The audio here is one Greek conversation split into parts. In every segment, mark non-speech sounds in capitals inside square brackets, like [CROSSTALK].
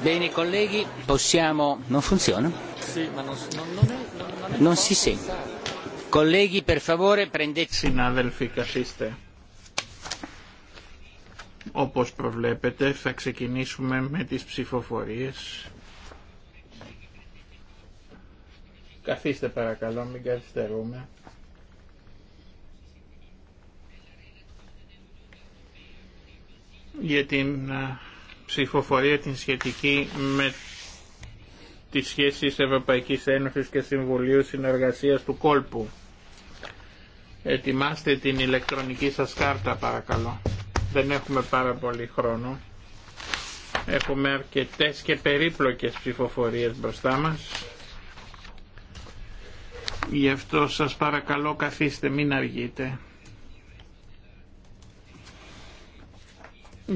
Bene colleghi, possiamo... Non funziona? Sì, ma non, non, non, è, non, non, è non si sente. Colleghi, per favore, prendete... Sì, Συνάδελφοι, καθίστε. Όπως προβλέπετε, θα ξεκινήσουμε με τις ψηφοφορίες. Καθίστε παρακαλώ, μην καθυστερούμε. Για την ψηφοφορία την σχετική με τις σχέσεις Ευρωπαϊκής Ένωσης και Συμβουλίου Συνεργασίας του Κόλπου. Ετοιμάστε την ηλεκτρονική σας κάρτα παρακαλώ. Δεν έχουμε πάρα πολύ χρόνο. Έχουμε αρκετές και περίπλοκες ψηφοφορίες μπροστά μας. Γι' αυτό σας παρακαλώ καθίστε, μην αργείτε.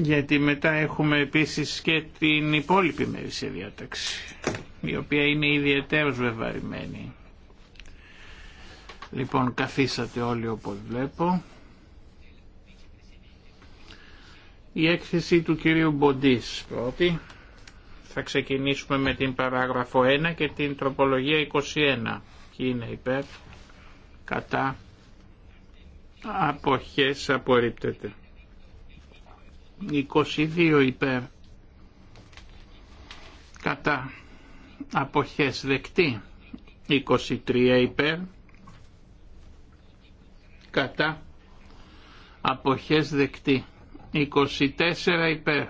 γιατί μετά έχουμε επίσης και την υπόλοιπη μέρη διάταξη, η οποία είναι ιδιαίτερα βεβαρημένη. Λοιπόν, καθίσατε όλοι όπως βλέπω. Η έκθεση του κυρίου Μποντής πρώτη. Θα ξεκινήσουμε με την παράγραφο 1 και την τροπολογία 21. και είναι υπέρ, κατά, αποχές απορρίπτεται. 22 υπέρ κατά αποχές δεκτή 23 υπέρ κατά αποχές δεκτή 24 υπέρ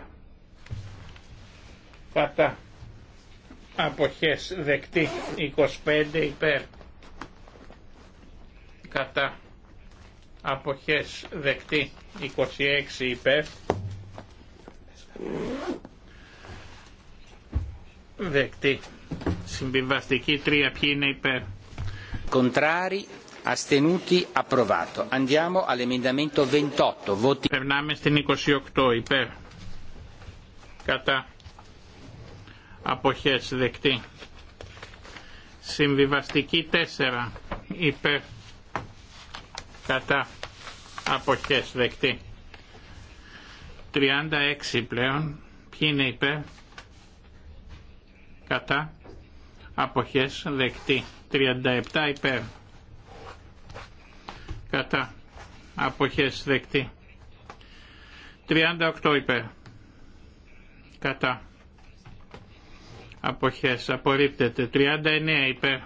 κατά αποχές δεκτή 25 υπέρ κατά αποχές δεκτή 26 υπέρ Δεκτή. Συμβιβαστική 3. Ποιοι είναι υπέρ. Κοντράρι. Andiamo all'emendamento 28. Περνάμε στην 28. Υπέρ. Κατά. Αποχές. Δεκτή. Συμβιβαστική 4. Υπέρ. Κατά. Αποχές. Δεκτή. 36 πλέον. Ποιοι είναι υπέρ. Κατά. Αποχές δεκτή. 37 υπέρ. Κατά. Αποχές δεκτή. 38 υπέρ. Κατά. Αποχές απορρίπτεται. 39 υπέρ.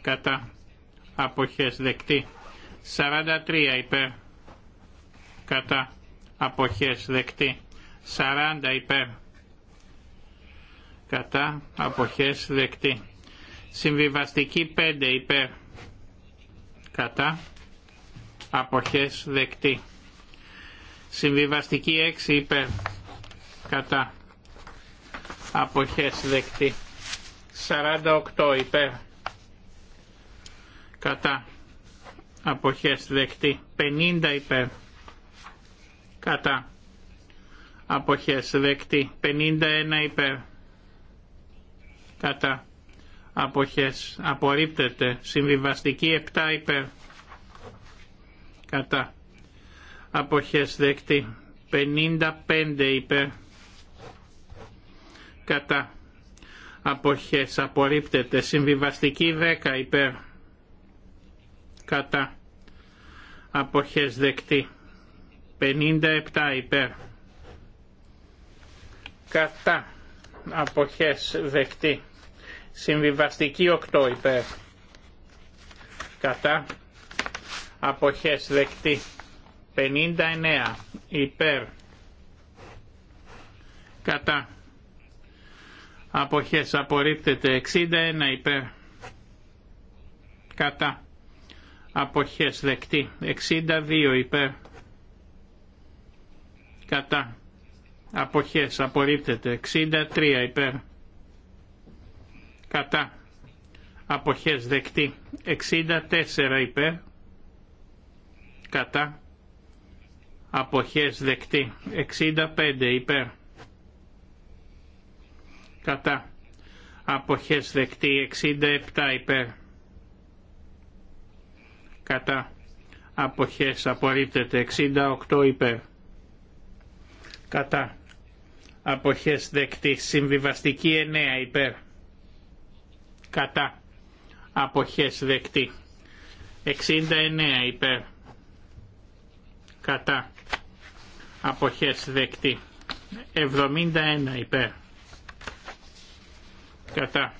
Κατά. Αποχές δεκτή. 43 υπέρ. Κατά αποχές δεκτή 40 υπέρ κατά αποχές δεκτή συμβιβαστική 5 υπέρ κατά αποχές δεκτή συμβιβαστική 6 υπέρ κατά αποχές δεκτή 48 υπέρ κατά αποχές δεκτή 50 υπέρ κατά αποχές δεκτή 51 υπέρ κατά αποχές απορρίπτεται συμβιβαστική 7 υπέρ κατά αποχές δεκτή 55 υπέρ κατά αποχές απορρίπτεται συμβιβαστική 10 υπέρ κατά αποχές δεκτή 57 υπέρ. Κατά. Αποχές δεκτή. Συμβιβαστική 8 υπέρ. Κατά. Αποχές δεκτή. 59 υπέρ. Κατά. Αποχές απορρίπτεται 61 υπέρ. Κατά. Αποχές δεκτή. 62 υπέρ κατά αποχές απορρίπτεται 63 υπέρ κατά αποχές δεκτή 64 υπέρ κατά αποχές δεκτή 65 υπέρ κατά αποχές δεκτή 67 υπέρ κατά αποχές απορρίπτεται 68 υπέρ κατά αποχές δεκτή συμβιβαστική 9 υπέρ κατά αποχές δεκτή 69 υπέρ κατά αποχές δεκτή 71 υπέρ κατά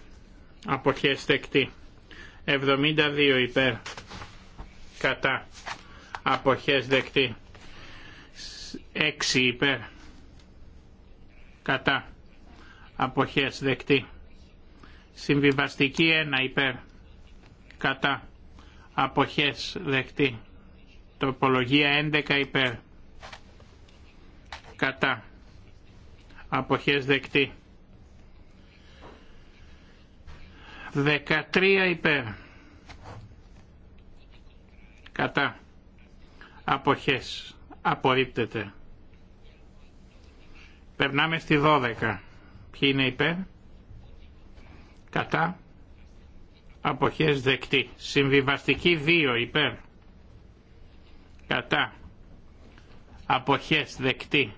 αποχές δεκτή 72 υπέρ κατά αποχές δεκτή 6 υπέρ κατά αποχές δεκτή συμβιβαστική 1 υπέρ κατά αποχές δεκτή τοπολογία 11 υπέρ κατά αποχές δεκτή 13 υπέρ κατά αποχές απορρίπτεται Περνάμε στη 12. Ποιοι είναι υπέρ. Κατά. Αποχές δεκτή. Συμβιβαστική 2 υπέρ. Κατά. Αποχές δεκτή.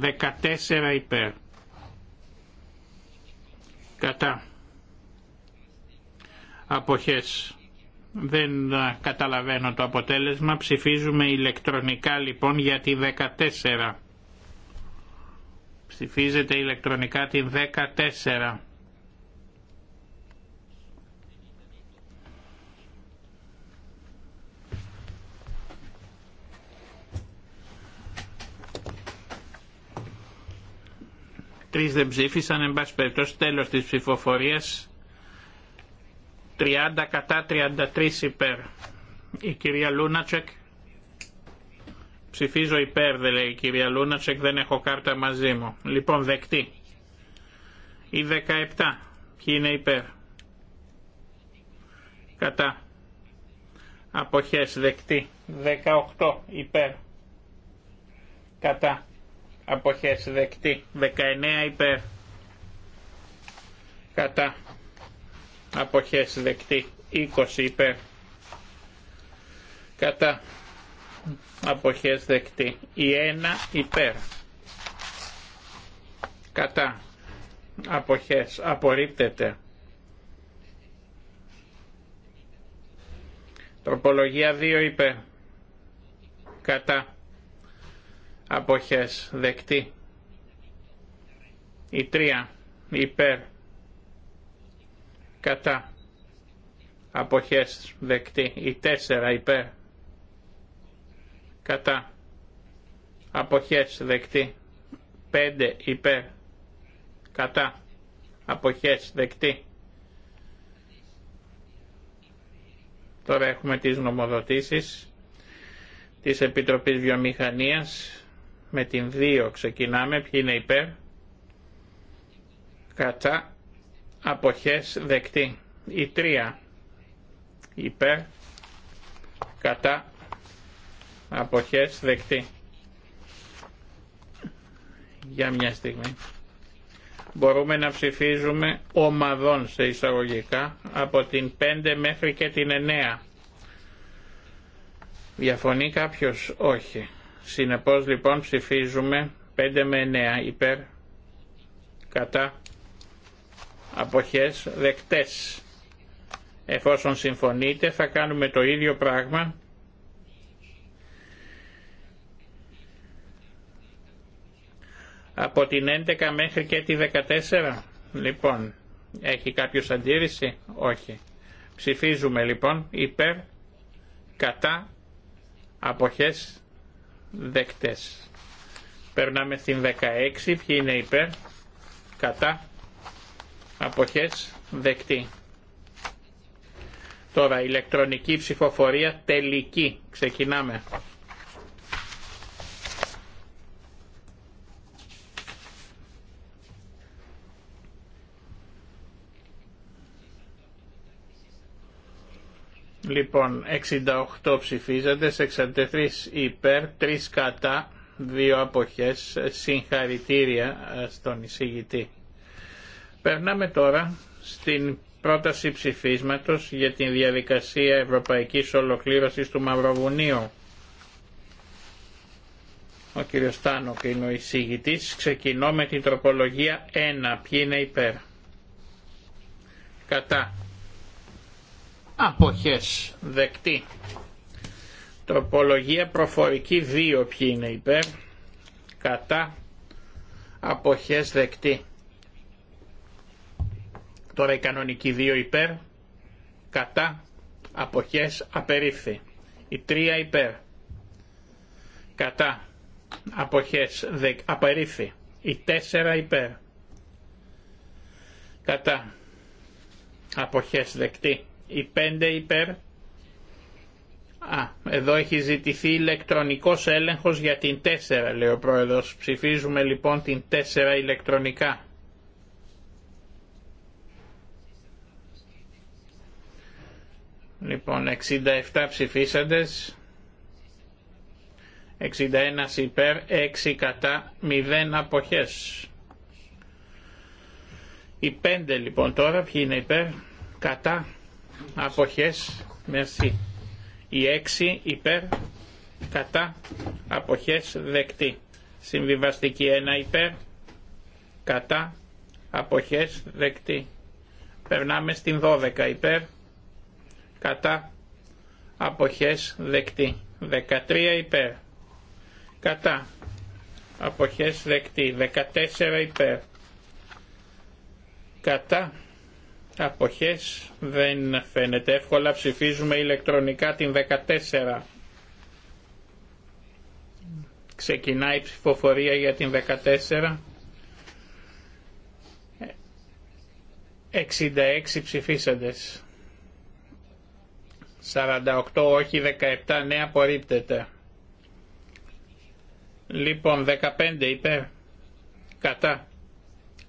14 υπέρ. Κατά. Αποχές. Δεν καταλαβαίνω το αποτέλεσμα. Ψηφίζουμε ηλεκτρονικά λοιπόν για τη 14. Ψηφίζεται ηλεκτρονικά την 14. Τρεις δεν ψήφισαν, εν πάση περιπτώσει τέλος της ψηφοφορίας 30 κατά 33 υπέρ. Η κυρία Λούνατσεκ. Ψηφίζω υπέρ, δεν λέει η κυρία Λούνατσεκ, δεν έχω κάρτα μαζί μου. Λοιπόν, δεκτή. Η 17. Ποιοι είναι υπέρ. Κατά. Αποχές δεκτή. 18. Υπέρ. Κατά. Αποχές δεκτή. 19. Υπέρ. Κατά. Αποχές δεκτή. 20. Υπέρ. Κατά αποχές δεκτή. Η 1 υπέρ. Κατά. Αποχές. Απορρίπτεται. Τροπολογία 2 υπέρ. Κατά. Αποχές. Δεκτή. Η 3 υπέρ. Κατά. Αποχές. Δεκτή. Η 4 υπέρ κατά αποχές δεκτή 5 υπέρ κατά αποχές δεκτή τώρα έχουμε τις νομοδοτήσεις της Επιτροπής Βιομηχανίας με την 2 ξεκινάμε ποιοι είναι υπέρ κατά αποχές δεκτή η 3 υπέρ κατά Αποχές δεκτή. Για μια στιγμή. Μπορούμε να ψηφίζουμε ομαδών σε εισαγωγικά από την 5 μέχρι και την 9. Διαφωνεί κάποιος? Όχι. Συνεπώς λοιπόν ψηφίζουμε 5 με 9 υπέρ κατά αποχές δεκτές. Εφόσον συμφωνείτε θα κάνουμε το ίδιο πράγμα από την 11 μέχρι και τη 14. Λοιπόν, έχει κάποιο αντίρρηση. Όχι. Ψηφίζουμε λοιπόν υπέρ, κατά, αποχές, δεκτές. Περνάμε στην 16. Ποιοι είναι υπέρ, κατά, αποχές, δεκτή. Τώρα ηλεκτρονική ψηφοφορία τελική. Ξεκινάμε. Λοιπόν, 68 ψηφίζονται, 63 υπέρ, 3 κατά, 2 αποχές, συγχαρητήρια ε, στον εισηγητή. Περνάμε τώρα στην πρόταση ψηφίσματος για την διαδικασία ευρωπαϊκής ολοκλήρωσης του Μαυροβουνίου. Ο κ. Στάνοκ είναι ο εισηγητής. Ξεκινώ με την τροπολογία 1. Ποιοι είναι υπέρ. Κατά αποχές δεκτή. Τροπολογία προφορική 2 ποιοι είναι υπέρ, κατά, αποχές δεκτή. Τώρα η κανονική 2 υπέρ, κατά, αποχές απερίφθη. Η 3 υπέρ, κατά, αποχές δεκ, απερίφθη. Η 4 υπέρ, κατά, αποχές δεκτή. Η 5 υπέρ. Α, εδώ έχει ζητηθεί ηλεκτρονικός έλεγχος για την 4, λέει ο πρόεδρος. Ψηφίζουμε λοιπόν την 4 ηλεκτρονικά. Λοιπόν, 67 ψηφίσαντες, 61 υπέρ, 6 κατά, 0 αποχές. Οι 5 λοιπόν τώρα, ποιοι είναι υπέρ, κατά, αποχές, μερσή. Η 6 υπέρ, κατά, αποχές, δεκτή. Συμβιβαστική 1 υπέρ, κατά, αποχές, δεκτή. Περνάμε στην 12 υπέρ, κατά, αποχές, δεκτή. 13 υπέρ, κατά, αποχές, δεκτή. 14 υπέρ, κατά, Αποχές δεν φαίνεται εύκολα. Ψηφίζουμε ηλεκτρονικά την 14. Ξεκινάει η ψηφοφορία για την 14. 66 ψηφίσαντες. 48 όχι 17 ναι απορρίπτεται. Λοιπόν 15 υπέρ. Κατά.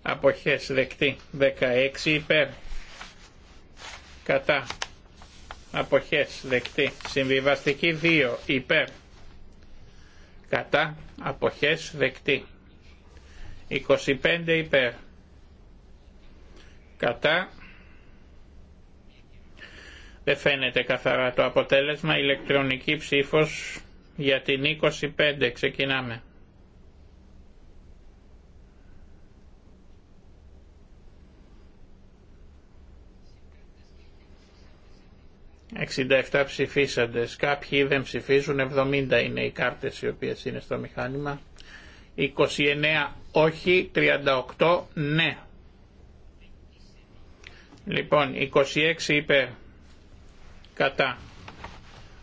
Αποχές δεκτή. 16 υπέρ κατά αποχές δεκτή συμβιβαστική 2 υπέρ κατά αποχές δεκτή 25 υπέρ κατά δεν φαίνεται καθαρά το αποτέλεσμα ηλεκτρονική ψήφος για την 25 ξεκινάμε 67 ψηφίσαντες, κάποιοι δεν ψηφίζουν, 70 είναι οι κάρτες οι οποίες είναι στο μηχάνημα. 29 όχι, 38 ναι. Λοιπόν, 26 υπέρ, κατά,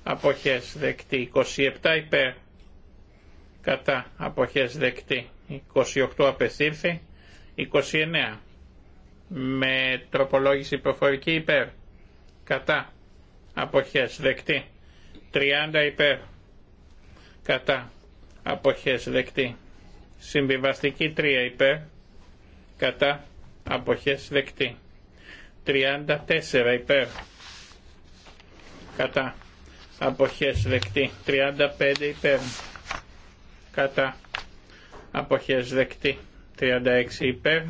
αποχές δεκτή, 27 υπέρ, κατά, αποχές δεκτή, 28 απεσύρθη, 29 με τροπολόγηση προφορική υπέρ, κατά, αποχές δεκτή 30 υπέρ κατά αποχές δεκτή συμβιβαστική 3 υπέρ κατά αποχές δεκτή 34 υπέρ κατά αποχές δεκτή 35 υπέρ κατά αποχές δεκτή 36 υπέρ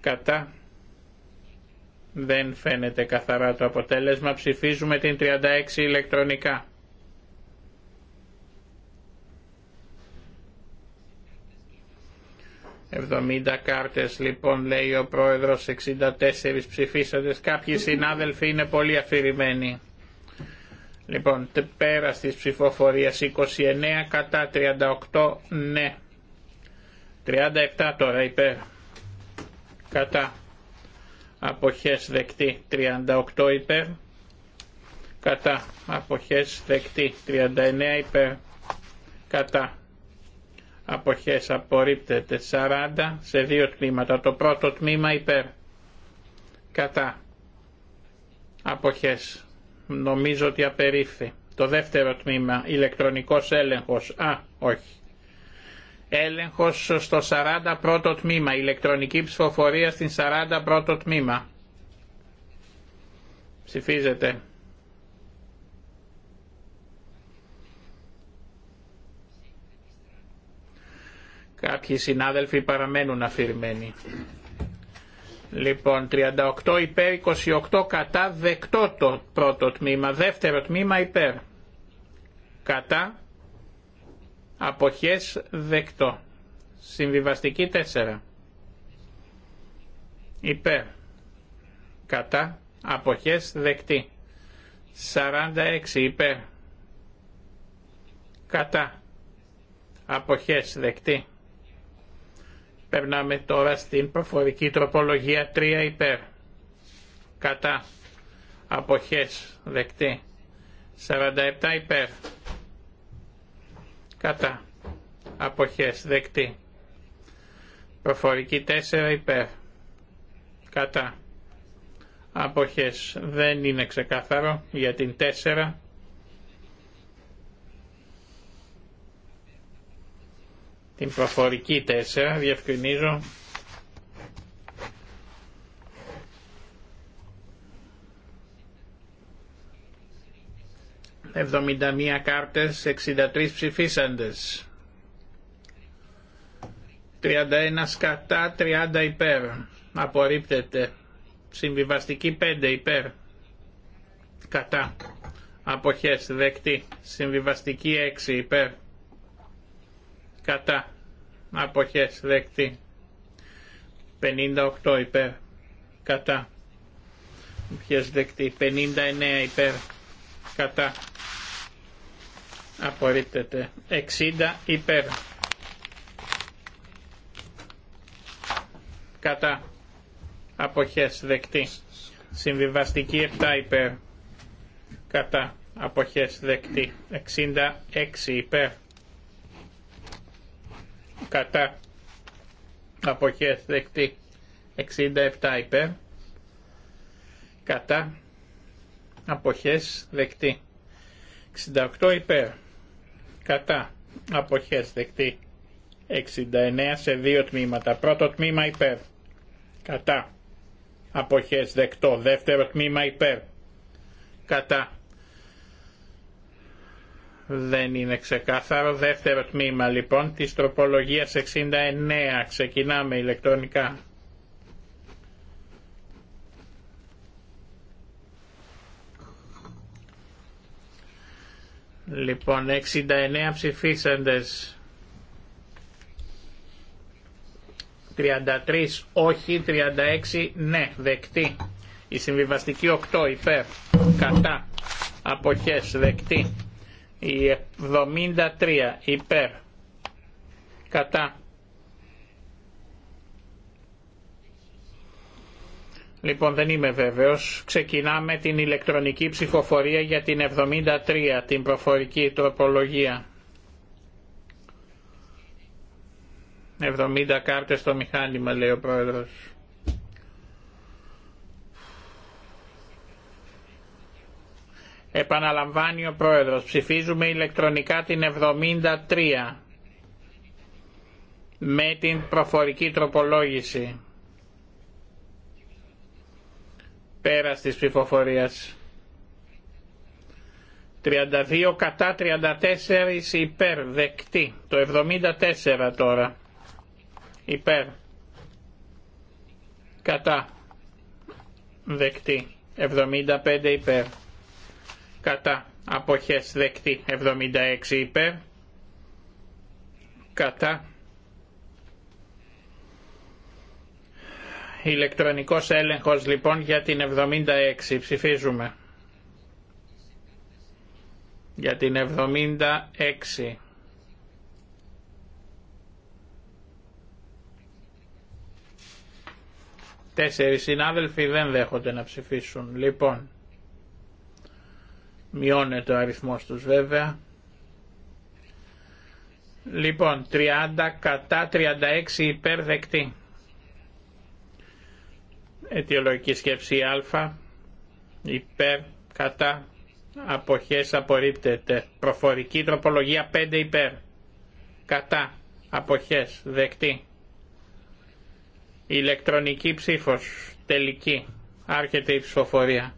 κατά δεν φαίνεται καθαρά το αποτέλεσμα. Ψηφίζουμε την 36 ηλεκτρονικά. Εβδομήντα κάρτες λοιπόν λέει ο πρόεδρος, 64 ψηφίσαντες. Κάποιοι συνάδελφοι είναι πολύ αφηρημένοι. Λοιπόν, πέρα της ψηφοφορίας 29 κατά 38 ναι. 37 τώρα υπέρ. Κατά αποχές δεκτή 38 υπέρ κατά αποχές δεκτή 39 υπέρ κατά αποχές απορρίπτεται 40 σε δύο τμήματα το πρώτο τμήμα υπέρ κατά αποχές νομίζω ότι απερίφθη το δεύτερο τμήμα ηλεκτρονικός έλεγχος α όχι έλεγχος στο 41ο τμήμα, ηλεκτρονική ψηφοφορία στην 41ο τμήμα. Ψηφίζεται. Κάποιοι συνάδελφοι παραμένουν αφηρημένοι. Λοιπόν, 38 υπέρ, 28 κατά, δεκτό το πρώτο τμήμα, δεύτερο τμήμα υπέρ. Κατά, Αποχές δεκτό. Συμβιβαστική 4. Υπέρ. Κατά. Αποχές δεκτή. 46 υπέρ. Κατά. Αποχές δεκτή. Περνάμε τώρα στην προφορική τροπολογία 3 υπέρ. Κατά. Αποχές δεκτή. 47 υπέρ κατά αποχές δεκτή προφορική 4 υπέρ κατά αποχές δεν είναι ξεκάθαρο για την 4 την προφορική 4 διευκρινίζω 71 κάρτες, 63 ψηφίσαντες. 31 κατά, 30 υπέρ. Απορρίπτεται. Συμβιβαστική 5 υπέρ. Κατά. Αποχές δεκτή. Συμβιβαστική 6 υπέρ. Κατά. Αποχές δεκτή. 58 υπέρ. Κατά. Αποχές δεκτή. 59 υπέρ κατά απορρίπτεται 60 υπέρ κατά αποχές δεκτή συμβιβαστική 7 υπέρ κατά αποχές δεκτή 66 υπέρ κατά αποχές δεκτή 67 υπέρ κατά αποχές δεκτή. 68 υπέρ, κατά, αποχές δεκτή. 69 σε δύο τμήματα. Πρώτο τμήμα υπέρ, κατά, αποχές δεκτό. Δεύτερο τμήμα υπέρ, κατά. Δεν είναι ξεκάθαρο. Δεύτερο τμήμα λοιπόν της τροπολογίας 69. Ξεκινάμε ηλεκτρονικά. Λοιπόν, 69 ψηφίσαντες. 33 όχι, 36 ναι, δεκτή. Η συμβιβαστική 8 υπέρ, κατά, αποχές, δεκτή. Η 73 υπέρ, κατά, Λοιπόν, δεν είμαι βέβαιος. Ξεκινάμε την ηλεκτρονική ψηφοφορία για την 73, την προφορική τροπολογία. 70 κάρτες στο μηχάνημα, λέει ο πρόεδρος. Επαναλαμβάνει ο πρόεδρος. Ψηφίζουμε ηλεκτρονικά την 73 με την προφορική τροπολόγηση. Πέρας της ψηφοφορίας. 32 κατά 34 υπέρ δεκτή. Το 74 τώρα. Υπέρ. Κατά. Δεκτή. 75 υπέρ. Κατά. Αποχές δεκτή. 76 υπέρ. Κατά Ηλεκτρονικός έλεγχος λοιπόν για την 76. Ψηφίζουμε. Για την 76. Τέσσερις συνάδελφοι δεν δέχονται να ψηφίσουν. Λοιπόν, μειώνεται ο αριθμός τους βέβαια. Λοιπόν, 30 κατά 36 υπέρ δεκτή αιτιολογική σκέψη α, υπέρ, κατά, αποχές απορρίπτεται. Προφορική τροπολογία 5 υπέρ, κατά, αποχές, δεκτή. Ηλεκτρονική ψήφος, τελική, άρχεται η ψηφοφορία.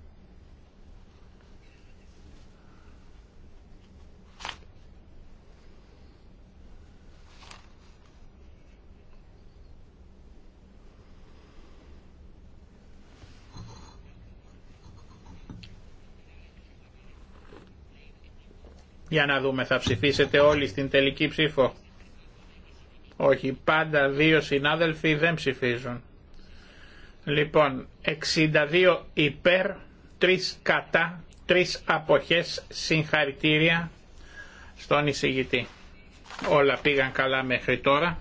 Για να δούμε, θα ψηφίσετε όλοι στην τελική ψήφο. Όχι, πάντα δύο συνάδελφοι δεν ψηφίζουν. Λοιπόν, 62 υπέρ, 3 κατά, 3 αποχές συγχαρητήρια στον εισηγητή. Όλα πήγαν καλά μέχρι τώρα.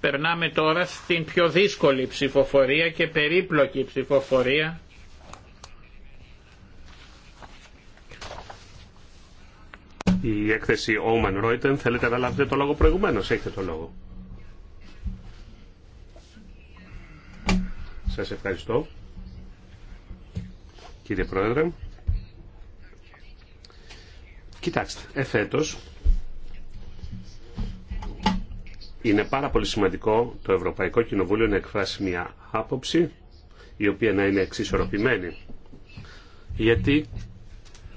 Περνάμε τώρα στην πιο δύσκολη ψηφοφορία και περίπλοκη ψηφοφορία η έκθεση Oman Reuten. Θέλετε να λάβετε το λόγο προηγουμένω. Έχετε το λόγο. Σας ευχαριστώ. Κύριε Πρόεδρε. Κοιτάξτε, εφέτος είναι πάρα πολύ σημαντικό το Ευρωπαϊκό Κοινοβούλιο να εκφράσει μια άποψη η οποία να είναι εξισορροπημένη. Γιατί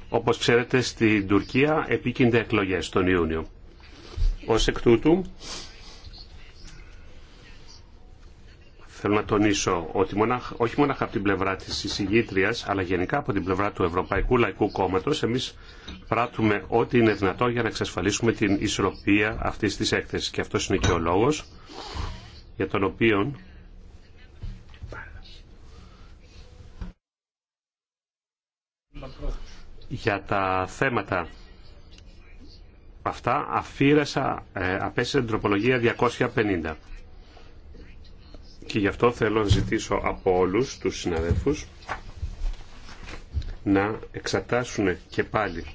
όπως ξέρετε, στην Τουρκία επίκυνται εκλογές τον Ιούνιο. Ως εκ τούτου, θέλω να τονίσω ότι μονάχ, όχι μόνο από την πλευρά της εισηγήτριας, αλλά γενικά από την πλευρά του Ευρωπαϊκού Λαϊκού Κόμματος, εμείς πράττουμε ό,τι είναι δυνατό για να εξασφαλίσουμε την ισορροπία αυτής της έκθεσης. Και αυτός είναι και ο λόγος για τον οποίο για τα θέματα αυτά αφήρασα, ε, την τροπολογία 250. Και γι' αυτό θέλω να ζητήσω από όλους τους συναδέλφους να εξατάσουν και πάλι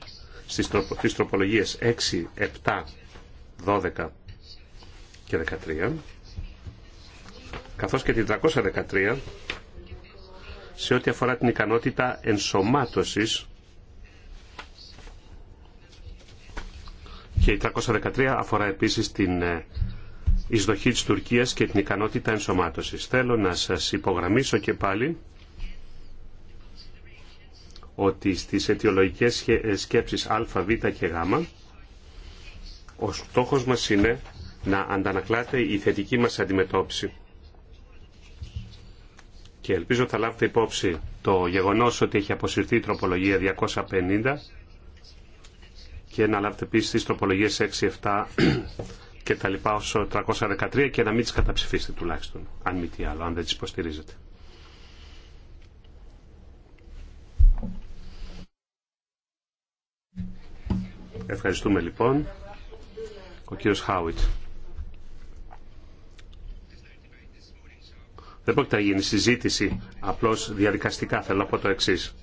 στις τροπο, τροπολογίες 6, 7, 12 και 13 καθώς και την 313 σε ό,τι αφορά την ικανότητα ενσωμάτωσης Και η 313 αφορά επίσης την ε, εισδοχή της Τουρκίας και την ικανότητα ενσωμάτωσης. Θέλω να σας υπογραμμίσω και πάλι ότι στις αιτιολογικές ε, σκέψεις α, β και γ ο στόχος μας είναι να αντανακλάται η θετική μας αντιμετώπιση. Και ελπίζω θα λάβετε υπόψη το γεγονός ότι έχει αποσυρθεί η τροπολογία 250 και να λάβετε επίση τι τροπολογίε 6, 7 [CLEARS THROAT] και τα λοιπά ω 313 και να μην τις καταψηφίσετε τουλάχιστον, αν μη τι άλλο, αν δεν τις υποστηρίζετε. Ευχαριστούμε λοιπόν. Ο κύριος Χάουιτ. Δεν πρόκειται να γίνει συζήτηση, απλώς διαδικαστικά θέλω να πω το εξής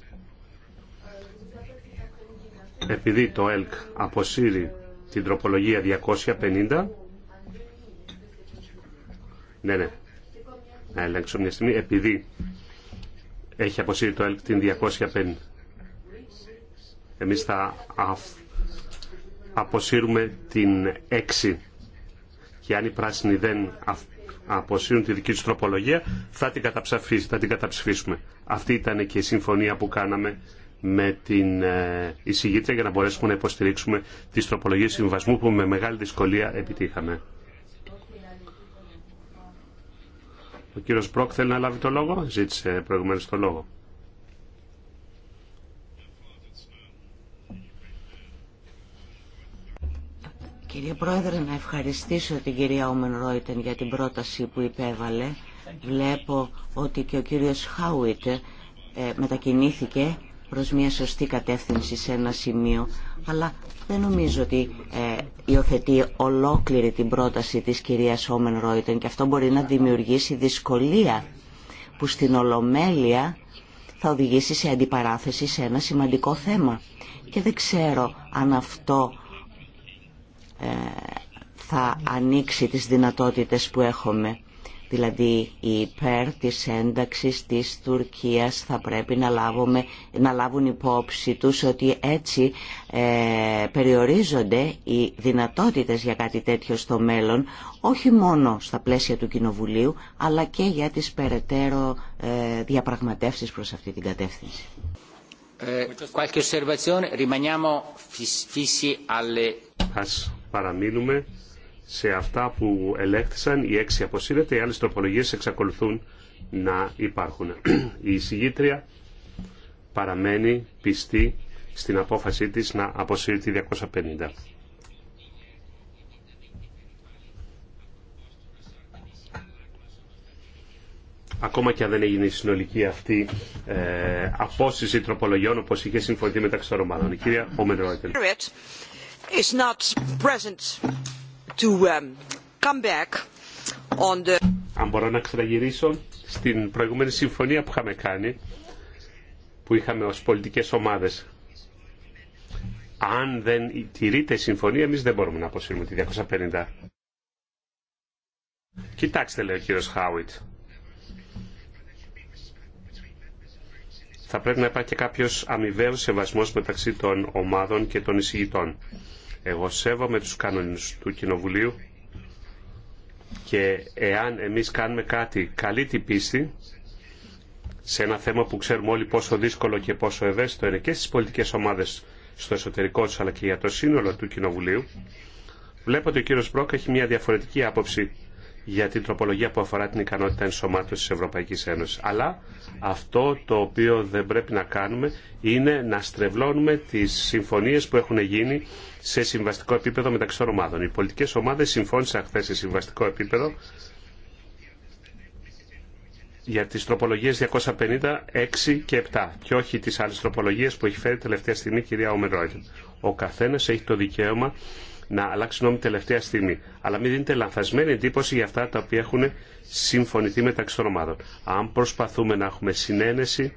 επειδή το ΕΛΚ αποσύρει την τροπολογία 250 ναι ναι να ελέγξω μια στιγμή επειδή έχει αποσύρει το ΕΛΚ την 250 εμείς θα αποσύρουμε την 6 και αν οι πράσινοι δεν αποσύρουν τη δική του τροπολογία θα την, θα την καταψηφίσουμε. Αυτή ήταν και η συμφωνία που κάναμε με την ε, εισηγήτρια για να μπορέσουμε να υποστηρίξουμε τις τροπολογίες συμβασμού που με μεγάλη δυσκολία επιτύχαμε. Ο κύριος Μπρόκ θέλει να λάβει το λόγο. Ζήτησε προηγουμένως το λόγο. Κύριε Πρόεδρε, να ευχαριστήσω την κυρία Όμεν Ρόιτεν για την πρόταση που υπέβαλε. Βλέπω ότι και ο κύριος Χάουιτ ε, μετακινήθηκε προς μια σωστή κατεύθυνση σε ένα σημείο, αλλά δεν νομίζω ότι ε, υιοθετεί ολόκληρη την πρόταση της κυρίας Όμεν Ρόιτεν και αυτό μπορεί να δημιουργήσει δυσκολία που στην Ολομέλεια θα οδηγήσει σε αντιπαράθεση σε ένα σημαντικό θέμα. Και δεν ξέρω αν αυτό ε, θα ανοίξει τις δυνατότητες που έχουμε δηλαδή υπέρ της ένταξης της Τουρκίας θα πρέπει να, λάβουμε, να λάβουν υπόψη τους ότι έτσι ε, περιορίζονται οι δυνατότητες για κάτι τέτοιο στο μέλλον όχι μόνο στα πλαίσια του Κοινοβουλίου αλλά και για τις περαιτέρω ε, διαπραγματεύσεις προς αυτή την κατεύθυνση. Ε, Ας σε αυτά που ελέγχθησαν, οι έξι αποσύρεται, οι άλλες τροπολογίες εξακολουθούν να υπάρχουν. Η εισηγήτρια παραμένει πιστή στην απόφασή της να αποσύρει τη 250. Ακόμα και αν δεν έγινε η συνολική αυτή ε, απόσυση τροπολογιών όπως είχε συμφωνηθεί μεταξύ των Ρωμανών. Η κυρία Ομεν Um, Αν μπορώ να ξαναγυρίσω στην προηγούμενη συμφωνία που είχαμε κάνει, που είχαμε ως πολιτικές ομάδες. Αν δεν τηρείται η συμφωνία, εμείς δεν μπορούμε να αποσύρουμε τη 250. Κοιτάξτε, λέει ο κύριος Χάουιτ. Θα πρέπει να υπάρχει και κάποιος αμοιβαίος σεβασμός μεταξύ των ομάδων και των εισηγητών. Εγώ σέβομαι τους κανόνες του Κοινοβουλίου και εάν εμείς κάνουμε κάτι καλή την πίστη σε ένα θέμα που ξέρουμε όλοι πόσο δύσκολο και πόσο ευαίσθητο είναι και στις πολιτικές ομάδες στο εσωτερικό τους αλλά και για το σύνολο του Κοινοβουλίου βλέπω ότι ο κύριος Μπρόκ έχει μια διαφορετική άποψη για την τροπολογία που αφορά την ικανότητα ενσωμάτωσης της Ευρωπαϊκής Ένωσης. Αλλά αυτό το οποίο δεν πρέπει να κάνουμε είναι να στρεβλώνουμε τις συμφωνίες που έχουν γίνει σε συμβαστικό επίπεδο μεταξύ των ομάδων. Οι πολιτικές ομάδες συμφώνησαν χθε σε συμβαστικό επίπεδο για τις τροπολογίες 250, 6 και 7 και όχι τις άλλες τροπολογίες που έχει φέρει τελευταία στιγμή η κυρία Ομεν Ο καθένας έχει το δικαίωμα να αλλάξει νόμοι τελευταία στιγμή. Αλλά μην δίνετε λανθασμένη εντύπωση για αυτά τα οποία έχουν συμφωνηθεί μεταξύ των ομάδων. Αν προσπαθούμε να έχουμε συνένεση,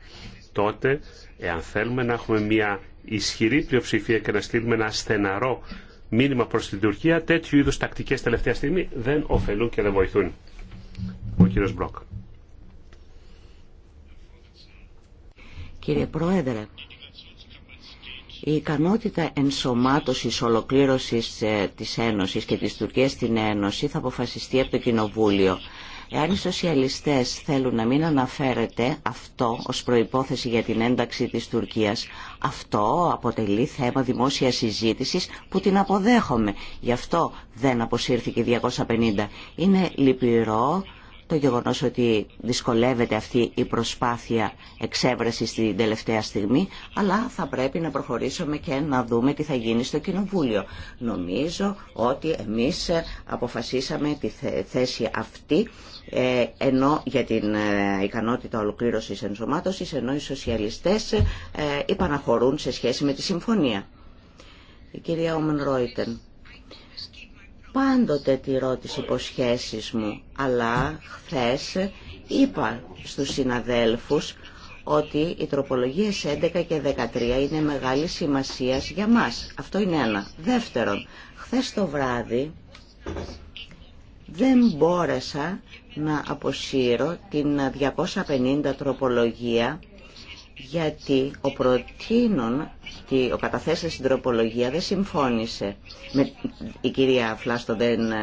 τότε, εάν θέλουμε να έχουμε μια ισχυρή πλειοψηφία και να στείλουμε ένα στεναρό μήνυμα προς την Τουρκία, τέτοιου είδους τακτικές τελευταία στιγμή δεν ωφελούν και δεν βοηθούν. Ο κύριος Μπρόκ. Κύριε Πρόεδρε, η ικανότητα ενσωμάτωσης ολοκλήρωσης ε, της Ένωσης και της Τουρκίας στην Ένωση θα αποφασιστεί από το Κοινοβούλιο. Εάν οι σοσιαλιστές θέλουν να μην αναφέρεται αυτό ως προϋπόθεση για την ένταξη της Τουρκίας, αυτό αποτελεί θέμα δημόσιας συζήτησης που την αποδέχομαι. Γι' αυτό δεν αποσύρθηκε 250. Είναι λυπηρό το γεγονός ότι δυσκολεύεται αυτή η προσπάθεια εξέβρεση στην τελευταία στιγμή, αλλά θα πρέπει να προχωρήσουμε και να δούμε τι θα γίνει στο Κοινοβούλιο. Νομίζω ότι εμείς αποφασίσαμε τη θέση αυτή ε, ενώ για την ε, ικανότητα ολοκλήρωσης ενσωμάτωσης, ενώ οι σοσιαλιστές ε, υπαναχωρούν σε σχέση με τη συμφωνία. Η κυρία Όμεν πάντοτε τηρώ τις υποσχέσεις μου, αλλά χθες είπα στους συναδέλφους ότι οι τροπολογίες 11 και 13 είναι μεγάλη σημασία για μας. Αυτό είναι ένα. Δεύτερον, χθες το βράδυ δεν μπόρεσα να αποσύρω την 250 τροπολογία γιατί ο προτείνων, ο καταθέστης στην τροπολογία δεν συμφώνησε. Με, η κυρία Φλάστο δεν ε,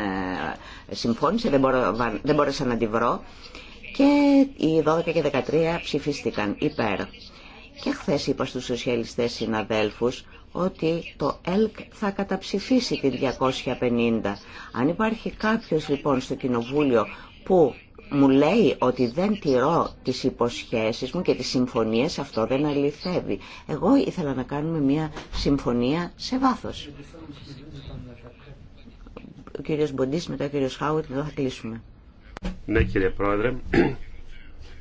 συμφώνησε, δεν, μπορώ, μπόρεσα να τη βρω και οι 12 και 13 ψηφίστηκαν υπέρ. Και χθε είπα στους σοσιαλιστές συναδέλφους ότι το ΕΛΚ θα καταψηφίσει την 250. Αν υπάρχει κάποιος λοιπόν στο Κοινοβούλιο που μου λέει ότι δεν τηρώ τις υποσχέσεις μου και τις συμφωνίες, αυτό δεν αληθεύει. Εγώ ήθελα να κάνουμε μια συμφωνία σε βάθος. Ο κύριος Μποντής, μετά ο κύριος Χάουιτ, εδώ θα κλείσουμε. Ναι κύριε Πρόεδρε,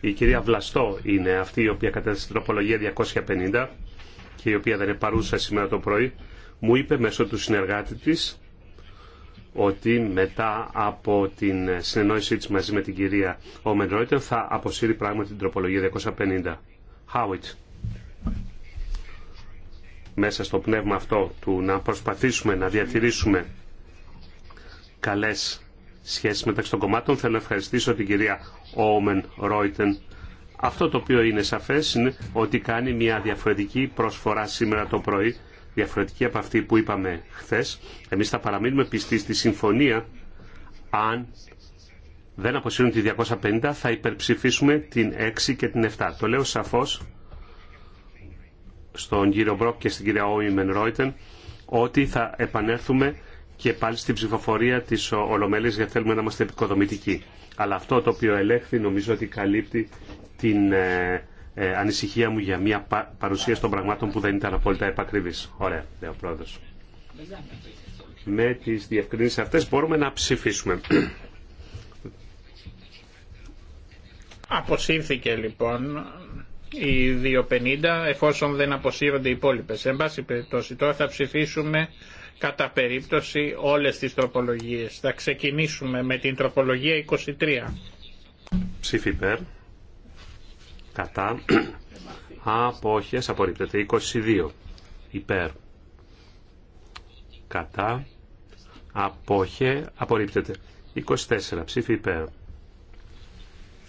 η κυρία Βλαστό είναι αυτή η οποία κατά την τροπολογία 250 και η οποία δεν είναι παρούσα σήμερα το πρωί. Μου είπε μέσω του συνεργάτη της ότι μετά από την συνεννόησή της μαζί με την κυρία Όμεν Όμεν-Ρόιτεν θα αποσύρει πράγματι την τροπολογία 250. Χάουιτ, Μέσα στο πνεύμα αυτό του να προσπαθήσουμε να διατηρήσουμε καλές σχέσεις μεταξύ των κομμάτων θέλω να ευχαριστήσω την κυρία Όμεν Ρόιτεν αυτό το οποίο είναι σαφές είναι ότι κάνει μια διαφορετική προσφορά σήμερα το πρωί διαφορετική από αυτή που είπαμε χθες. Εμείς θα παραμείνουμε πιστοί στη συμφωνία αν δεν αποσύρουν τη 250 θα υπερψηφίσουμε την 6 και την 7. Το λέω σαφώς στον κύριο Μπρόκ και στην κυρία Όιμεν Ρόιτεν ότι θα επανέλθουμε και πάλι στην ψηφοφορία της Ολομέλης γιατί θέλουμε να είμαστε επικοδομητικοί. Αλλά αυτό το οποίο ελέγχθη νομίζω ότι καλύπτει την ε, ε, ανησυχία μου για μια παρουσίαση των πραγμάτων που δεν ήταν απόλυτα επακριβή. Ωραία, λέει ο πρόεδρο. Με τι διευκρινήσει αυτέ. μπορούμε να ψηφίσουμε. Αποσύρθηκε λοιπόν η 2.50 εφόσον δεν αποσύρονται οι υπόλοιπε. Εν πάση περιπτώσει τώρα θα ψηφίσουμε κατά περίπτωση όλες τις τροπολογίες. Θα ξεκινήσουμε με την τροπολογία 23. Ψήφι υπέρ κατά απόχες απορρίπτεται 22 υπέρ κατά απόχε απορρίπτεται 24 ψήφι υπέρ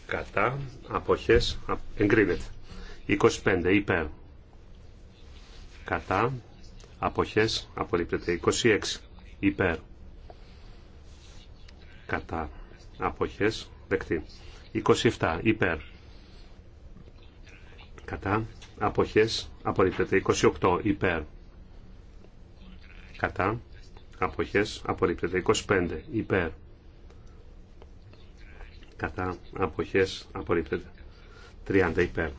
κατά απόχες εγκρίνεται 25 υπέρ κατά απόχες απορρίπτεται 26 υπέρ κατά απόχες δεκτή 27 υπέρ κατά αποχές απορρίπτεται 28 υπέρ κατά αποχές απορρίπτεται 25 υπέρ κατά αποχές απορρίπτεται 30 υπέρ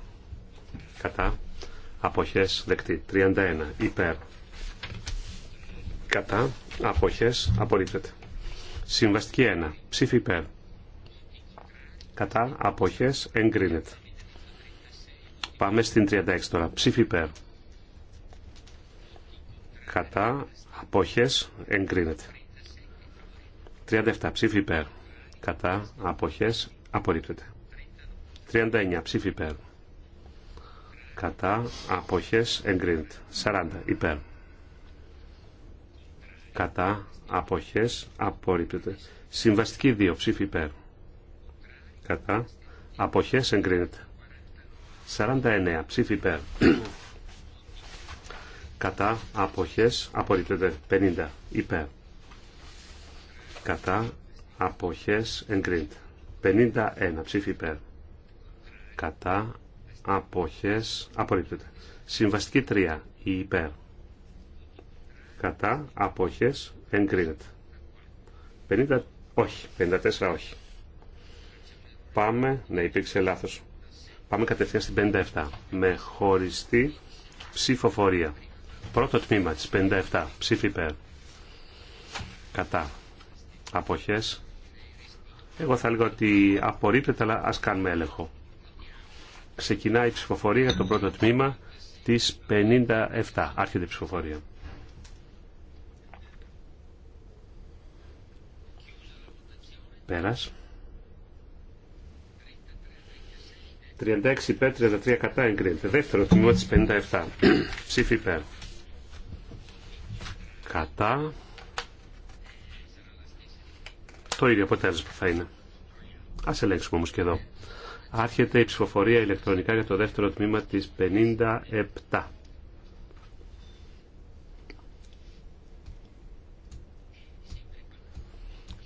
κατά αποχές δεκτή 31 υπέρ κατά αποχές απορρίπτεται συμβαστική 1 ψήφι υπέρ κατά αποχές εγκρίνεται Πάμε στην 36 τώρα. Ψήφι υπέρ. Κατά αποχές εγκρίνεται. 37. Ψήφι υπέρ. Κατά αποχές απορρίπτεται. 39. Ψήφι υπέρ. Κατά αποχές εγκρίνεται. 40. Υπέρ. Κατά αποχές απορρίπτεται. Συμβαστική 2. Ψήφι υπέρ. Κατά αποχές εγκρίνεται. 49. Ψήφι υπέρ. Κατά αποχές απορρίπτεται. 50. Υπέρ. Κατά αποχές εγκρίνεται. 51. Ψήφι υπέρ. Κατά αποχές απορρίπτεται. Συμβαστική 3. Η υπέρ. Κατά αποχές εγκρίνεται. 50. Όχι. 54. Όχι. Πάμε. να υπήρξε λάθος. Πάμε κατευθείαν στην 57 με χωριστή ψηφοφορία. Πρώτο τμήμα της 57. Ψήφι υπέρ. Κατά. Αποχές. Εγώ θα λέγω ότι απορρίπτεται, αλλά ας κάνουμε έλεγχο. Ξεκινάει η ψηφοφορία για το πρώτο τμήμα της 57. Άρχεται η ψηφοφορία. Πέρας. 36 υπέρ, 33 κατά εγκρίνεται. Δεύτερο τμήμα τη 57. [CLEARS THROAT] Ψήφι υπέρ. Κατά. Το ίδιο αποτέλεσμα θα είναι. Α ελέγξουμε όμω και εδώ. Άρχεται η ψηφοφορία ηλεκτρονικά για το δεύτερο τμήμα τη 57.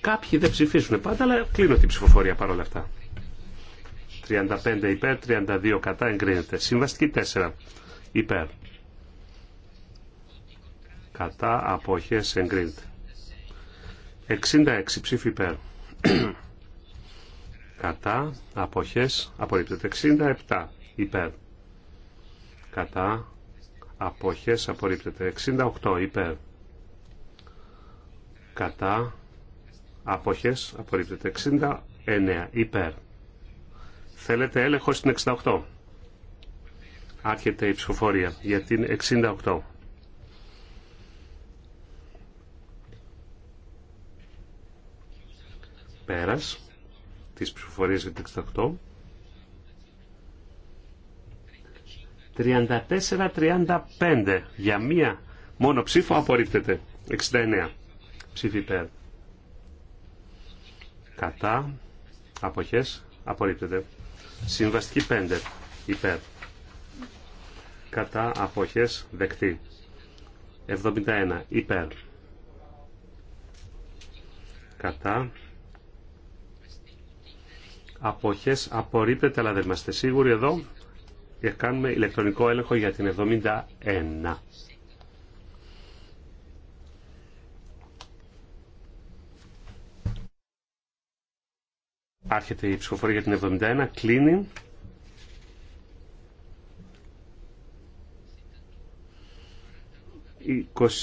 Κάποιοι δεν ψηφίσουν πάντα, αλλά κλείνω την ψηφοφορία παρόλα αυτά. 35 υπέρ, 32 κατά εγκρίνεται. Συμβαστική 4 υπέρ. Κατά αποχές εγκρίνεται. 66 ψήφι [CLEARS THROAT] υπέρ. κατά αποχές απορρίπτεται. 67 υπέρ. Κατά αποχές απορρίπτεται. 68 υπέρ. Κατά αποχές απορρίπτεται. 69 υπέρ Θέλετε έλεγχο στην 68. Άρχεται η ψηφοφορία για την 68. Πέρας της ψηφοφορίας για την 68. 34-35 για μία μόνο ψήφο απορρίπτεται. 69 ψήφι υπέρ. Κατά αποχές απορρίπτεται. Συμβαστική 5 υπέρ. Κατά αποχές δεκτή. 71 υπέρ. Κατά αποχές απορρίπτεται, αλλά δεν είμαστε σίγουροι εδώ. Και κάνουμε ηλεκτρονικό έλεγχο για την 71. Άρχεται η ψηφοφορία για την 71. Κλείνει.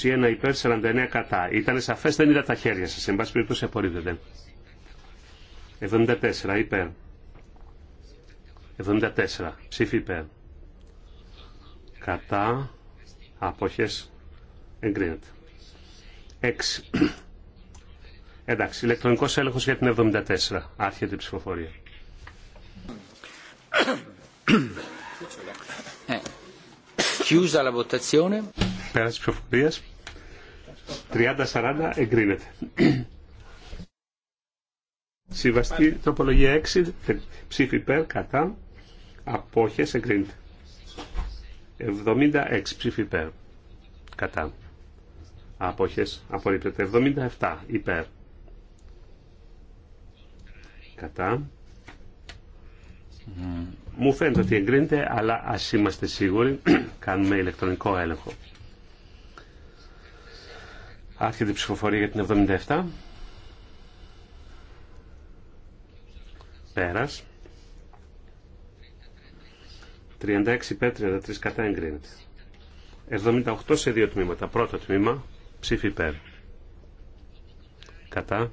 21 υπέρ 49 κατά. Ήταν σαφές, δεν είδα τα χέρια σας. Εν πάση περιπτώσει απορρίπτεται. 74 υπέρ. 74 ψήφι υπέρ. Κατά. Αποχές. Εγκρίνεται. 6 Εντάξει, ηλεκτρονικό έλεγχο για την 74. Άρχεται η ψηφοφορία. Ε, chiusa la votazione. ψηφοφοριας ψηφοφορίας. 30-40 εγκρίνεται. Συμβαστή τροπολογία 6, ψήφι υπέρ, κατά, απόχες, εγκρίνεται. 76 ψήφι υπέρ, κατά, απόχες, απορρίπτεται. 77 υπέρ, Κατά. Μου φαίνεται ότι εγκρίνεται, αλλά ας είμαστε σίγουροι, [CLEARS THROAT] κάνουμε ηλεκτρονικό έλεγχο. Άρχεται η ψηφοφορία για την 77. Πέρας. 36 υπέρ, 33 κατά εγκρίνεται. 78 σε δύο τμήματα. Πρώτο τμήμα, ψήφι υπέρ. Κατά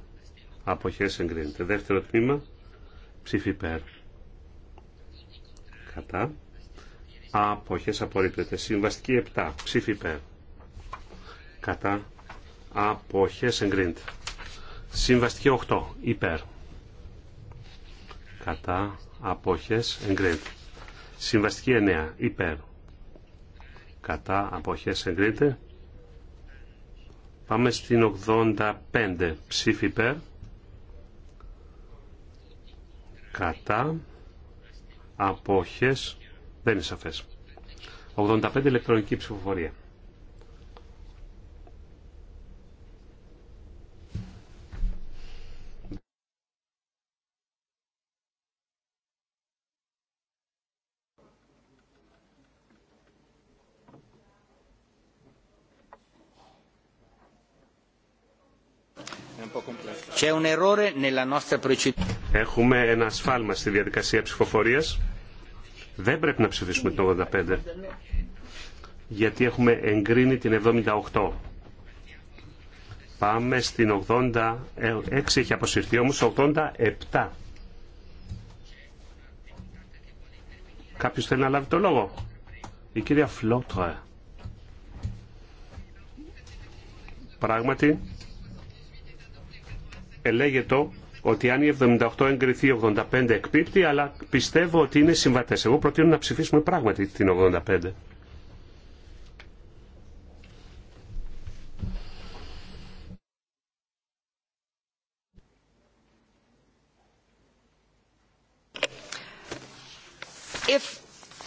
αποχές εγκρίνεται. Δεύτερο τμήμα, ψήφι υπέρ. Κατά. Αποχές απορρίπτεται. Συμβαστική 7, ψήφι υπέρ. Κατά. Αποχές εγκρίνεται. Συμβαστική 8, υπέρ. Κατά. Αποχές εγκρίνεται. Συμβαστική 9, υπέρ. Κατά. Αποχές εγκρίνεται. Πάμε στην 85 ψήφι υπέρ κατά απόχες δεν είναι σαφές 85 ηλεκτρονική ψηφοφορία Έχουμε ένα σφάλμα στη διαδικασία ψηφοφορίας. Δεν πρέπει να ψηφίσουμε την 85. Γιατί έχουμε εγκρίνει την 78. Πάμε στην 86 έχει αποσυρθεί όμως 87. Κάποιος θέλει να λάβει το λόγο. Η κυρία Φλότρα. Πράγματι, ελέγεται ότι αν η 78 εγκριθεί 85 εκπίπτει, αλλά πιστεύω ότι είναι συμβατές. Εγώ προτείνω να ψηφίσουμε πράγματι την 85. If,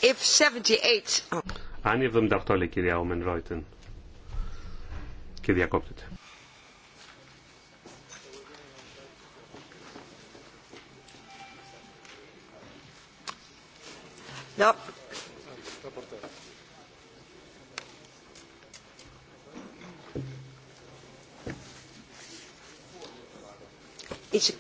if 78... Αν η 78 λέει κυρία Όμεν Ρόιτεν και διακόπτεται. Is It's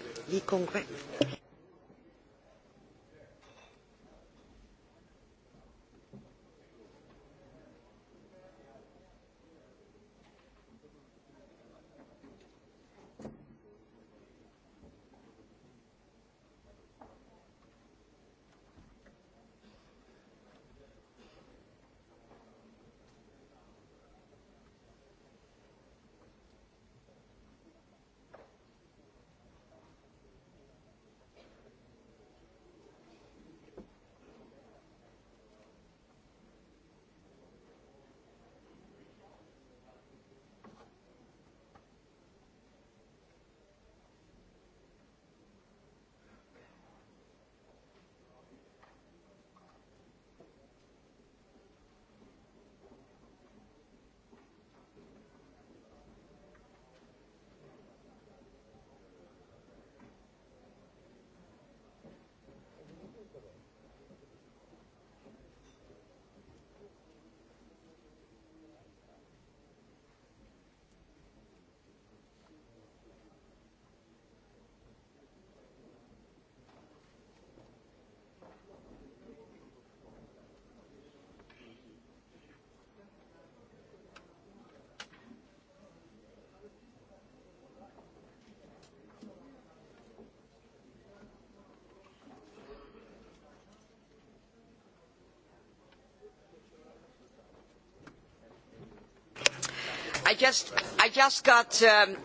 Um,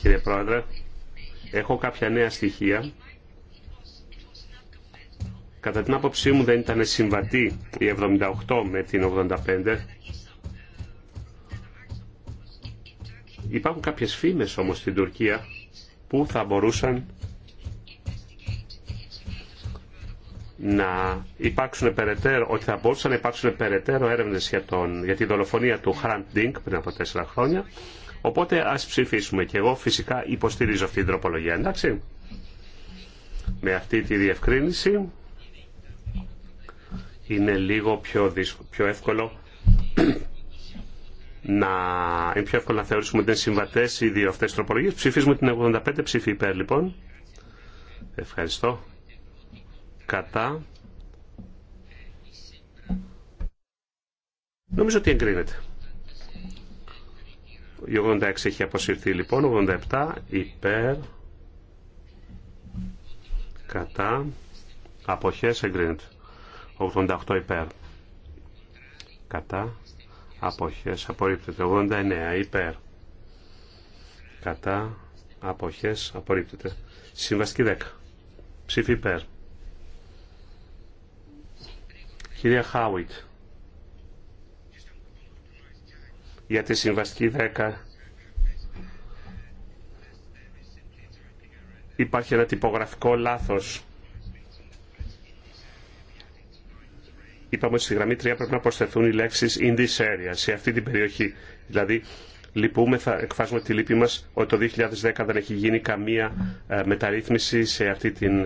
Κύριε Πρόεδρε, έχω κάποια νέα στοιχεία. Κατά την άποψή μου δεν ήταν συμβατή η 78 με την 85. Υπάρχουν κάποιες φήμες όμως στην Τουρκία που θα μπορούσαν να υπάρξουν περαιτέρω, ότι θα μπορούσαν να υπάρξουν περαιτέρω έρευνε για, για τη δολοφονία του Χραντ Ντίνκ πριν από τέσσερα χρόνια. Οπότε α ψηφίσουμε. Και εγώ φυσικά υποστηρίζω αυτή την τροπολογία, εντάξει. Με αυτή τη διευκρίνηση είναι λίγο πιο, πιο εύκολο [CLEARS THROAT] να είναι πιο εύκολο να θεωρήσουμε ότι είναι συμβατέ οι δύο αυτέ τροπολογίε. Ψηφίζουμε την 85 ψήφι υπέρ, λοιπόν. Ευχαριστώ κατά. Νομίζω ότι εγκρίνεται. Η 86 έχει αποσυρθεί λοιπόν, 87 υπέρ, κατά, αποχές εγκρίνεται. 88 υπέρ, κατά, αποχές απορρίπτεται. 89 υπέρ, κατά, αποχές απορρίπτεται. Συμβαστική 10. Ψήφι υπέρ. Κυρία Χάουιτ, για τη συμβαστική 10 υπάρχει ένα τυπογραφικό λάθος. Είπαμε ότι στη γραμμή 3 πρέπει να προσθεθούν οι λέξεις in this area, σε αυτή την περιοχή. Δηλαδή, λυπούμε, θα εκφράζουμε τη λύπη μας ότι το 2010 δεν έχει γίνει καμία ε, μεταρρύθμιση σε,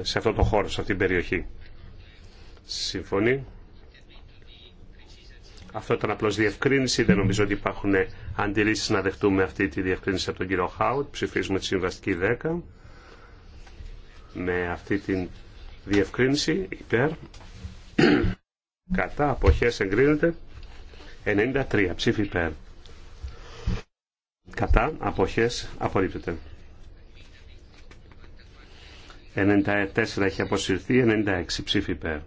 σε αυτό το χώρο, σε αυτή την περιοχή. Συμφωνεί. Αυτό ήταν απλώ διευκρίνηση. Δεν νομίζω ότι υπάρχουν αντιρρήσει να δεχτούμε αυτή τη διευκρίνηση από τον κύριο Χάουτ. Ψηφίζουμε τη συμβαστική 10 με αυτή τη διευκρίνηση υπέρ. Κατά αποχέ, εγκρίνεται 93 ψήφι υπέρ. Κατά αποχέ, απορρίπτεται. 94 έχει αποσυρθεί, 96 ψήφι υπέρ.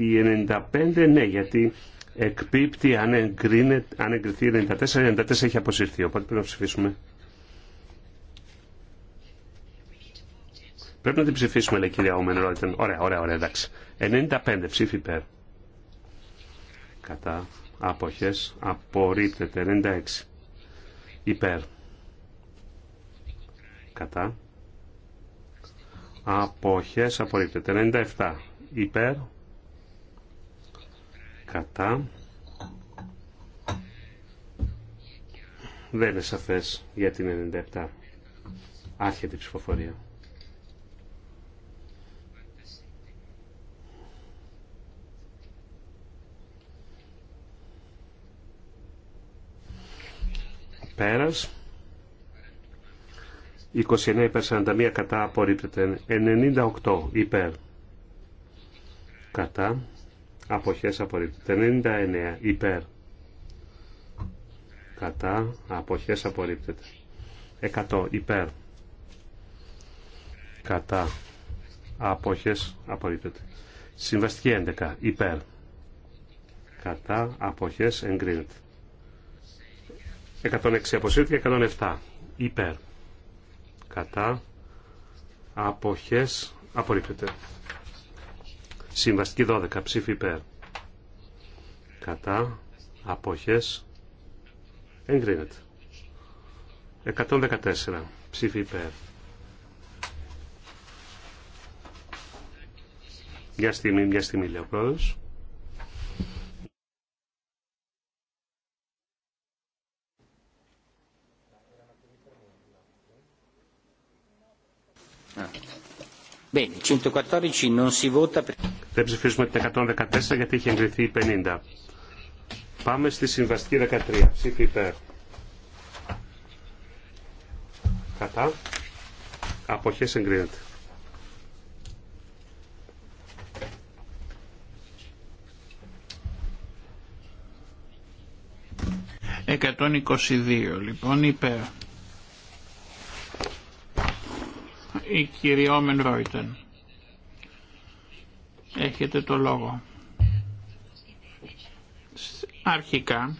Η 95 ναι, γιατί εκπίπτει αν, εγκρίνεται, αν εγκριθεί η 94. Η 94 έχει αποσυρθεί, οπότε πρέπει να ψηφίσουμε. Πρέπει να την ψηφίσουμε, λέει η κυρία Όμεν Ρόιτεν. Ωραία, ωραία, ωραία, εντάξει. 95 ψήφι υπέρ. Κατά αποχές απορρίπτεται. 96 υπέρ. Κατά αποχές απορρίπτεται. 97 υπέρ κατά δεν είναι σαφές για την 97 άρχεται η ψηφοφορία πέρας 29 υπέρ 41 κατά απορρίπτεται 98 υπέρ κατά αποχές απορρίπτεται. 99 υπέρ κατά αποχές απορρίπτεται. 100 υπέρ κατά αποχές απορρίπτεται. Συμβαστική 11 υπέρ κατά αποχές εγκρίνεται. 106 αποσύρθηκε, 107 υπέρ κατά αποχές απορρίπτεται. Συμβαστική 12. Ψήφι υπέρ. Κατά. Αποχές. Εγκρίνεται. 114. Ψήφι υπέρ. Μια στιγμή, μια στιγμή λέει ο πρόεδρος. Bene, 114 non si vota per... Δεν ψηφίζουμε την 114 γιατί είχε εγκριθεί η 50. Πάμε στη συμβαστική 13. Ψήφι υπέρ. Κατά. Αποχές εγκρίνεται. Εκατόν λοιπόν υπέρ. Η κυριόμεν Ρόιτεν. Έχετε το λόγο. Αρχικά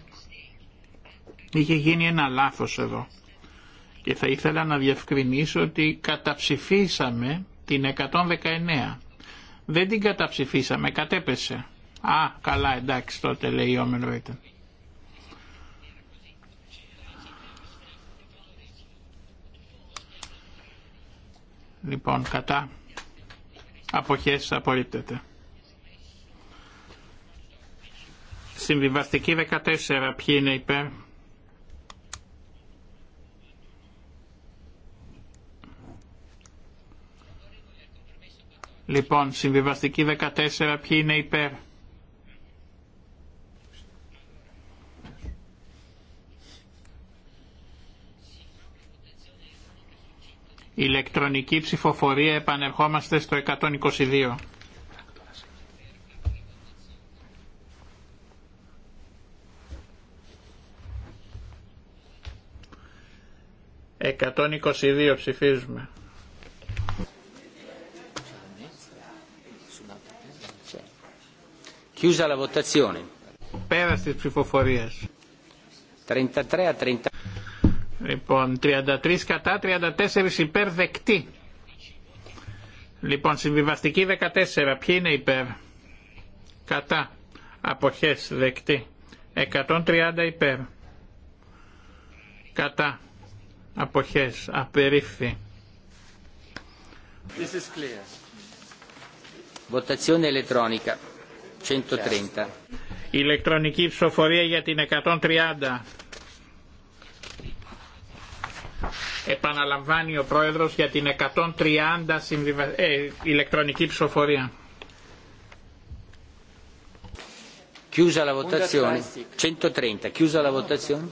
είχε γίνει ένα λάθος εδώ και θα ήθελα να διευκρινίσω ότι καταψηφίσαμε την 119. Δεν την καταψηφίσαμε, κατέπεσε. Α, καλά, εντάξει, τότε λέει ο Όμεν Λοιπόν, κατά. Αποχές απορρίπτεται. Συμβιβαστική 14. Ποιοι είναι υπέρ. Λοιπόν, συμβιβαστική 14. Ποιοι είναι υπέρ. Ηλεκτρονική ψηφοφορία επανερχόμαστε στο 122. 122 ψηφίζουμε. Chiusa la votazione. τη ψηφοφορία. 33 Λοιπόν, 33 κατά, 34 υπέρ δεκτή. Λοιπόν, συμβιβαστική 14. Ποιοι είναι υπέρ. Κατά. Αποχές δεκτή. 130 υπέρ. Κατά. Αποχές. Απερίφθη. This is clear. Votazione elettronica. 130. Ηλεκτρονική ψηφοφορία για την 130. Επαναλαμβάνει ο πρόεδρος για την 130 συμβιβα... ε, ηλεκτρονική ψηφοφορία. Chiusa la votazione. 130. Chiusa la votazione.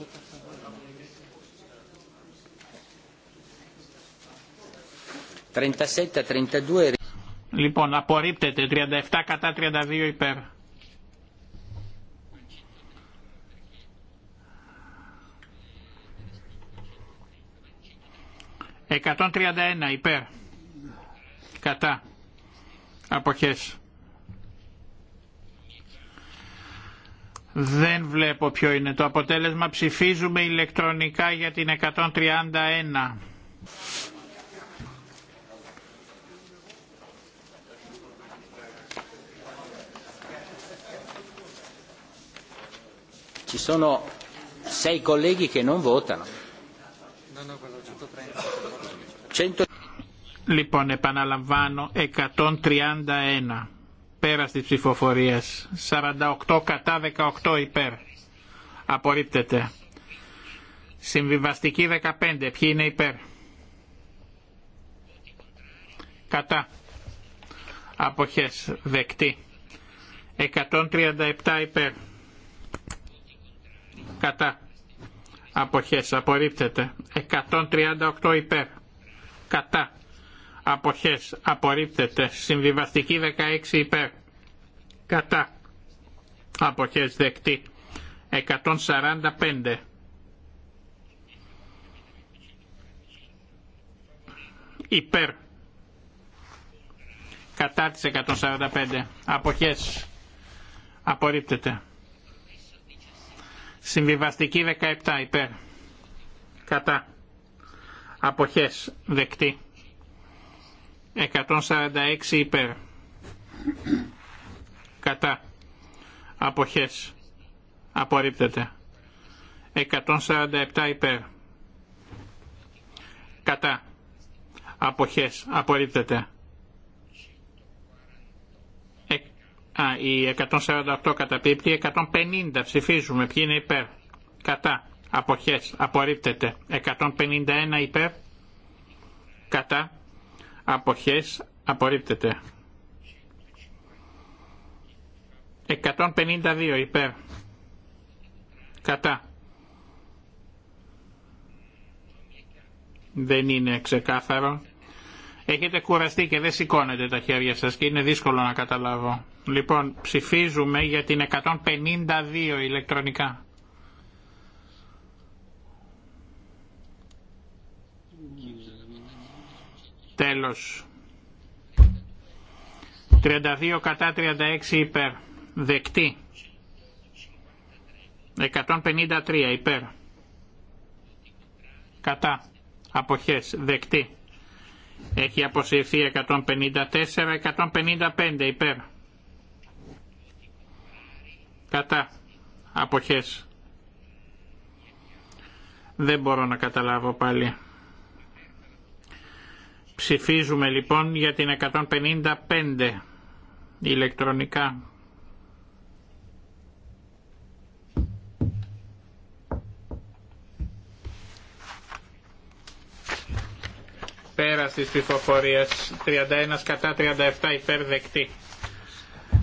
37-32. Λοιπόν, απορρίπτεται 37 κατά 32 υπέρ. Εκατόν τριάντα ένα τριαντα Κατά. Αποχές. Δεν βλέπω ποιο είναι το αποτέλεσμα. Ψηφίζουμε ηλεκτρονικά για την 131. Ci sono sei colleghi che non Λοιπόν, επαναλαμβάνω, 131 πέρα στις ψηφοφορίες. 48 κατά 18 υπέρ. Απορρίπτεται. Συμβιβαστική 15. Ποιοι είναι υπέρ. Κατά. Αποχές. Δεκτή. 137 υπέρ κατά αποχές απορρίπτεται 138 υπέρ κατά αποχές απορρίπτεται συμβιβαστική 16 υπέρ κατά αποχές δεκτή 145 υπέρ κατά τις 145 αποχές απορρίπτεται Συμβιβαστική 17 υπέρ. Κατά. Αποχές. Δεκτή. 146 υπέρ. Κατά. Αποχές. Απορρίπτεται. 147 υπέρ. Κατά. Αποχές. Απορρίπτεται. Α, οι 148 καταπίπτει, 150 ψηφίζουμε. Ποιοι είναι υπέρ. Κατά. Αποχές. Απορρίπτεται. 151 υπέρ. Κατά. Αποχές. Απορρίπτεται. 152 υπέρ. Κατά. Δεν είναι ξεκάθαρο. Έχετε κουραστεί και δεν σηκώνετε τα χέρια σας και είναι δύσκολο να καταλάβω. Λοιπόν, ψηφίζουμε για την 152 ηλεκτρονικά. Τέλος. 32 κατά 36 υπέρ. Δεκτή. 153 υπέρ. Κατά. Αποχές. Δεκτή. Έχει αποσυρθεί 154, 155 υπέρ. Κατά. Αποχές. Δεν μπορώ να καταλάβω πάλι. Ψηφίζουμε λοιπόν για την 155 ηλεκτρονικά. Πέρα της ψηφοφορίας 31 κατά 37 υπέρ δεκτή.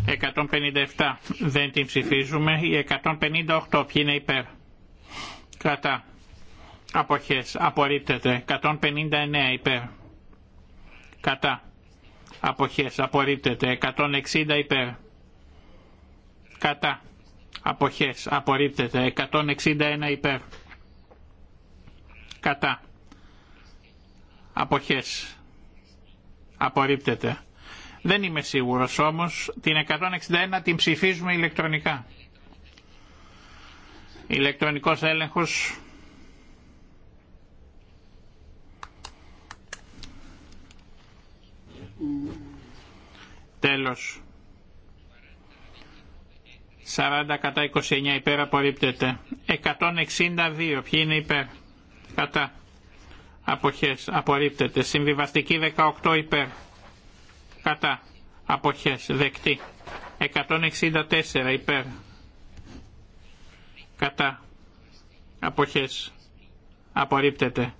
157 δεν την ψηφίζουμε. Η 158 ποιοι είναι υπέρ. Κατά. Αποχές. Απορρίπτεται. 159 υπέρ. Κατά. Αποχές. Απορρίπτεται. 160 υπέρ. Κατά. Αποχές. Απορρίπτεται. 161 υπέρ. Κατά. Αποχές. Απορρίπτεται. Δεν είμαι σίγουρος όμως, την 161 την ψηφίζουμε ηλεκτρονικά. Ηλεκτρονικός έλεγχος. Τέλος. 40 κατά 29 υπέρ απορρίπτεται. 162 ποιοι είναι υπέρ. Κατά. Αποχές απορρίπτεται. Συμβιβαστική 18 υπέρ κατά αποχές δεκτή 164 υπέρ κατά αποχές απορρίπτεται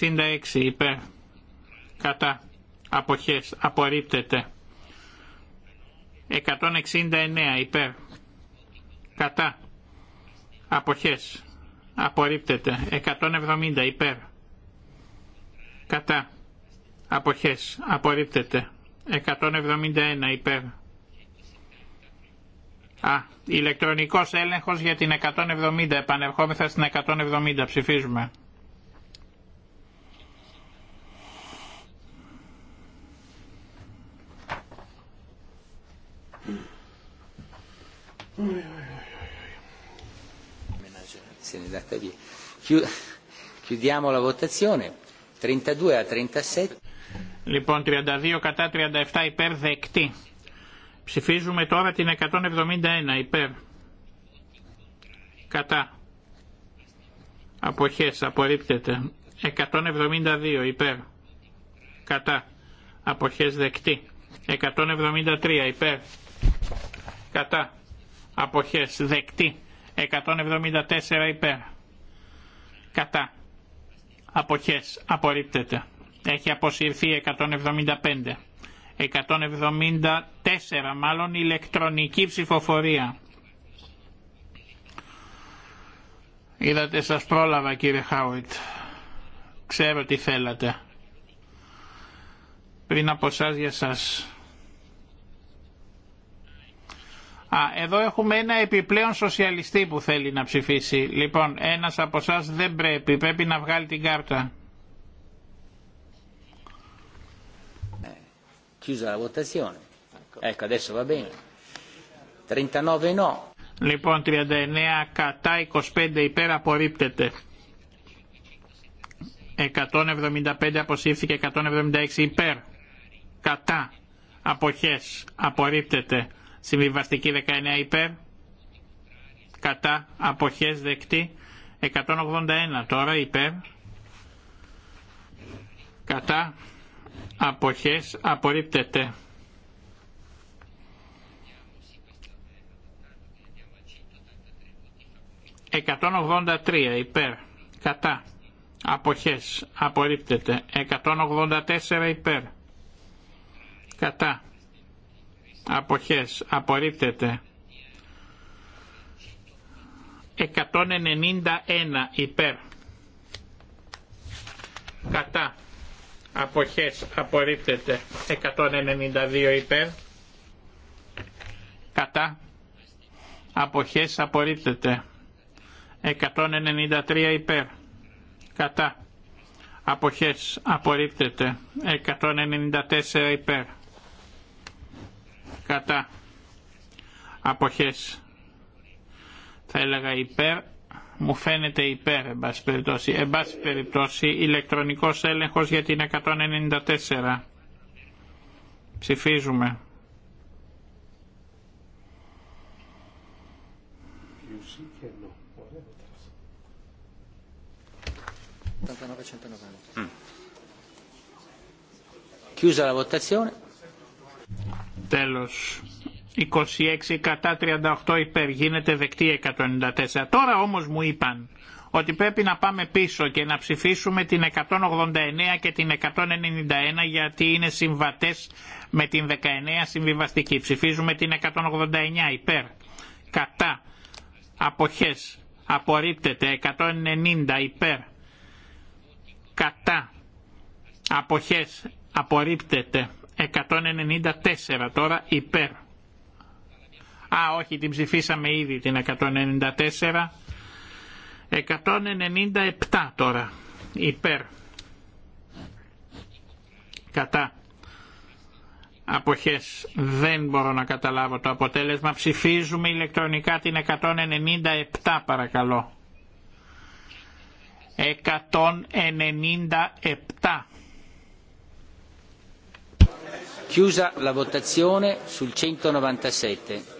166 υπέρ κατά αποχές απορρίπτεται 169 υπέρ κατά αποχές απορρίπτεται 170 υπέρ κατά Αποχές. Απορρίπτεται. 171 υπέρ. Α, ηλεκτρονικός έλεγχος για την 170. Επανερχόμεθα στην 170. Ψηφίζουμε. Chiudiamo la votazione. 32 a 37. Λοιπόν, 32 κατά 37 υπέρ δεκτή. Ψηφίζουμε τώρα την 171 υπέρ. Κατά. Αποχές, απορρίπτεται. 172 υπέρ. Κατά. Αποχές δεκτή. 173 υπέρ. Κατά. Αποχές δεκτή. 174 υπέρ. Κατά. Αποχές απορρίπτεται. Έχει αποσυρθεί 175. 174 μάλλον ηλεκτρονική ψηφοφορία. Είδατε σας πρόλαβα κύριε Χάουιτ. Ξέρω τι θέλατε. Πριν από σας για σας. Α, εδώ έχουμε ένα επιπλέον σοσιαλιστή που θέλει να ψηφίσει. Λοιπόν, ένας από εσά δεν πρέπει, πρέπει να βγάλει την κάρτα. Chiusa la 39 no. Λοιπόν, 39 κατά, 25 υπέρ απορρίπτεται. 175 αποσύρθηκε, 176 υπέρ. Κατά. Αποχές. Απορρίπτεται. Συμβιβαστική 19 υπέρ. Κατά. Αποχές δεκτή. 181 τώρα υπέρ. Κατά αποχές απορρίπτεται. «183 υπέρ, κατά, αποχές, απορρίπτεται, 184 υπέρ, κατά, αποχές, απορρίπτεται, 191 υπέρ, κατά, αποχές απορρίπτεται 192 υπέρ κατά αποχές απορρίπτεται 193 υπέρ κατά αποχές απορρίπτεται 194 υπέρ κατά αποχές θα έλεγα υπέρ μου φαίνεται υπέρ, εν πάση περιπτώσει, εν περιπτώσει ηλεκτρονικός έλεγχος για την 194. Ψηφίζουμε. Τέλος. 26 κατά 38 υπέρ γίνεται δεκτή 194. Τώρα όμως μου είπαν ότι πρέπει να πάμε πίσω και να ψηφίσουμε την 189 και την 191 γιατί είναι συμβατές με την 19 συμβιβαστική. Ψηφίζουμε την 189 υπέρ, κατά, αποχές, απορρίπτεται 190 υπέρ, κατά, αποχές, απορρίπτεται 194 τώρα υπέρ Α, όχι, την ψηφίσαμε ήδη την 194. 197 τώρα. Υπέρ. Κατά. Αποχές. Δεν μπορώ να καταλάβω το αποτέλεσμα. Ψηφίζουμε ηλεκτρονικά την 197 παρακαλώ. 197. Chiusa la votazione sul 197.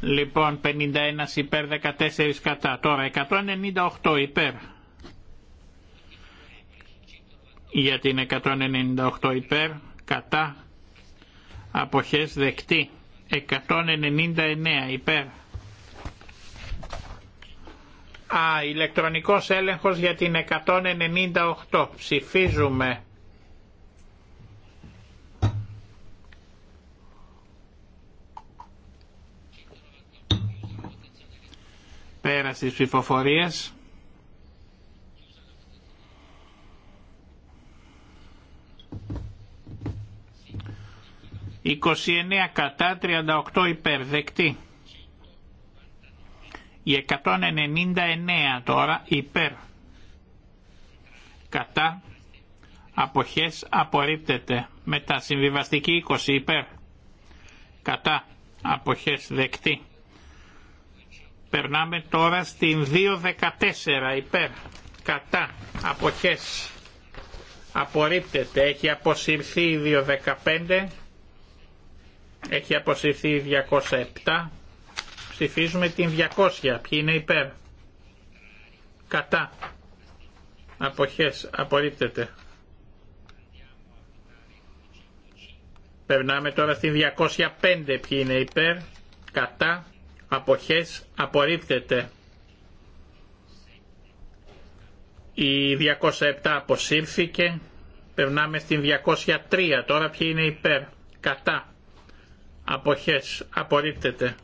Λοιπόν, 51 υπέρ, 14 κατά. Τώρα, 198 υπέρ. Για την 198 υπέρ, κατά. Αποχές δεκτή. 199 υπέρ. Α, ηλεκτρονικός έλεγχος για την 198. Ψηφίζουμε. Πέρα της ψηφοφορίας. «29 κατά, 38 υπέρ, δεκτή». Η 199 τώρα υπέρ. Κατά. Αποχές απορρίπτεται. τα συμβιβαστική 20 υπέρ. Κατά. Αποχές δεκτή. Περνάμε τώρα στην 2.14 υπέρ, κατά, αποχές. Απορρίπτεται, έχει αποσυρθεί η 2.15, έχει αποσυρθεί η 207. Ψηφίζουμε την 200, ποιοι είναι υπέρ, κατά, αποχές, απορρίπτεται. Περνάμε τώρα στην 205, ποιοι είναι υπέρ, κατά, αποχές απορρίπτεται. Η 207 αποσύρθηκε. Περνάμε στην 203. Τώρα ποιοι είναι υπέρ. Κατά. Αποχές. Απορρίπτεται.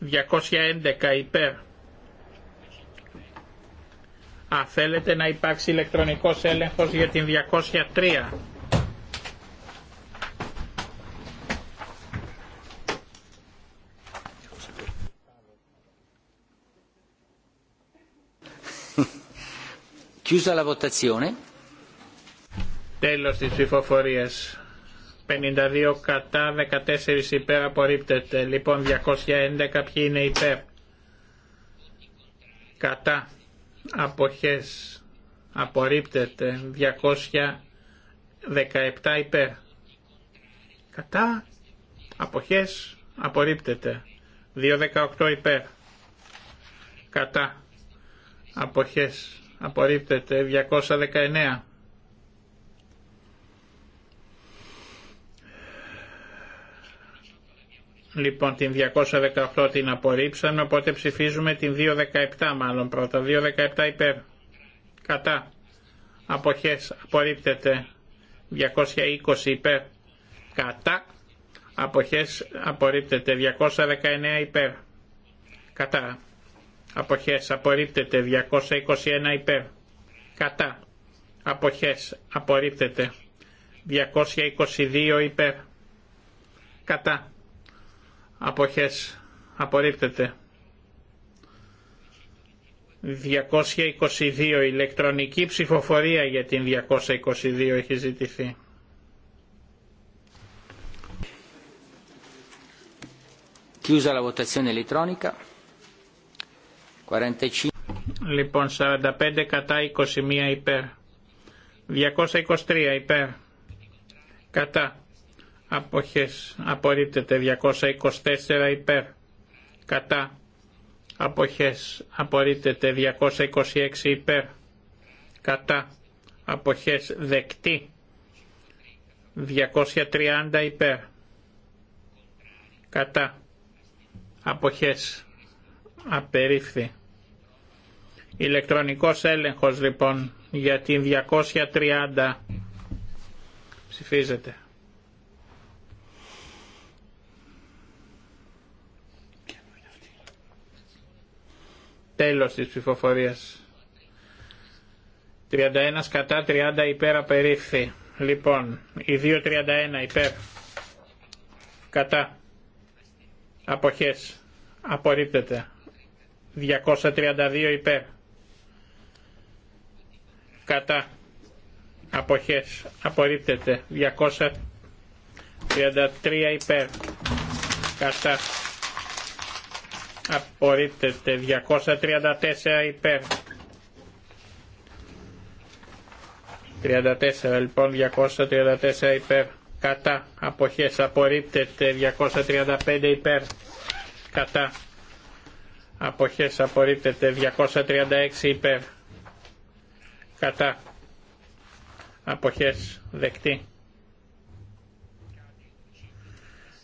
211 υπέρ. Α, θέλετε να υπάρξει ηλεκτρονικός έλεγχος για την 203. Chiusa la votazione. Τέλος της ψηφοφορίας. 52 κατά, 14 υπέρ απορρίπτεται. Λοιπόν, 211 ποιοι είναι υπέρ. Κατά. Αποχές. Απορρίπτεται. 217 υπέρ. Κατά. Αποχές. Απορρίπτεται. 218 υπέρ. Κατά. Αποχές απορρίπτεται 219 Λοιπόν την 218 την απορρίψαμε οπότε ψηφίζουμε την 217 μάλλον πρώτα 217 υπέρ κατά αποχές απορρίπτεται 220 υπέρ κατά αποχές απορρίπτεται 219 υπέρ κατά αποχές απορρίπτεται 221 υπέρ κατά αποχές απορρίπτεται 222 υπέρ κατά αποχές απορρίπτεται 222 ηλεκτρονική ψηφοφορία για την 222 έχει ζητηθεί Chiusa la votazione elettronica. Λοιπόν, 45 κατά 21 υπέρ. 223 υπέρ. Κατά. Αποχές. Απορρίπτεται. 224 υπέρ. Κατά. Αποχές. Απορρίπτεται. 226 υπέρ. Κατά. Αποχές. Δεκτή. 230 υπέρ. Κατά. Αποχές Απερίφθη. Ηλεκτρονικός έλεγχος λοιπόν για την 230 ψηφίζεται. Τέλος της ψηφοφορίας. 31 κατά 30 υπέρ απερίφθη. Λοιπόν, η 231 υπέρ κατά αποχές απορρίπτεται. 232 υπέρ. Κατά. Αποχές. Απορρίπτεται. 233 υπέρ. Κατά. Απορρίπτεται. 234 υπέρ. 34 λοιπόν. 234 υπέρ. Κατά. Αποχές. Απορρίπτεται. 235 υπέρ. Κατά αποχές απορρίπτεται 236 υπέρ κατά αποχές δεκτή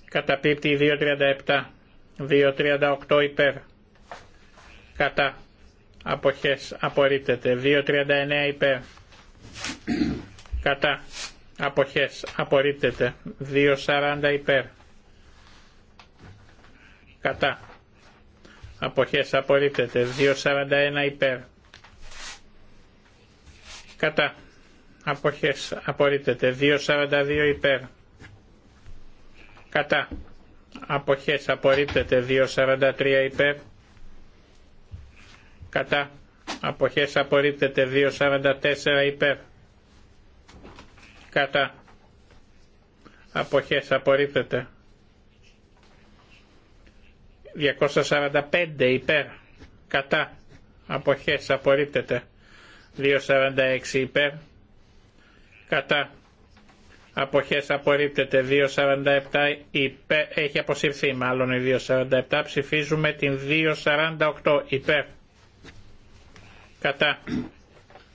καταπίπτει 237 238 υπέρ κατά αποχές απορρίπτεται 239 υπέρ κατά αποχές απορρίπτεται 240 υπέρ κατά Αποχές απορρίπτεται. 2.41 υπέρ. Κατά. Αποχές απορρίπτεται. 2.42 υπέρ. Κατά. Αποχές απορρίπτεται. 2.43 υπέρ. Κατά. Αποχές απορρίπτεται. 2.44 υπέρ. Κατά. Αποχές απορρίπτεται. 245 υπέρ κατά αποχές απορρίπτεται 246 υπέρ κατά αποχές απορρίπτεται 247 υπέρ έχει αποσυρθεί μάλλον η 247 ψηφίζουμε την 248 υπέρ κατά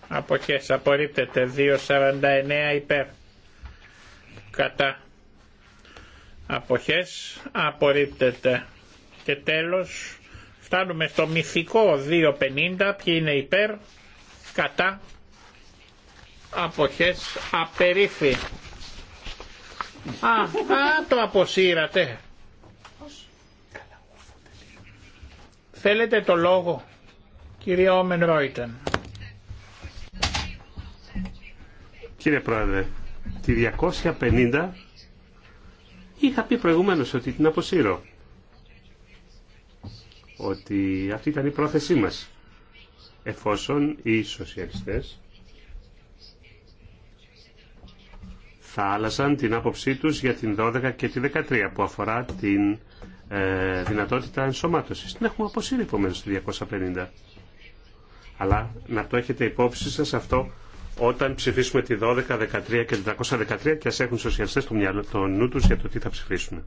αποχές απορρίπτεται 249 υπέρ κατά αποχές απορρίπτεται και τέλος φτάνουμε στο μυθικό 2.50. Ποιοι είναι υπέρ, κατά, αποχές, απερίφη. Α, α, το αποσύρατε. Θέλετε το λόγο, κυρία Όμεν Ρόιτεν. Κύριε Πρόεδρε, τη 250 είχα πει προηγουμένως ότι την αποσύρω ότι αυτή ήταν η πρόθεσή μας εφόσον οι σοσιαλιστές θα άλλαζαν την άποψή τους για την 12 και την 13 που αφορά την ε, δυνατότητα ενσωμάτωσης. Την έχουμε αποσύρει επομένω στη 250. Αλλά να το έχετε υπόψη σας αυτό όταν ψηφίσουμε τη 12, 13 και 413 και ας έχουν σοσιαλιστές το, μυαλό, το νου τους για το τι θα ψηφίσουν.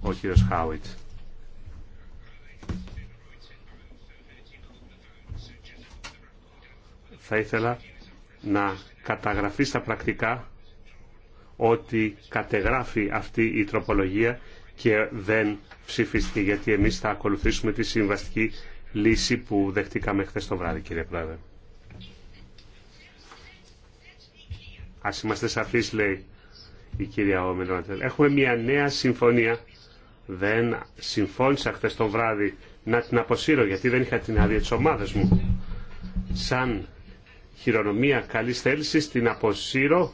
Ο κύριος Χάουιτ. θα ήθελα να καταγραφεί στα πρακτικά ότι κατεγράφει αυτή η τροπολογία και δεν ψηφιστεί, γιατί εμείς θα ακολουθήσουμε τη συμβαστική λύση που δεχτήκαμε χθε το βράδυ, κύριε Πρόεδρε. Ας είμαστε σαφείς, λέει η κυρία Ομιλόντερ. Έχουμε μια νέα συμφωνία. Δεν συμφώνησα χθε το βράδυ να την αποσύρω, γιατί δεν είχα την άδεια της ομάδας μου. Σαν χειρονομία καλή θέληση την αποσύρω.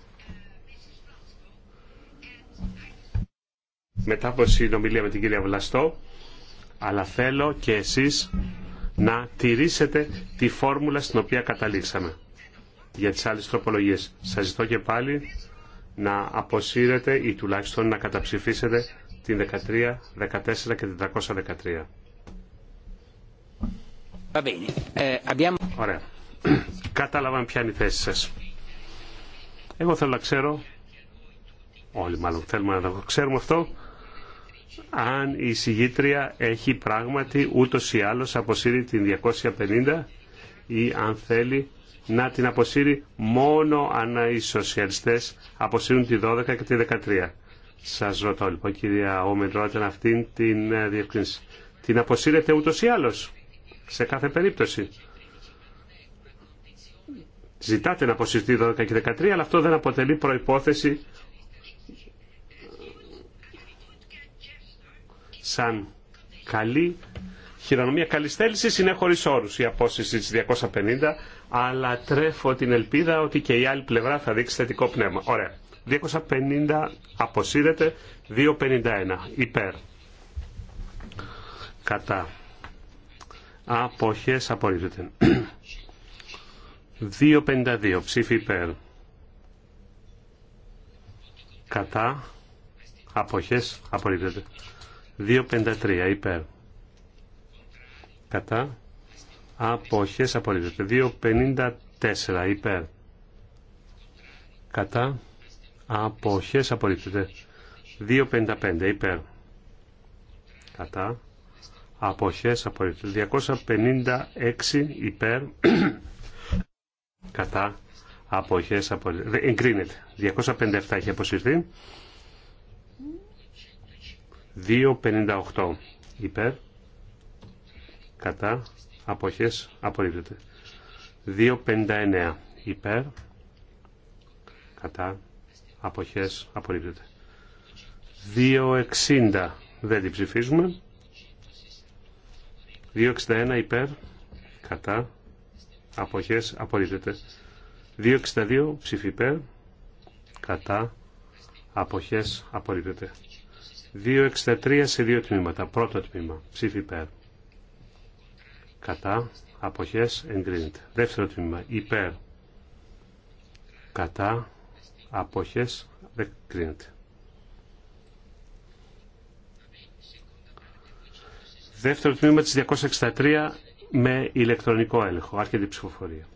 Μετά από συνομιλία με την κυρία Βλαστό, αλλά θέλω και εσείς να τηρήσετε τη φόρμουλα στην οποία καταλήξαμε για τις άλλες τροπολογίες. Σας ζητώ και πάλι να αποσύρετε ή τουλάχιστον να καταψηφίσετε την 13, 14 και 413. Ωραία κατάλαβαν ποια είναι η θέση σα. Εγώ θέλω να ξέρω, όλοι μάλλον θέλουμε να το ξέρουμε αυτό, αν η συγγήτρια έχει πράγματι ούτω ή άλλω αποσύρει την 250 ή αν θέλει να την αποσύρει μόνο αν οι σοσιαλιστές αποσύρουν τη 12 και τη 13. Σας ρωτώ λοιπόν κυρία Όμεν αυτήν την ε, διευκρίνηση. Την αποσύρετε ούτως ή άλλως σε κάθε περίπτωση ζητάτε να αποσυρθεί 12 και 13, αλλά αυτό δεν αποτελεί προϋπόθεση σαν καλή χειρονομία Καλή θέληση είναι χωρίς όρους η απόσυρση τη 250, αλλά τρέφω την ελπίδα ότι και η άλλη πλευρά θα δείξει θετικό πνεύμα. Ωραία. 250 αποσύρεται, 251 υπέρ. Κατά. Αποχές απορρίπτεται. 2.52 ψήφι υπέρ. Κατά. Αποχές. Απορρίπτεται. 2.53 υπέρ. Κατά. Αποχές. Απορρίπτεται. 2.54 υπέρ. Κατά. Αποχές. Απορρίπτεται. 2.55 υπέρ. Κατά. Αποχές. Απορρίπτεται. 256 υπέρ κατά αποχές απο... εγκρίνεται 257 έχει αποσυρθεί 258 υπέρ κατά αποχές απορρίπτεται 259 υπέρ κατά αποχές απορρίπτεται 260 δεν την ψηφίζουμε 261 υπέρ κατά αποχές απορρίπτεται. 262 ψήφι υπέρ, κατά, αποχές απορρίπτεται. 263 σε δύο τμήματα. Πρώτο τμήμα, ψήφι υπέρ, κατά, αποχές εγκρίνεται. Δεύτερο τμήμα, υπέρ, κατά, αποχές δεν Δεύτερο τμήμα της 263 με ηλεκτρονικό έλεγχο. Άρχεται η ψηφοφορία.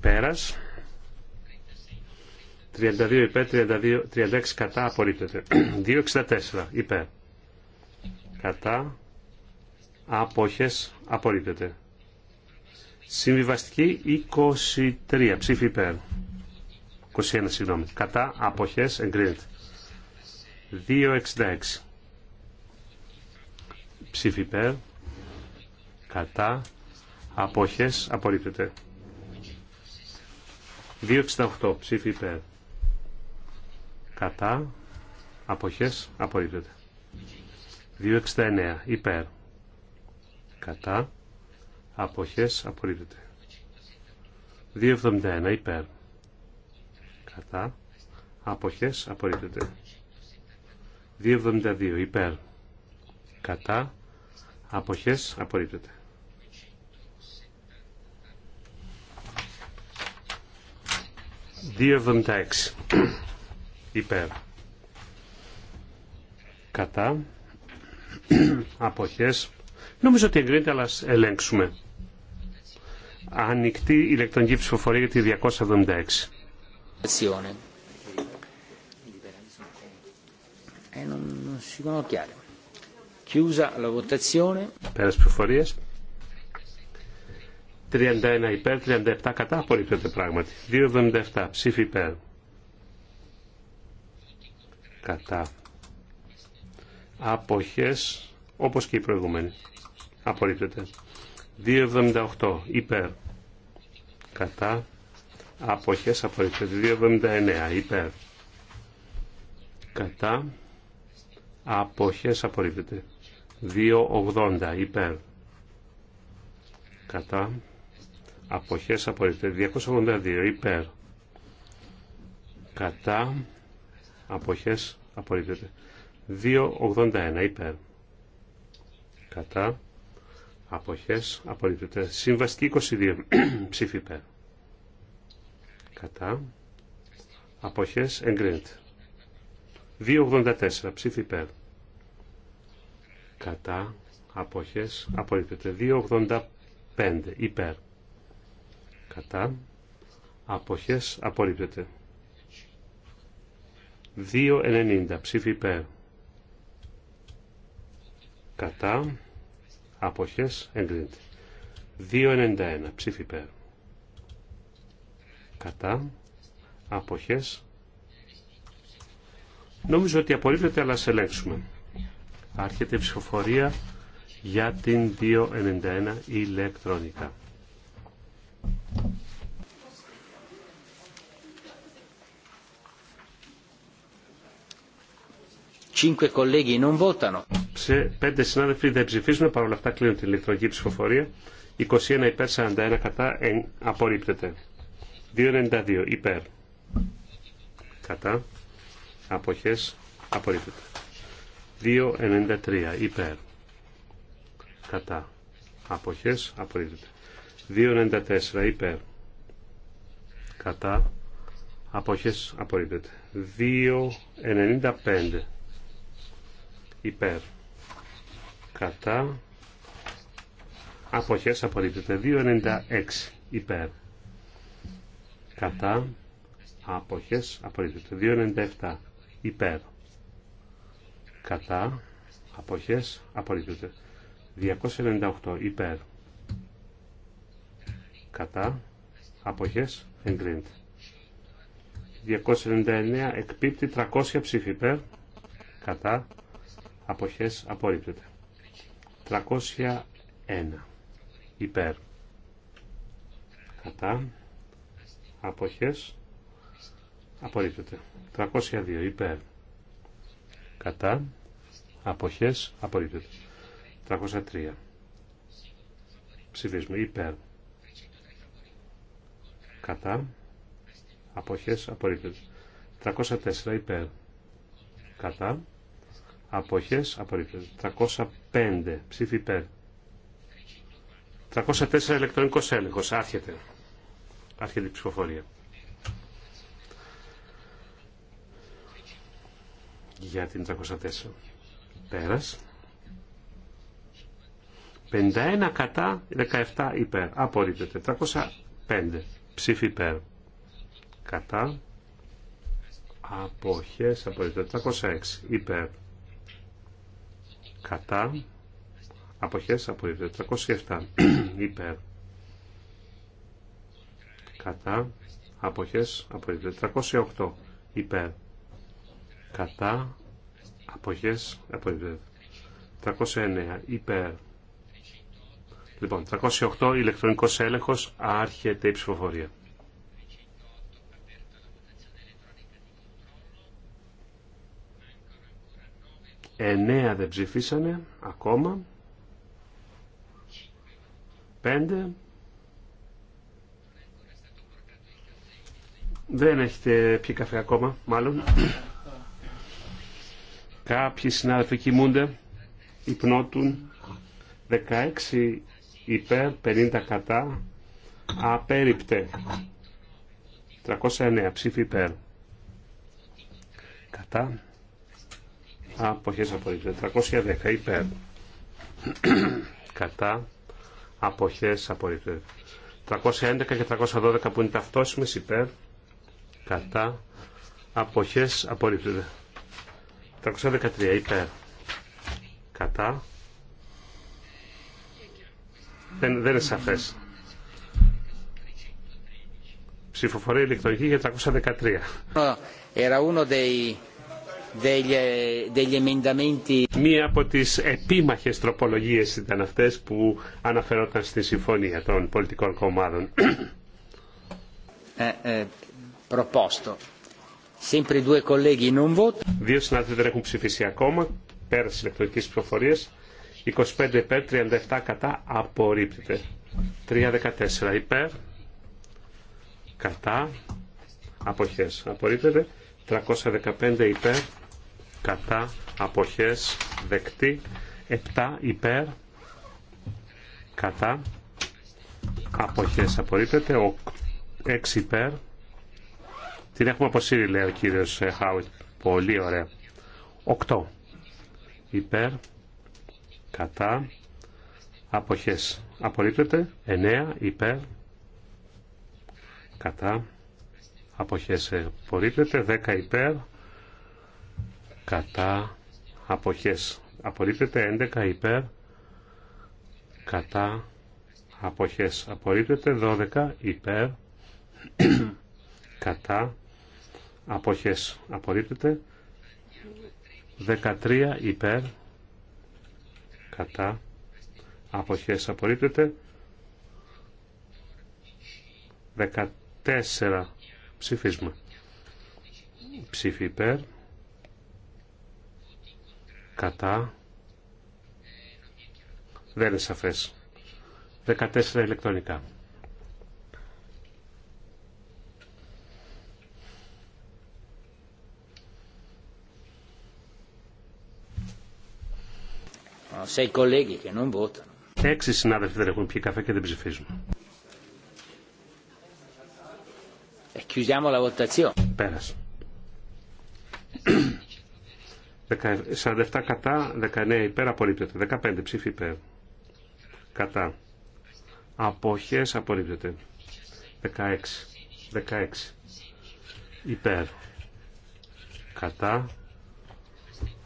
Πέρας. 32 υπέρ, 32, 36 κατά απορρίπτεται. 2,64 [CLEARS THROAT] υπέρ. Κατά. Απόχες απορρίπτεται. Συμβιβαστική 23 ψήφι υπέρ. 21 συγγνώμη. Κατά αποχές εγκρίνεται. 2.66 ψήφι υπέρ. Κατά αποχές απορρίπτεται. 2.68 ψήφι υπέρ. Κατά αποχές απορρίπτεται. 2.69 υπέρ. Κατά αποχές απορρίπτεται. 2.71 υπέρ Κατά. Αποχές απορρίπτεται. 2.72 υπέρ. Κατά. Αποχές απορρίπτεται. 2.76 υπέρ. Κατά. Αποχές. Νομίζω ότι εγκρίνεται, αλλά ας ελέγξουμε. Ανοιχτή ηλεκτρονική ψηφοφορία για τη 276 azione. E eh, non, non si Chiusa la votazione. 31 υπέρ, 37 κατά απορρίπτεται πράγματι. 2,77 ψήφι υπέρ. Κατά. Αποχές, όπως και οι προηγούμενοι. Απορρίπτεται. 2,78 υπέρ. Κατά αποχές απορρίπτεται 2.79 υπέρ κατά αποχές απορρίπτεται 2.80 υπέρ κατά αποχές απορρίπτεται 282 υπέρ κατά αποχές απορρίπτεται 2.81 υπέρ κατά αποχές απορρίπτεται συμβαστική 22 [CLEARS THROAT] ψήφι υπέρ Κατά. Αποχές εγκρίνεται. 2.84. Ψήφι υπέρ. Κατά. Αποχές απορρίπτεται. 2.85. Υπέρ. Κατά. Αποχές απορρίπτεται. 2.90. Ψήφι υπέρ. Κατά. Αποχές εγκρίνεται. 2.91. Ψήφι υπέρ κατά, αποχές. Νομίζω ότι απορρίπτεται, αλλά σε ελέγξουμε. Άρχεται η ψηφοφορία για την 291 ηλεκτρονικά. Σε Πέντε συνάδελφοι δεν ψηφίζουν, παρόλα αυτά κλείνουν την ηλεκτρονική ψηφοφορία. 21 υπέρ 41 κατά απορρίπτεται. 2.92 υπέρ κατά αποχές απορρίπτεται 2.93 υπέρ κατά αποχές απορρίπτεται 2.94 υπέρ κατά αποχές απορρίπτεται 2.95 υπέρ κατά αποχές απορρίπτεται 2.96 υπέρ κατά άποχες απορρίπτεται 297 υπέρ κατά αποχές απορρίπτεται 298 υπέρ κατά αποχές εγκρίνεται 299 εκπίπτει 300 ψήφι υπέρ κατά αποχές απορρίπτεται 301 υπέρ κατά αποχές απορρίπτεται. 302 υπέρ κατά αποχές απορρίπτεται. 303 ψηφίσμα υπέρ κατά αποχές απορρίπτεται. 304 υπέρ κατά αποχές απορρίπτεται. 305 ψήφι υπέρ 304 ηλεκτρονικός έλεγχος άρχεται. Άρχεται ψηφοφορία. Για την 304. Πέρας. 51 κατά, 17 υπέρ. Απορρίπτεται. 405. ψήφι υπέρ. Κατά. Αποχές. Απορρίπτεται. 406. υπέρ. Κατά. Αποχές. Απορρίπτεται. 307 υπέρ κατά αποχές από 308 υπέρ κατά αποχές από 309 υπέρ Λοιπόν, 308 ηλεκτρονικός έλεγχος, άρχεται η ψηφοφορία. 9 δεν ψηφίσανε ακόμα. Πέντε. Δεν έχετε πιει καφέ ακόμα, μάλλον. Κάποιοι συνάδελφοι κοιμούνται, υπνώτουν. 16 υπέρ, 50 κατά, απέριπτε. 309 ψήφι υπέρ. Κατά. Αποχές απορρίπτε. 310 υπέρ. κατά. Αποχές απορρίπτε. 311 και 312 που είναι ταυτόσιμες υπέρ κατά αποχές απορρίπτεται 313 υπέρ κατά δεν, δεν είναι σαφές ψηφοφορία ηλεκτρονική για 313 Era ένα Μία από τις επίμαχες τροπολογίες ήταν αυτέ που αναφερόταν στη συμφωνία των πολιτικών κομμάτων. Ε, ε, Δύο συνάδελφοι δεν έχουν ψηφίσει ακόμα. Πέρα τη ηλεκτρονική ψηφοφορία. 25 υπέρ, 37 κατά. Απορρίπτεται. 3-14 υπέρ. Κατά. Αποχές. Απορρίπτεται. 315 υπέρ. Κατά. Αποχές. Δεκτή. 7 υπέρ. Κατά. Αποχές. Απορρίπτεται. 6 υπέρ την έχουμε αποσύρει, λέει ο κύριο ε, Χάουιτ. Πολύ ωραία. 8. Υπέρ, κατά, απόχέ. Απορρίπτεται. 9. Υπέρ, κατά, απόχέ. Ε, απορρίπτεται. 10. Υπέρ, κατά, απόχέ, Απορρίπτεται. 11. Υπέρ, κατά, απόχέ, Απορρίπτεται. 12. Υπέρ, κατά, αποχές απορρίπτεται 13 υπέρ κατά αποχές απορρίπτεται 14 ψηφίσμα ψήφι υπέρ κατά δεν είναι σαφές 14 ηλεκτρονικά Έξι συνάδελφοι δεν έχουν πιει καφέ και δεν ψηφίζουν. E Πέρασε. 47 κατά, 19 υπέρ, απορρίπτεται. 15 ψήφι υπέρ. Κατά. Αποχές απορρίπτεται. 16. 16. Υπέρ. Κατά.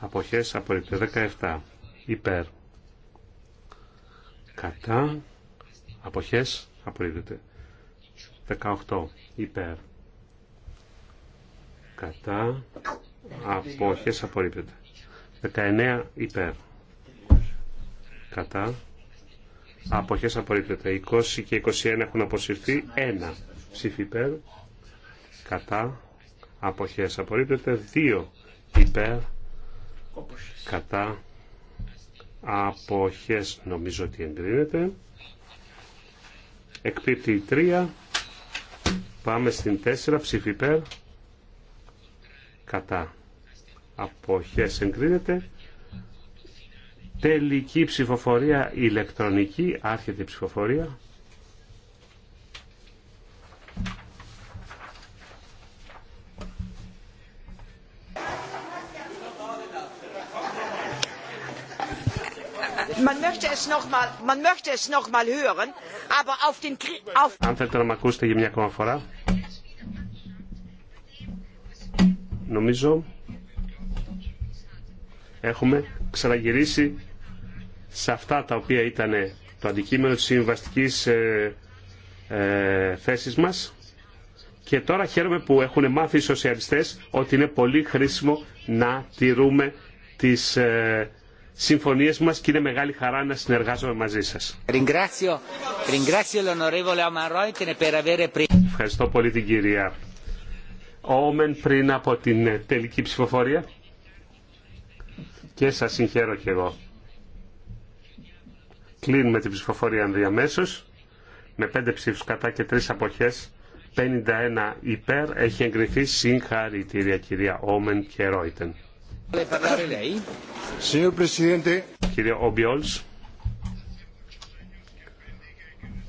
Αποχές απορρίπτεται. 17 υπέρ κατά αποχές απορρίπτεται 18 υπέρ κατά αποχές απορρίπτεται 19 υπέρ κατά αποχές απορρίπτεται 20 και 21 έχουν αποσυρθεί 1 ψήφι υπέρ κατά αποχές απορρίπτεται 2 υπέρ κατά αποχές νομίζω ότι εγκρίνεται εκπίπτει 3 πάμε στην 4 ψήφι κατά αποχές εγκρίνεται τελική ψηφοφορία ηλεκτρονική άρχεται η ψηφοφορία Αν θέλετε να με ακούσετε για μια ακόμα φορά. Νομίζω έχουμε ξαναγυρίσει σε αυτά τα οποία ήταν το αντικείμενο της συμβαστικής ε, ε θέσης μας και τώρα χαίρομαι που έχουν μάθει οι σοσιαλιστές ότι είναι πολύ χρήσιμο να τηρούμε τις ε, συμφωνίες μα και είναι μεγάλη χαρά να συνεργάζομαι μαζί σα. Ευχαριστώ πολύ την κυρία Όμεν πριν από την τελική ψηφοφορία και σας συγχαίρω και εγώ. Κλείνουμε την ψηφοφορία ενδιαμέσως με πέντε ψήφους κατά και τρεις αποχές 51 υπέρ έχει εγκριθεί συγχαρητήρια κυρία Όμεν και Ρόιτεν. Κύριε Ομπιόλς,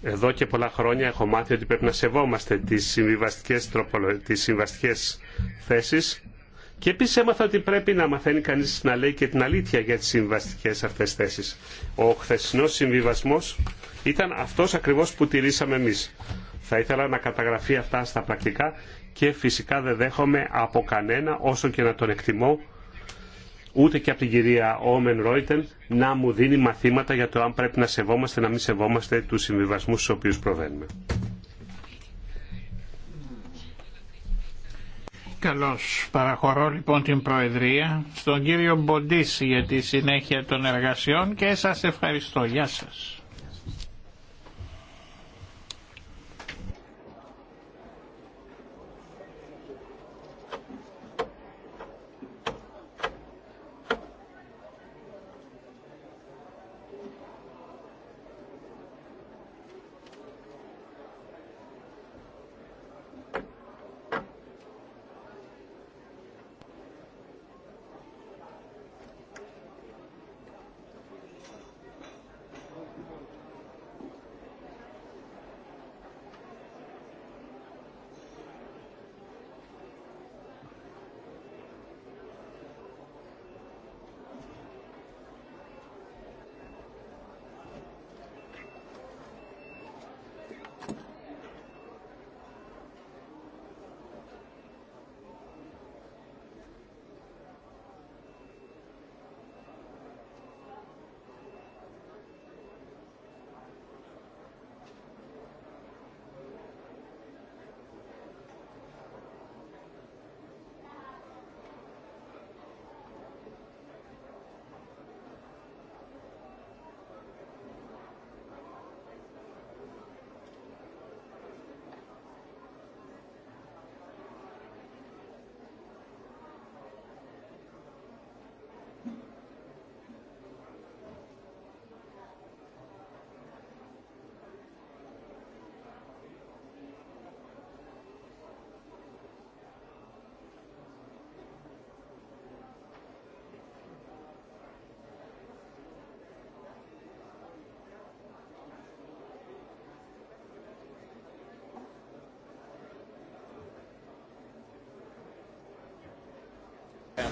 εδώ και πολλά χρόνια έχω μάθει ότι πρέπει να σεβόμαστε τις συμβιβαστικές, τροπολο... θέσεις και επίσης έμαθα ότι πρέπει να μαθαίνει κανείς να λέει και την αλήθεια για τις συμβαστικές αυτές θέσεις. Ο χθεσινός συμβιβασμός ήταν αυτός ακριβώς που τηρήσαμε εμείς. Θα ήθελα να καταγραφεί αυτά στα πρακτικά και φυσικά δεν δέχομαι από κανένα όσο και να τον εκτιμώ ούτε και από την κυρία Όμεν Ρόιτεν να μου δίνει μαθήματα για το αν πρέπει να σεβόμαστε να μην σεβόμαστε τους συμβιβασμούς στους οποίους προβαίνουμε. Καλώς. Παραχωρώ λοιπόν την Προεδρία στον κύριο Μποντίση για τη συνέχεια των εργασιών και σας ευχαριστώ. Γεια σας.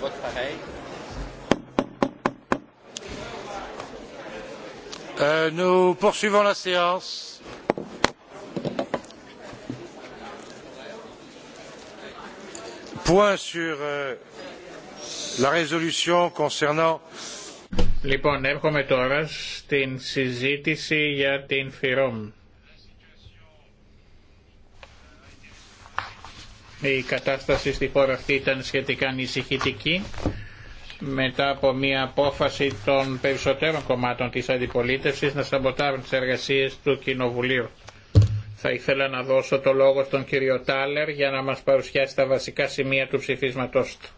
vote pareil. Euh, nous poursuivons la séance. Point sur euh, la résolution concernant. Λοιπόν, έρχομαι τώρα στην συζήτηση για την Φιρόμ. η κατάσταση στη χώρα αυτή ήταν σχετικά ανησυχητική μετά από μια απόφαση των περισσότερων κομμάτων της αντιπολίτευσης να σαμποτάρουν τις εργασίες του Κοινοβουλίου. Θα ήθελα να δώσω το λόγο στον κύριο Τάλερ για να μας παρουσιάσει τα βασικά σημεία του ψηφίσματός του.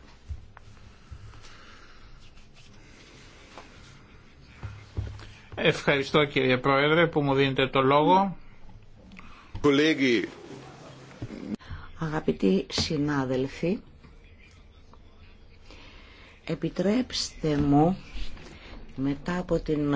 Ευχαριστώ κύριε Πρόεδρε που μου δίνετε το λόγο. Αγαπητοί συνάδελφοι, επιτρέψτε μου μετά από την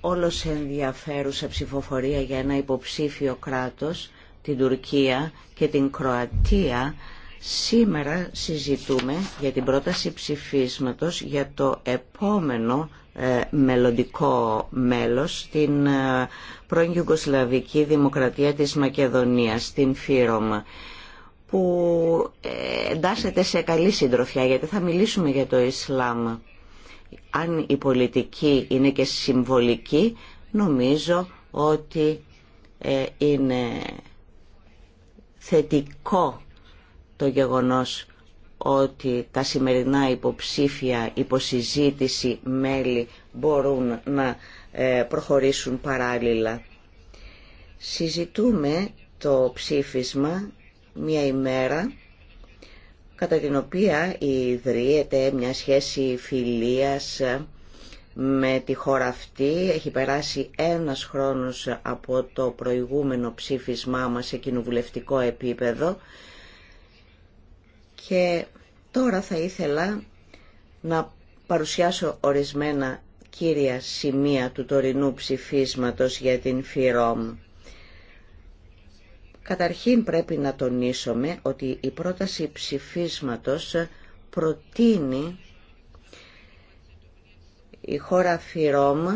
όλος ενδιαφέρουσα ψηφοφορία για ένα υποψήφιο κράτος, την Τουρκία και την Κροατία, σήμερα συζητούμε για την πρόταση ψηφίσματος για το επόμενο ε, μελλοντικό μέλος στην πρώην Δημοκρατία της Μακεδονίας, την ΦΥΡΟΜΑ που ε, εντάσσεται σε καλή συντροφιά, γιατί θα μιλήσουμε για το Ισλάμ. Αν η πολιτική είναι και συμβολική, νομίζω ότι ε, είναι θετικό το γεγονός ότι τα σημερινά υποψήφια υποσυζήτηση μέλη μπορούν να ε, προχωρήσουν παράλληλα. Συζητούμε το ψήφισμα μια ημέρα κατά την οποία ιδρύεται μια σχέση φιλίας με τη χώρα αυτή. Έχει περάσει ένας χρόνος από το προηγούμενο ψήφισμά μας σε κοινοβουλευτικό επίπεδο και τώρα θα ήθελα να παρουσιάσω ορισμένα κύρια σημεία του τωρινού ψηφίσματος για την ΦΥΡΟΜ. Καταρχήν πρέπει να τονίσουμε ότι η πρόταση ψηφίσματος προτείνει η χώρα Φιρόμ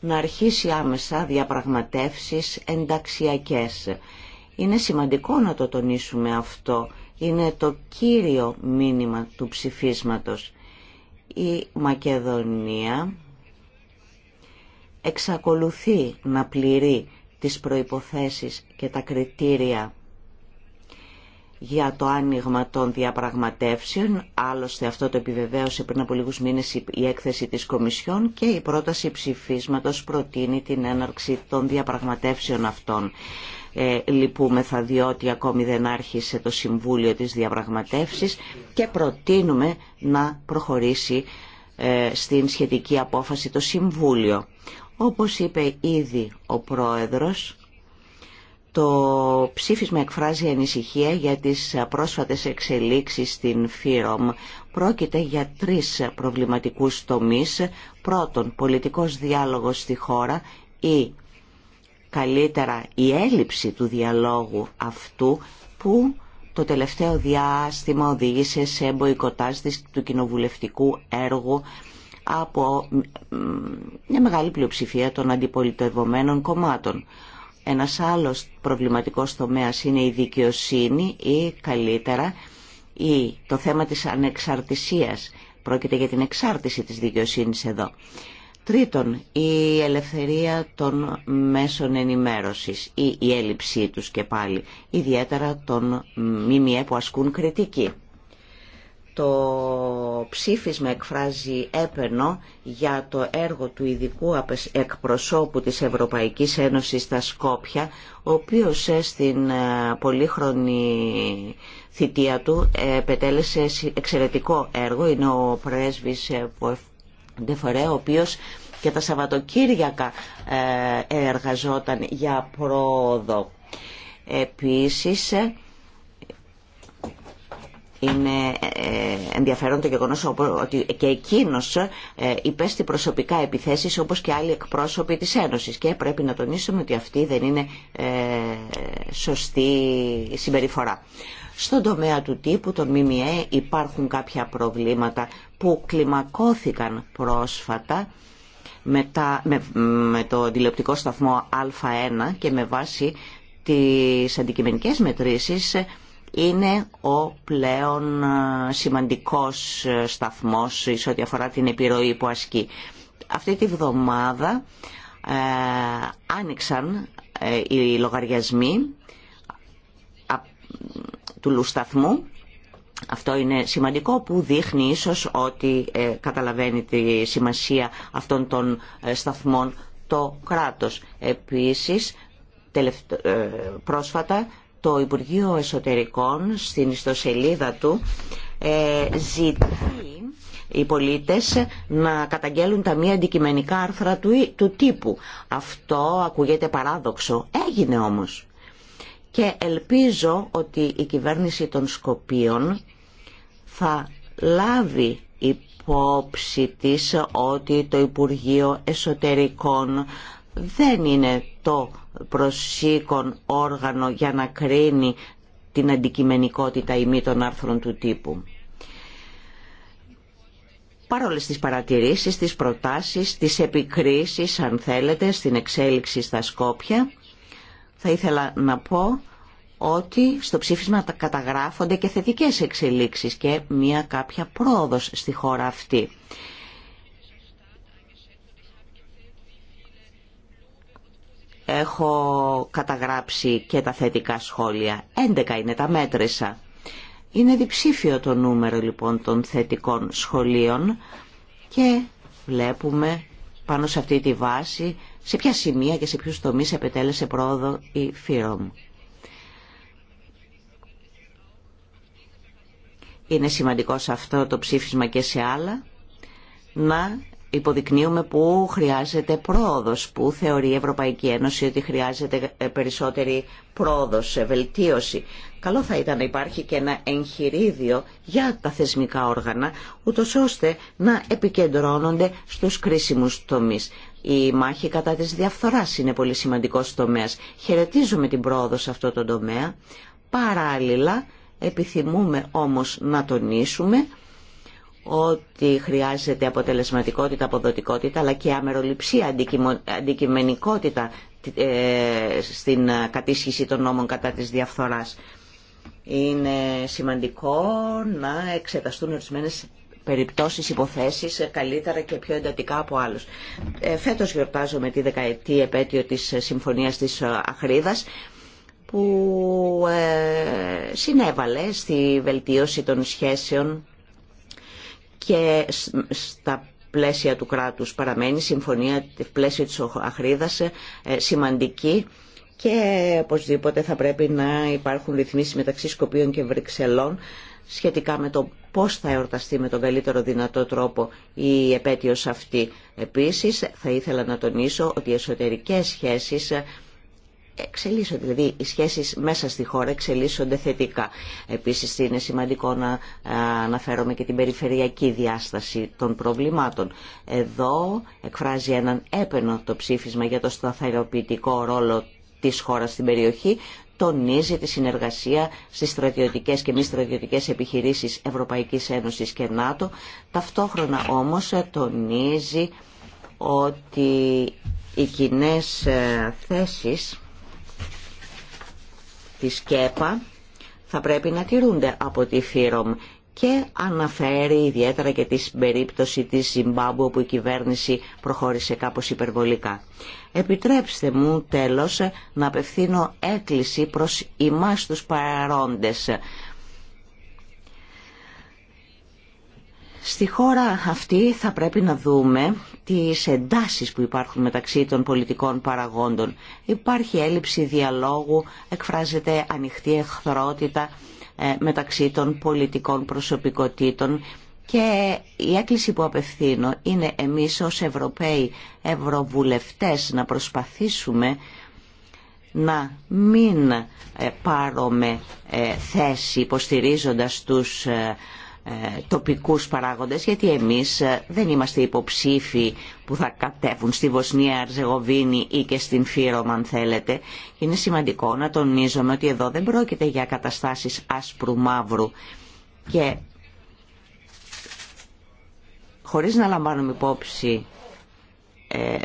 να αρχίσει άμεσα διαπραγματεύσεις ενταξιακές. Είναι σημαντικό να το τονίσουμε αυτό. Είναι το κύριο μήνυμα του ψηφίσματος. Η Μακεδονία εξακολουθεί να πληρεί τις προϋποθέσεις και τα κριτήρια για το άνοιγμα των διαπραγματεύσεων. Άλλωστε αυτό το επιβεβαίωσε πριν από λίγους μήνες η έκθεση της Κομισιόν και η πρόταση ψηφίσματος προτείνει την έναρξη των διαπραγματεύσεων αυτών. Ε, λυπούμεθα διότι ακόμη δεν άρχισε το Συμβούλιο της Διαπραγματεύσης και προτείνουμε να προχωρήσει ε, στην σχετική απόφαση το Συμβούλιο. Όπως είπε ήδη ο Πρόεδρος, το ψήφισμα εκφράζει ανησυχία για τις πρόσφατες εξελίξεις στην ΦΥΡΟΜ. Πρόκειται για τρεις προβληματικούς τομείς. Πρώτον, πολιτικός διάλογος στη χώρα ή καλύτερα η έλλειψη του διαλόγου αυτού που το τελευταίο διάστημα οδήγησε σε εμποϊκοτάστηση του κοινοβουλευτικού έργου από μια μεγάλη πλειοψηφία των αντιπολιτευομένων κομμάτων. Ένας άλλος προβληματικός τομέας είναι η δικαιοσύνη ή καλύτερα ή το θέμα της ανεξαρτησίας. Πρόκειται για την εξάρτηση της δικαιοσύνης εδώ. Τρίτον, η ελευθερία των μέσων ενημέρωσης ή η έλλειψή τους και πάλι, ιδιαίτερα των ΜΜΕ που ασκούν κριτική. Το ψήφισμα εκφράζει έπαινο για το έργο του ειδικού εκπροσώπου της Ευρωπαϊκής Ένωσης στα Σκόπια, ο οποίος ε, στην ε, πολύχρονη θητεία του επετέλεσε εξαιρετικό έργο. Είναι ο πρέσβης ε, Ντεφορέ, ο οποίος και τα Σαββατοκύριακα εργαζόταν για πρόοδο. Επίσης, είναι ε, ενδιαφέρον το γεγονό ότι και εκείνος ε, υπέστη προσωπικά επιθέσεις όπως και άλλοι εκπρόσωποι της Ένωσης και πρέπει να τονίσουμε ότι αυτή δεν είναι ε, σωστή συμπεριφορά. Στον τομέα του τύπου των ΜΜΕ υπάρχουν κάποια προβλήματα που κλιμακώθηκαν πρόσφατα με το τηλεοπτικό σταθμό Α1 και με βάση τις αντικειμενικές μετρήσεις είναι ο πλέον σημαντικός σταθμός σε ό,τι αφορά την επιρροή που ασκεί. Αυτή τη βδομάδα ε, άνοιξαν ε, οι λογαριασμοί του Λουσταθμού. Αυτό είναι σημαντικό που δείχνει ίσως ότι ε, καταλαβαίνει τη σημασία αυτών των σταθμών το κράτος. Επίσης, πρόσφατα το Υπουργείο Εσωτερικών στην ιστοσελίδα του ε, ζητεί οι πολίτες να καταγγέλουν τα μία αντικειμενικά άρθρα του, του τύπου. Αυτό ακούγεται παράδοξο. Έγινε όμως. Και ελπίζω ότι η κυβέρνηση των Σκοπίων θα λάβει υπόψη της ότι το Υπουργείο Εσωτερικών δεν είναι το προσήκον όργανο για να κρίνει την αντικειμενικότητα ή μη των άρθρων του τύπου. Παρόλες τις παρατηρήσεις, τις προτάσεις, τις επικρίσεις, αν θέλετε, στην εξέλιξη στα Σκόπια, θα ήθελα να πω ότι στο ψήφισμα καταγράφονται και θετικές εξελίξεις και μία κάποια πρόοδος στη χώρα αυτή. έχω καταγράψει και τα θετικά σχόλια. 11 είναι, τα μέτρησα. Είναι διψήφιο το νούμερο λοιπόν των θετικών σχολείων και βλέπουμε πάνω σε αυτή τη βάση σε ποια σημεία και σε ποιους τομείς επετέλεσε πρόοδο η ΦΥΡΟΜ. Είναι σημαντικό σε αυτό το ψήφισμα και σε άλλα να υποδεικνύουμε που χρειάζεται πρόοδος, που θεωρεί η Ευρωπαϊκή Ένωση ότι χρειάζεται ε, περισσότερη πρόοδος, ε, βελτίωση. Καλό θα ήταν να υπάρχει και ένα εγχειρίδιο για τα θεσμικά όργανα, ούτω ώστε να επικεντρώνονται στους κρίσιμους τομείς. Η μάχη κατά της διαφθοράς είναι πολύ σημαντικός τομέας. Χαιρετίζουμε την πρόοδο σε αυτό το τομέα. Παράλληλα, επιθυμούμε όμως να τονίσουμε ότι χρειάζεται αποτελεσματικότητα, αποδοτικότητα, αλλά και αμεροληψία, αντικειμενικότητα ε, στην κατήσχηση των νόμων κατά της διαφθοράς. Είναι σημαντικό να εξεταστούν ορισμένε περιπτώσεις, υποθέσεις καλύτερα και πιο εντατικά από άλλους. Ε, φέτος γιορτάζομαι τη δεκαετή επέτειο της Συμφωνίας της Αχρίδας που ε, συνέβαλε στη βελτίωση των σχέσεων και στα πλαίσια του κράτους παραμένει η συμφωνία πλαίσια της Αχρίδας ε, σημαντική και οπωσδήποτε θα πρέπει να υπάρχουν ρυθμίσεις μεταξύ Σκοπίων και Βρυξελών σχετικά με το πώς θα εορταστεί με τον καλύτερο δυνατό τρόπο η επέτειος αυτή. Επίσης θα ήθελα να τονίσω ότι οι εσωτερικές σχέσεις ε, εξελίσσονται, δηλαδή οι σχέσεις μέσα στη χώρα εξελίσσονται θετικά. Επίσης είναι σημαντικό να ε, αναφέρομαι και την περιφερειακή διάσταση των προβλημάτων. Εδώ εκφράζει έναν έπαινο το ψήφισμα για το σταθεροποιητικό ρόλο της χώρας στην περιοχή, τονίζει τη συνεργασία στις στρατιωτικές και μη στρατιωτικές επιχειρήσεις Ευρωπαϊκής Ένωσης και ΝΑΤΟ, ταυτόχρονα όμως τονίζει ότι οι κοινέ ε, θέσεις της σκέπα θα πρέπει να τηρούνται από τη ΦΥΡΟΜ και αναφέρει ιδιαίτερα και τη περίπτωση της Ζιμπάμπου που η κυβέρνηση προχώρησε κάπως υπερβολικά. Επιτρέψτε μου τέλος να απευθύνω έκκληση προς εμάς τους παρόντες. Στη χώρα αυτή θα πρέπει να δούμε τις εντάσεις που υπάρχουν μεταξύ των πολιτικών παραγόντων. Υπάρχει έλλειψη διαλόγου, εκφράζεται ανοιχτή εχθρότητα ε, μεταξύ των πολιτικών προσωπικότητων και η έκκληση που απευθύνω είναι εμείς ως Ευρωπαίοι Ευρωβουλευτές να προσπαθήσουμε να μην ε, πάρουμε ε, θέση υποστηρίζοντας τους ε, τοπικούς παράγοντες γιατί εμείς ε, δεν είμαστε υποψήφοι που θα κατέβουν στη Βοσνία, Αρζεγοβίνη ή και στην Φύρομα αν θέλετε. Είναι σημαντικό να τονίζουμε ότι εδώ δεν πρόκειται για καταστάσεις άσπρου μαύρου και χωρίς να λαμβάνουμε υπόψη ε,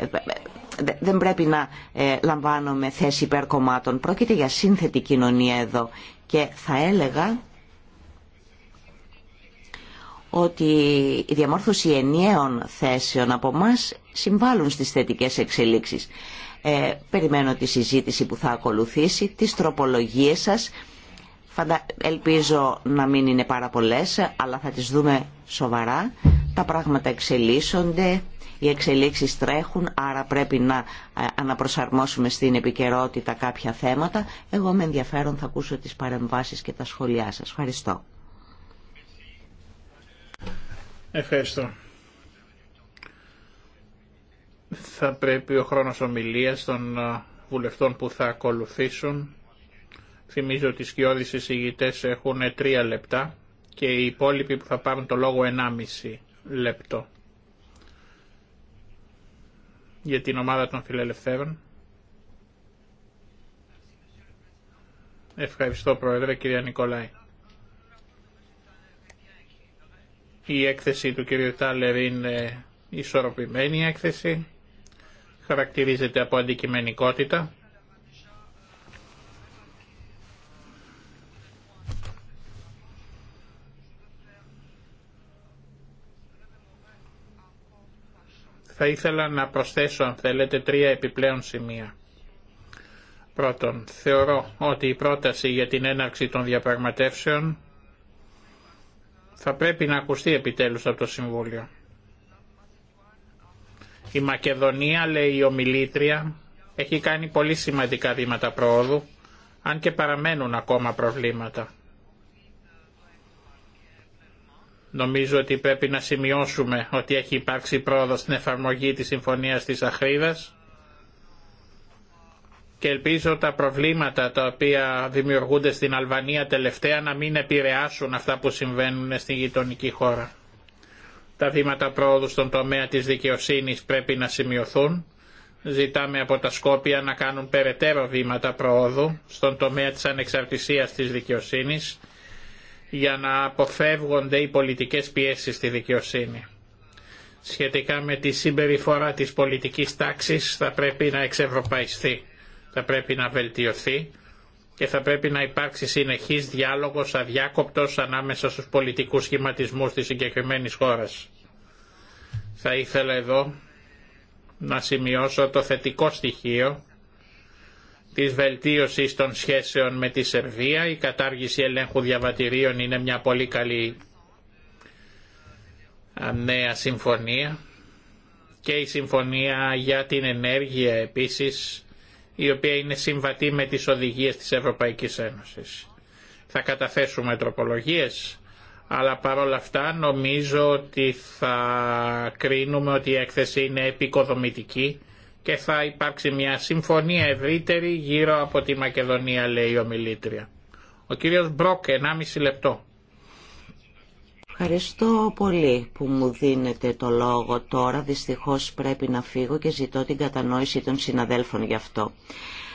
δεν πρέπει να λαμβάνουμε θέση υπέρ κομμάτων. Πρόκειται για σύνθετη κοινωνία εδώ και θα έλεγα ότι η διαμόρφωση ενιαίων θέσεων από εμά συμβάλλουν στις θετικές εξελίξεις. Ε, περιμένω τη συζήτηση που θα ακολουθήσει, τις τροπολογίες σας. Ελπίζω να μην είναι πάρα πολλέ, αλλά θα τις δούμε σοβαρά. Τα πράγματα εξελίσσονται, οι εξελίξεις τρέχουν, άρα πρέπει να ε, αναπροσαρμόσουμε στην επικαιρότητα κάποια θέματα. Εγώ με ενδιαφέρον θα ακούσω τις παρεμβάσεις και τα σχόλιά σας. Ευχαριστώ. Ευχαριστώ. Θα πρέπει ο χρόνος ομιλίας των ε, βουλευτών που θα ακολουθήσουν. Θυμίζω ότι οι σκιώδεις εισηγητές έχουν τρία λεπτά και οι υπόλοιποι που θα πάρουν το λόγο ενάμιση λεπτό. Για την ομάδα των φιλελευθέρων. Ευχαριστώ Πρόεδρε κυρία Νικολάη. Η έκθεση του κ. Τάλερ είναι ισορροπημένη έκθεση, χαρακτηρίζεται από αντικειμενικότητα. Θα ήθελα να προσθέσω, αν θέλετε, τρία επιπλέον σημεία. Πρώτον, θεωρώ ότι η πρόταση για την έναρξη των διαπραγματεύσεων θα πρέπει να ακουστεί επιτέλους από το Συμβούλιο. Η Μακεδονία, λέει η ομιλήτρια, έχει κάνει πολύ σημαντικά βήματα προόδου, αν και παραμένουν ακόμα προβλήματα. Νομίζω ότι πρέπει να σημειώσουμε ότι έχει υπάρξει πρόοδο στην εφαρμογή της Συμφωνίας της Αχρίδας και ελπίζω τα προβλήματα τα οποία δημιουργούνται στην Αλβανία τελευταία να μην επηρεάσουν αυτά που συμβαίνουν στην γειτονική χώρα. Τα βήματα πρόοδου στον τομέα της δικαιοσύνης πρέπει να σημειωθούν. Ζητάμε από τα Σκόπια να κάνουν περαιτέρω βήματα προόδου στον τομέα της ανεξαρτησίας της δικαιοσύνης για να αποφεύγονται οι πολιτικές πιέσεις στη δικαιοσύνη. Σχετικά με τη συμπεριφορά της πολιτικής τάξης θα πρέπει να εξευρωπαϊστεί θα πρέπει να βελτιωθεί και θα πρέπει να υπάρξει συνεχής διάλογος αδιάκοπτος ανάμεσα στους πολιτικούς σχηματισμούς της συγκεκριμένης χώρας. Θα ήθελα εδώ να σημειώσω το θετικό στοιχείο της βελτίωσης των σχέσεων με τη Σερβία. Η κατάργηση ελέγχου διαβατηρίων είναι μια πολύ καλή νέα συμφωνία και η συμφωνία για την ενέργεια επίσης η οποία είναι συμβατή με τις οδηγίες της Ευρωπαϊκής Ένωσης. Θα καταθέσουμε τροπολογίες, αλλά παρόλα αυτά νομίζω ότι θα κρίνουμε ότι η έκθεση είναι επικοδομητική και θα υπάρξει μια συμφωνία ευρύτερη γύρω από τη Μακεδονία, λέει η ομιλήτρια. Ο κύριος Μπρόκ, 1,5 λεπτό. Ευχαριστώ πολύ που μου δίνετε το λόγο τώρα. Δυστυχώς πρέπει να φύγω και ζητώ την κατανόηση των συναδέλφων γι' αυτό.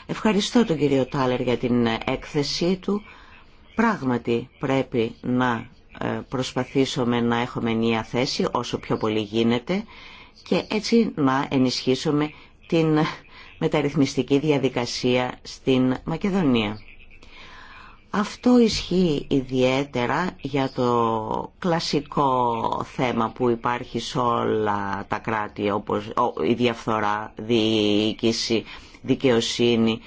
Ευχαριστώ τον κύριο Τάλερ για την έκθεσή του. Πράγματι πρέπει να ε, προσπαθήσουμε να έχουμε μία θέση όσο πιο πολύ γίνεται και έτσι να ενισχύσουμε την μεταρρυθμιστική διαδικασία στην Μακεδονία. Αυτό ισχύει ιδιαίτερα για το κλασικό θέμα που υπάρχει σε όλα τα κράτη, όπως η διαφθορά, διοίκηση, δικαιοσύνη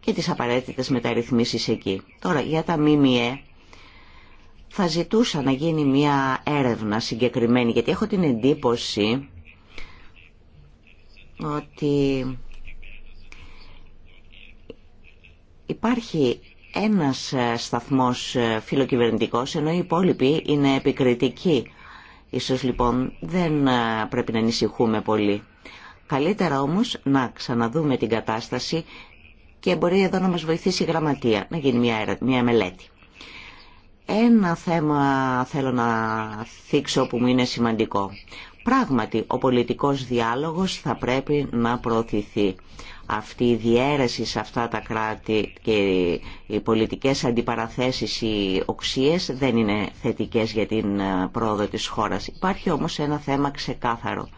και τις απαραίτητες μεταρρυθμίσεις εκεί. Τώρα, για τα ΜΜΕ θα ζητούσα να γίνει μια έρευνα συγκεκριμένη, γιατί έχω την εντύπωση ότι υπάρχει ένας ε, σταθμός ε, φιλοκυβερνητικός, ενώ οι υπόλοιποι είναι επικριτικοί. Ίσως λοιπόν δεν ε, πρέπει να ανησυχούμε πολύ. Καλύτερα όμως να ξαναδούμε την κατάσταση και μπορεί εδώ να μας βοηθήσει η γραμματεία να γίνει μια, μια μελέτη. Ένα θέμα θέλω να θίξω που μου είναι σημαντικό. Πράγματι, ο πολιτικός διάλογος θα πρέπει να προωθηθεί αυτή η διαίρεση σε αυτά τα κράτη και οι πολιτικές αντιπαραθέσεις, οι οξίες δεν είναι θετικές για την ε, πρόοδο της χώρας. Υπάρχει όμως ένα θέμα ξεκάθαρο.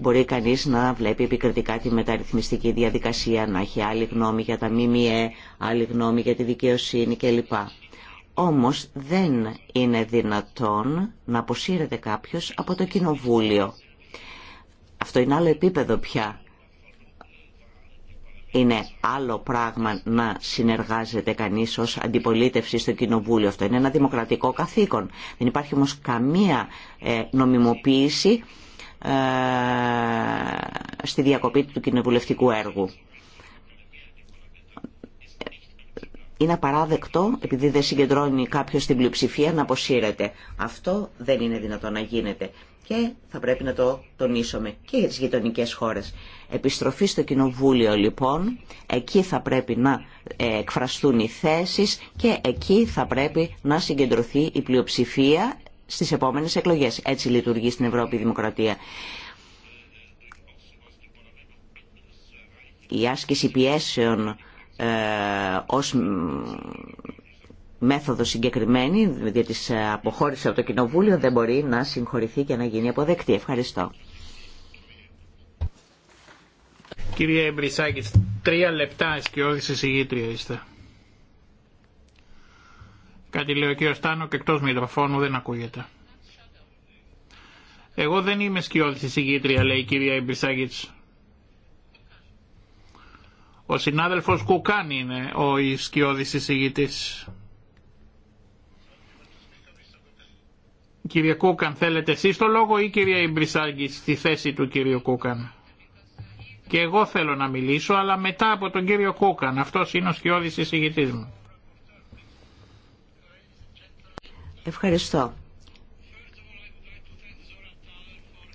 Μπορεί κανείς να βλέπει επικριτικά τη μεταρρυθμιστική διαδικασία, να έχει άλλη γνώμη για τα ΜΜΕ, άλλη γνώμη για τη δικαιοσύνη κλπ. Όμως δεν είναι δυνατόν να αποσύρεται κάποιος από το κοινοβούλιο. Αυτό είναι άλλο επίπεδο πια είναι άλλο πράγμα να συνεργάζεται κανείς ως αντιπολίτευση στο Κοινοβούλιο. Αυτό είναι ένα δημοκρατικό καθήκον. Δεν υπάρχει όμως καμία ε, νομιμοποίηση ε, στη διακοπή του κοινοβουλευτικού έργου. Είναι απαράδεκτο, επειδή δεν συγκεντρώνει κάποιος την πλειοψηφία, να αποσύρεται. Αυτό δεν είναι δυνατό να γίνεται και θα πρέπει να το τονίσουμε και για τις γειτονικέ χώρες. Επιστροφή στο Κοινοβούλιο λοιπόν, εκεί θα πρέπει να ε, εκφραστούν οι θέσεις και εκεί θα πρέπει να συγκεντρωθεί η πλειοψηφία στις επόμενες εκλογές. Έτσι λειτουργεί στην Ευρώπη η Δημοκρατία. Η άσκηση πιέσεων ε, ως μέθοδο συγκεκριμένη, διότι αποχώρησε από το Κοινοβούλιο, δεν μπορεί να συγχωρηθεί και να γίνει αποδεκτή. Ευχαριστώ. Κυρία Εμπρισάκη, τρία λεπτά σκιώδη εισηγήτρια είστε. Κάτι λέει ο κύριο Στάνο και εκτός μικροφώνου δεν ακούγεται. Εγώ δεν είμαι σκιώδη εισηγήτρια, λέει η κυρία Εμπρισάκης. Ο συνάδελφος Κουκάν είναι ο σκιώδη εισηγητή. Κύριε Κούκαν, θέλετε εσείς το λόγο ή κυρία Εμπρισάκης στη θέση του κύριου Κούκαν. Και εγώ θέλω να μιλήσω, αλλά μετά από τον κύριο Κούκαν. Αυτό είναι ο σκιώδη εισηγητής μου. Ευχαριστώ.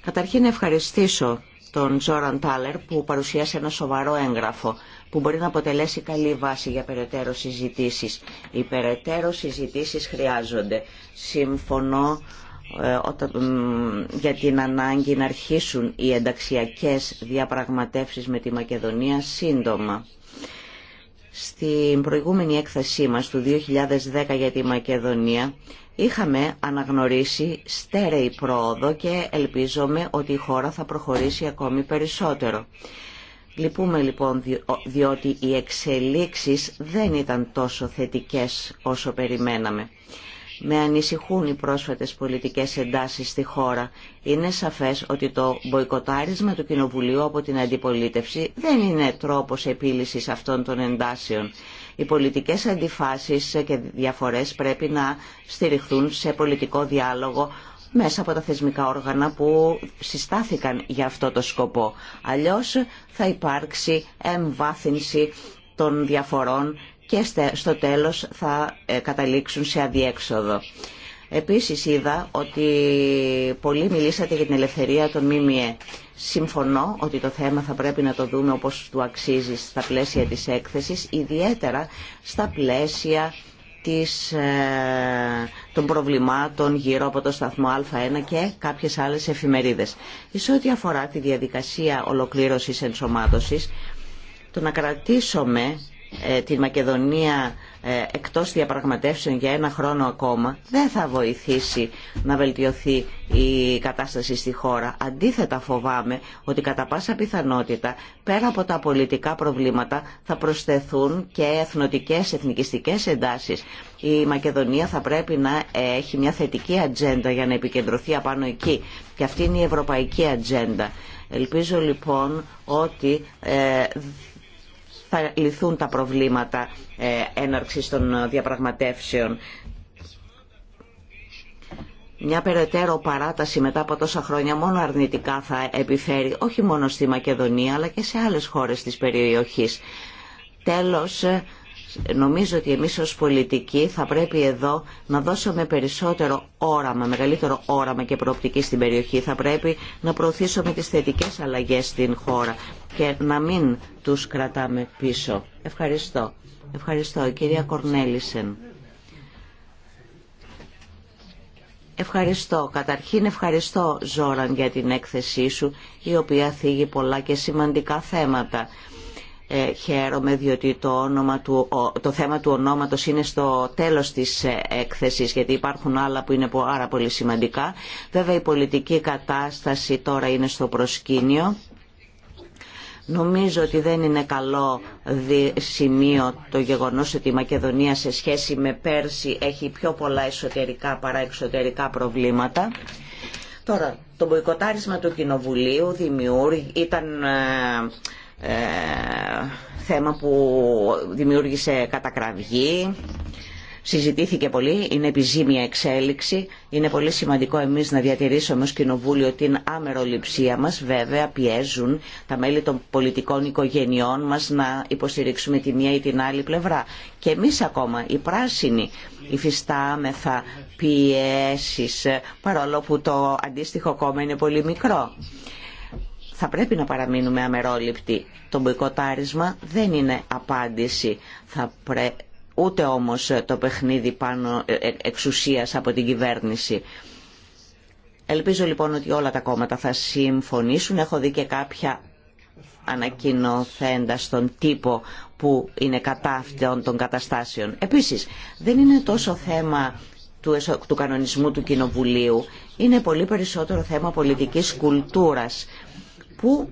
Καταρχήν ευχαριστήσω τον Τζόραν Τάλερ που παρουσιάσε ένα σοβαρό έγγραφο που μπορεί να αποτελέσει καλή βάση για περαιτέρω συζητήσεις. Οι περαιτέρω συζητήσεις χρειάζονται. Συμφωνώ ε, για την ανάγκη να αρχίσουν οι ενταξιακές διαπραγματεύσεις με τη Μακεδονία σύντομα. Στην προηγούμενη έκθεσή μας του 2010 για τη Μακεδονία είχαμε αναγνωρίσει στέρεη πρόοδο και ελπίζομαι ότι η χώρα θα προχωρήσει ακόμη περισσότερο. Λυπούμε λοιπόν διότι οι εξελίξεις δεν ήταν τόσο θετικές όσο περιμέναμε. Με ανησυχούν οι πρόσφατες πολιτικές εντάσεις στη χώρα. Είναι σαφές ότι το μποικοτάρισμα του Κοινοβουλίου από την αντιπολίτευση δεν είναι τρόπος επίλυσης αυτών των εντάσεων. Οι πολιτικές αντιφάσεις και διαφορές πρέπει να στηριχθούν σε πολιτικό διάλογο μέσα από τα θεσμικά όργανα που συστάθηκαν για αυτό το σκοπό. Αλλιώς θα υπάρξει εμβάθυνση των διαφορών και στο τέλος θα ε, καταλήξουν σε αδιέξοδο. Επίσης είδα ότι πολλοί μιλήσατε για την ελευθερία των ΜΜΕ. Συμφωνώ ότι το θέμα θα πρέπει να το δούμε όπως του αξίζει στα πλαίσια της έκθεσης, ιδιαίτερα στα πλαίσια της, ε, των προβλημάτων γύρω από το σταθμό Α1 και κάποιες άλλες εφημερίδες. Σε ό,τι αφορά τη διαδικασία ολοκλήρωσης ενσωμάτωσης, το να κρατήσουμε ε, την Μακεδονία ε, εκτός διαπραγματεύσεων για ένα χρόνο ακόμα δεν θα βοηθήσει να βελτιωθεί η κατάσταση στη χώρα. Αντίθετα φοβάμαι ότι κατά πάσα πιθανότητα πέρα από τα πολιτικά προβλήματα θα προσθεθούν και εθνοτικές, εθνικιστικές εντάσεις. Η Μακεδονία θα πρέπει να έχει μια θετική ατζέντα για να επικεντρωθεί απάνω εκεί. Και αυτή είναι η ευρωπαϊκή ατζέντα. Ελπίζω λοιπόν ότι ε, θα λυθούν τα προβλήματα ε, έναρξης των διαπραγματεύσεων. Μια περαιτέρω παράταση μετά από τόσα χρόνια μόνο αρνητικά θα επιφέρει όχι μόνο στη Μακεδονία αλλά και σε άλλες χώρες της περιοχής. Τέλος, Νομίζω ότι εμείς ως πολιτικοί θα πρέπει εδώ να δώσουμε περισσότερο όραμα, μεγαλύτερο όραμα και προοπτική στην περιοχή. Θα πρέπει να προωθήσουμε τις θετικές αλλαγές στην χώρα και να μην τους κρατάμε πίσω. Ευχαριστώ. Ευχαριστώ. Κυρία Κορνέλησεν. Ευχαριστώ. Καταρχήν ευχαριστώ Ζόραν για την έκθεσή σου, η οποία θίγει πολλά και σημαντικά θέματα. Ε, χαίρομαι διότι το, όνομα του, το θέμα του ονόματος είναι στο τέλος της ε, έκθεσης γιατί υπάρχουν άλλα που είναι πάρα πολύ σημαντικά. Βέβαια η πολιτική κατάσταση τώρα είναι στο προσκήνιο. Νομίζω ότι δεν είναι καλό σημείο το γεγονός ότι η Μακεδονία σε σχέση με πέρσι έχει πιο πολλά εσωτερικά παρά εξωτερικά προβλήματα. Τώρα, το μποϊκοτάρισμα του Κοινοβουλίου δημιούργη, ήταν ε, ε, θέμα που δημιούργησε κατακραυγή. Συζητήθηκε πολύ, είναι επιζήμια εξέλιξη. Είναι πολύ σημαντικό εμείς να διατηρήσουμε ως Κοινοβούλιο την άμεροληψία μας. Βέβαια πιέζουν τα μέλη των πολιτικών οικογενειών μας να υποστηρίξουμε τη μία ή την άλλη πλευρά. Και εμείς ακόμα, οι πράσινοι, υφιστάμεθα πιέσεις, παρόλο που το αντίστοιχο κόμμα είναι πολύ μικρό θα πρέπει να παραμείνουμε αμερόληπτοι. Το μποϊκοτάρισμα δεν είναι απάντηση. Θα πρέ... Ούτε όμως το παιχνίδι πάνω ε, ε, εξουσίας από την κυβέρνηση. Ελπίζω λοιπόν ότι όλα τα κόμματα θα συμφωνήσουν. Έχω δει και κάποια ανακοινοθέντα στον τύπο που είναι κατά αυτών των καταστάσεων. Επίσης, δεν είναι τόσο θέμα του κανονισμού του Κοινοβουλίου. Είναι πολύ περισσότερο θέμα πολιτικής κουλτούρας που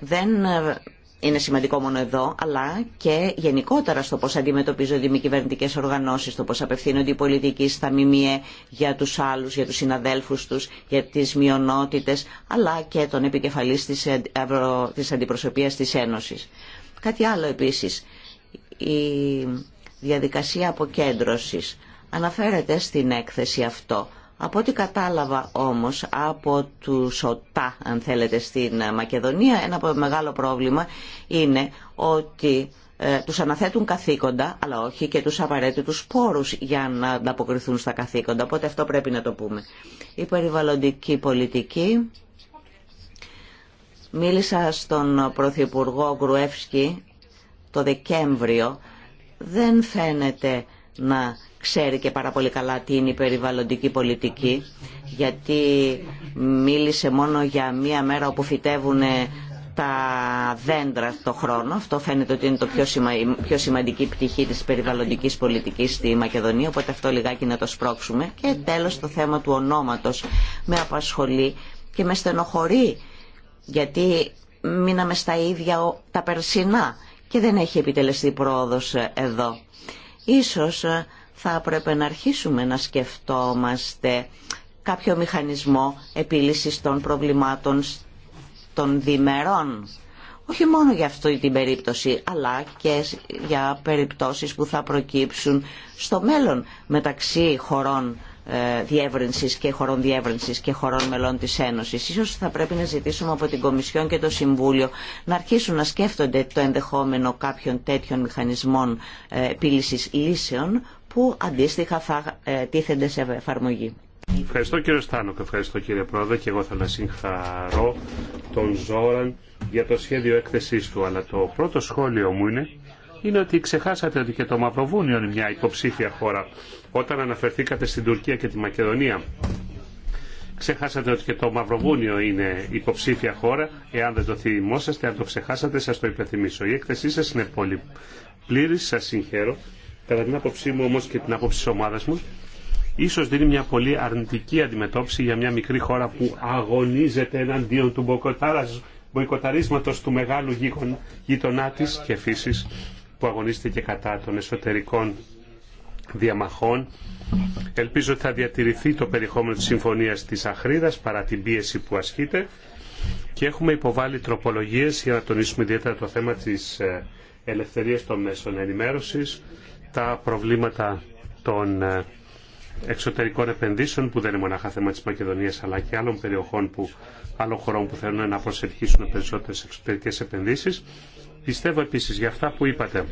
δεν ε, είναι σημαντικό μόνο εδώ, αλλά και γενικότερα στο πώς αντιμετωπίζονται οι μη κυβερνητικέ οργανώσεις, στο πώς απευθύνονται οι πολιτικοί στα ΜΜΕ για τους άλλους, για τους συναδέλφους τους, για τις μειονότητες, αλλά και τον επικεφαλής της, της αντιπροσωπείας της Ένωσης. Κάτι άλλο επίσης, η διαδικασία αποκέντρωσης αναφέρεται στην έκθεση αυτό από ό,τι κατάλαβα όμως από του ΟΤΑ, αν θέλετε, στην ε, Μακεδονία, ένα μεγάλο πρόβλημα είναι ότι ε, τους αναθέτουν καθήκοντα, αλλά όχι και τους απαραίτητους πόρους για να ανταποκριθούν στα καθήκοντα. Οπότε αυτό πρέπει να το πούμε. Η περιβαλλοντική πολιτική... Μίλησα στον Πρωθυπουργό Γκρουεύσκη το Δεκέμβριο. Δεν φαίνεται να ξέρει και πάρα πολύ καλά τι είναι η περιβαλλοντική πολιτική, γιατί μίλησε μόνο για μία μέρα όπου φυτεύουν τα δέντρα το χρόνο. Αυτό φαίνεται ότι είναι το πιο, πιο σημαντική πτυχή της περιβαλλοντικής πολιτικής στη Μακεδονία, οπότε αυτό λιγάκι να το σπρώξουμε. Και τέλος το θέμα του ονόματος με απασχολεί και με στενοχωρεί, γιατί μείναμε στα ίδια τα περσινά και δεν έχει επιτελεστεί πρόοδος εδώ. Ίσως θα πρέπει να αρχίσουμε να σκεφτόμαστε κάποιο μηχανισμό επίλυσης των προβλημάτων των διμερών. Όχι μόνο για αυτή την περίπτωση, αλλά και για περιπτώσεις που θα προκύψουν στο μέλλον μεταξύ χωρών ε, διεύρυνσης και χωρών διεύρυνσης και χωρών μελών της Ένωσης. Ίσως θα πρέπει να ζητήσουμε από την Κομισιόν και το Συμβούλιο να αρχίσουν να σκέφτονται το ενδεχόμενο κάποιων τέτοιων μηχανισμών ε, επίλυσης λύσεων που αντίστοιχα θα ε, τίθενται σε εφαρμογή. Ευχαριστώ κύριε Στάνοκ, ευχαριστώ κύριε Πρόεδρε και εγώ θα να συγχαρώ τον Ζόραν για το σχέδιο έκθεσής του. Αλλά το πρώτο σχόλιο μου είναι, ότι ξεχάσατε ότι και το Μαυροβούνιο είναι μια υποψήφια χώρα όταν αναφερθήκατε στην Τουρκία και τη Μακεδονία. Ξεχάσατε ότι και το Μαυροβούνιο είναι υποψήφια χώρα. Εάν δεν το θυμόσαστε, αν το ξεχάσατε, σας το υπενθυμίσω. Η έκθεσή σας είναι πολύ πλήρης, σας συγχαίρω Κατά την άποψή μου όμως και την άποψη της ομάδας μου, ίσως δίνει μια πολύ αρνητική αντιμετώπιση για μια μικρή χώρα που αγωνίζεται εναντίον του μποϊκοταρίσματος του μεγάλου γείτονά τη και φύση που αγωνίζεται και κατά των εσωτερικών διαμαχών. Ελπίζω ότι θα διατηρηθεί το περιεχόμενο της συμφωνίας της Αχρίδας παρά την πίεση που ασκείται και έχουμε υποβάλει τροπολογίες για να τονίσουμε ιδιαίτερα το θέμα της ε, ελευθερίας των μέσων ενημέρωσης, τα προβλήματα των ε, εξωτερικών επενδύσεων που δεν είναι μονάχα θέμα της Μακεδονίας αλλά και άλλων περιοχών που, άλλων χωρών που θέλουν να προσελκύσουν περισσότερες εξωτερικές επενδύσεις. Πιστεύω επίσης για αυτά που είπατε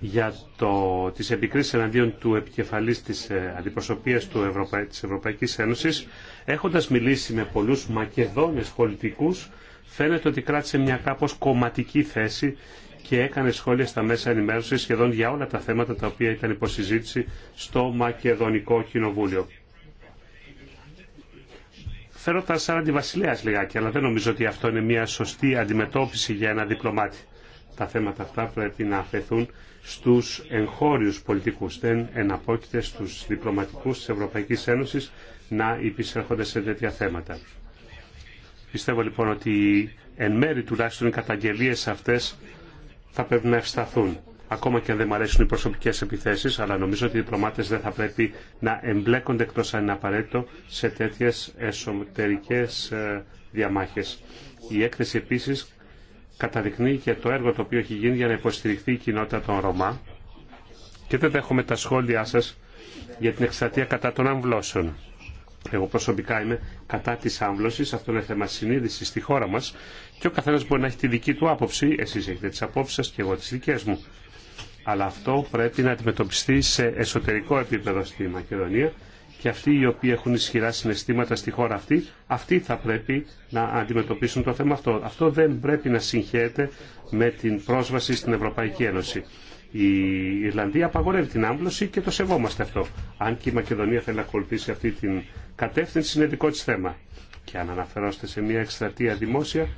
για το, τις επικρίσεις εναντίον του επικεφαλής της ε, αντιπροσωπείας του Ευρωπα... της Ευρωπαϊκής Ένωσης, έχοντας μιλήσει με πολλούς Μακεδόνες πολιτικούς, φαίνεται ότι κράτησε μια κάπως κομματική θέση και έκανε σχόλια στα μέσα ενημέρωση σχεδόν για όλα τα θέματα τα οποία ήταν υποσυζήτηση στο Μακεδονικό Κοινοβούλιο. Φέρω τα σαν αντιβασιλέα λιγάκι, αλλά δεν νομίζω ότι αυτό είναι μια σωστή αντιμετώπιση για ένα διπλωμάτη. Τα θέματα αυτά πρέπει να αφαιθούν στους εγχώριους πολιτικούς, δεν εναπόκειται στους διπλωματικούς της Ευρωπαϊκής Ένωσης να υπησέρχονται σε τέτοια θέματα. Πιστεύω λοιπόν ότι εν μέρη τουλάχιστον οι καταγγελίες αυτές θα πρέπει να ευσταθούν. Ακόμα και αν δεν μου αρέσουν οι προσωπικέ επιθέσει, αλλά νομίζω ότι οι διπλωμάτε δεν θα πρέπει να εμπλέκονται εκτό αν είναι απαραίτητο σε τέτοιε εσωτερικέ ε, διαμάχε. Η έκθεση επίση καταδεικνύει και το έργο το οποίο έχει γίνει για να υποστηριχθεί η κοινότητα των Ρωμά και δεν δέχομαι τα σχόλιά σα για την εκστρατεία κατά των αμβλώσεων. Εγώ προσωπικά είμαι κατά τη άμβλωση. Αυτό είναι θέμα συνείδηση στη χώρα μα. Και ο καθένα μπορεί να έχει τη δική του άποψη. Εσεί έχετε τι απόψει σα και εγώ τι δικέ μου. Αλλά αυτό πρέπει να αντιμετωπιστεί σε εσωτερικό επίπεδο στη Μακεδονία και αυτοί οι οποίοι έχουν ισχυρά συναισθήματα στη χώρα αυτή, αυτοί θα πρέπει να αντιμετωπίσουν το θέμα αυτό. Αυτό δεν πρέπει να συγχαίεται με την πρόσβαση στην Ευρωπαϊκή Ένωση. Η Ιρλανδία απαγορεύει την άμβλωση και το σεβόμαστε αυτό. Αν και η Μακεδονία θέλει να ακολουθήσει αυτή την κατεύθυνση, είναι δικό τη θέμα. Και αν αναφερόστε σε μια εκστρατεία δημόσια,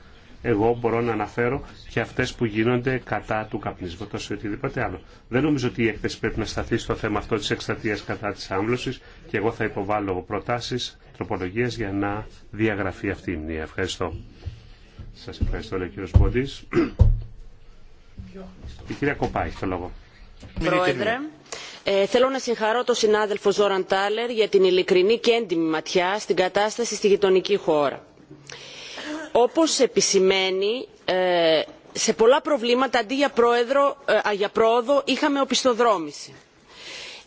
εγώ μπορώ να αναφέρω και αυτέ που γίνονται κατά του καπνίσματο ή οτιδήποτε άλλο. Δεν νομίζω ότι η έκθεση πρέπει να σταθεί στο θέμα αυτό τη εκστρατεία κατά τη άμβλωση και εγώ θα υποβάλω προτάσει, τροπολογίε για να διαγραφεί αυτή η μνήμα. Ευχαριστώ. Σα ευχαριστώ, λέει ο η κυρία Κοπά λόγο. Πρόεδρε, ε, θέλω να συγχαρώ τον συνάδελφο Ζόραν Τάλερ για την ειλικρινή και έντιμη ματιά στην κατάσταση στη γειτονική χώρα. Όπως επισημαίνει, ε, σε πολλά προβλήματα αντί για, πρόεδρο, ε, πρόοδο είχαμε οπισθοδρόμηση.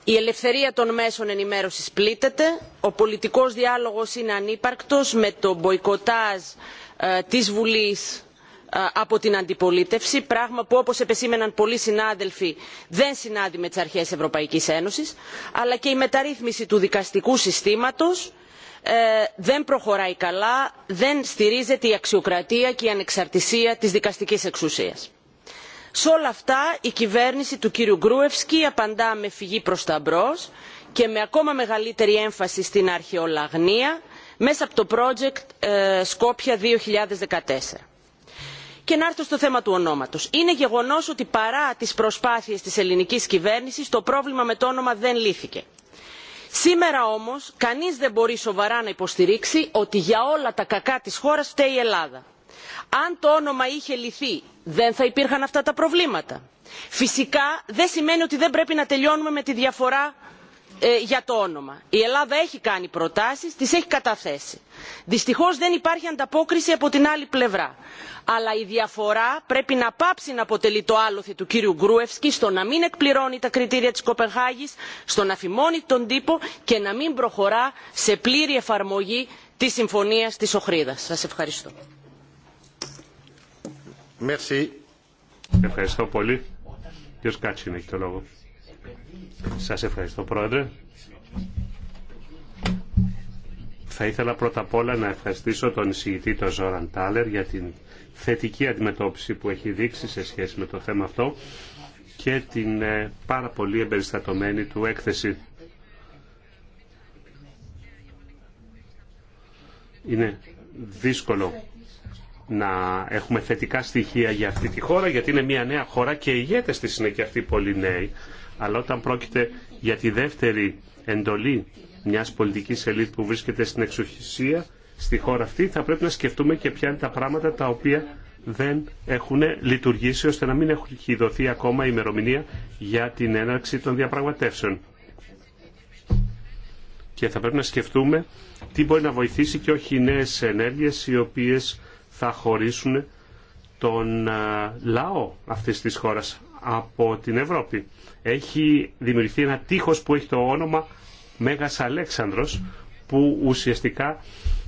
Η ελευθερία των μέσων ενημέρωσης πλήττεται, ο πολιτικός διάλογος είναι ανύπαρκτος με το μποϊκοτάζ της Βουλής από την αντιπολίτευση πράγμα που όπως επεσήμεναν πολλοί συνάδελφοι δεν συνάδει με τις αρχές ευρωπαϊκής ένωσης αλλά και η μεταρρύθμιση του δικαστικού συστήματος ε, δεν προχωράει καλά δεν στηρίζεται η αξιοκρατία και η ανεξαρτησία της δικαστικής εξουσίας. σε όλα αυτά η κυβέρνηση του κυρίου γκρούευσκι απαντά με φυγή προς τα μπρος και με ακόμα μεγαλύτερη έμφαση στην αρχαιολαγνία μέσα από το project ε, σκόπια 2014 και να έρθω στο θέμα του ονόματος. είναι γεγονός ότι παρά τις προσπάθειες της ελληνικής κυβέρνησης το πρόβλημα με το όνομα δεν λύθηκε. σήμερα όμως κανείς δεν μπορεί σοβαρά να υποστηρίξει ότι για όλα τα κακά της χώρας φταίει η ελλάδα. αν το όνομα είχε λυθεί δεν θα υπήρχαν αυτά τα προβλήματα. φυσικά δεν σημαίνει ότι δεν πρέπει να τελειώνουμε με τη διαφορά ε, για το όνομα. η ελλάδα έχει κάνει προτάσεις τις έχει καταθέσει. δυστυχώς δεν υπάρχει ανταπόκριση από την άλλη πλευρά αλλά η διαφορά πρέπει να πάψει να αποτελεί το άλοθη του κύριου γκρούευσκη στο να μην εκπληρώνει τα κριτήρια της κοπενχάγης στο να φημώνει τον τύπο και να μην προχωρά σε πλήρη εφαρμογή της συμφωνίας της οχρίδας. σας ευχαριστώ. Ευχαριστώ πολύ. Σας ευχαριστώ Πρόεδρε. Θα ήθελα πρώτα απ' όλα να ευχαριστήσω τον εισηγητή τον Ζόραν Τάλερ για την θετική αντιμετώπιση που έχει δείξει σε σχέση με το θέμα αυτό και την ε, πάρα πολύ εμπεριστατωμένη του έκθεση. Είναι δύσκολο να έχουμε θετικά στοιχεία για αυτή τη χώρα γιατί είναι μια νέα χώρα και οι ηγέτες της είναι και αυτοί πολύ νέοι αλλά όταν πρόκειται για τη δεύτερη εντολή μιας πολιτικής ελίτ που βρίσκεται στην εξουχησία στη χώρα αυτή, θα πρέπει να σκεφτούμε και ποια είναι τα πράγματα τα οποία δεν έχουν λειτουργήσει ώστε να μην έχει δοθεί ακόμα η ημερομηνία για την έναρξη των διαπραγματεύσεων. Και θα πρέπει να σκεφτούμε τι μπορεί να βοηθήσει και όχι οι νέες ενέργειες οι οποίες θα χωρίσουν τον λαό αυτής της χώρας από την Ευρώπη. Έχει δημιουργηθεί ένα τείχος που έχει το όνομα Μέγας Αλέξανδρος που ουσιαστικά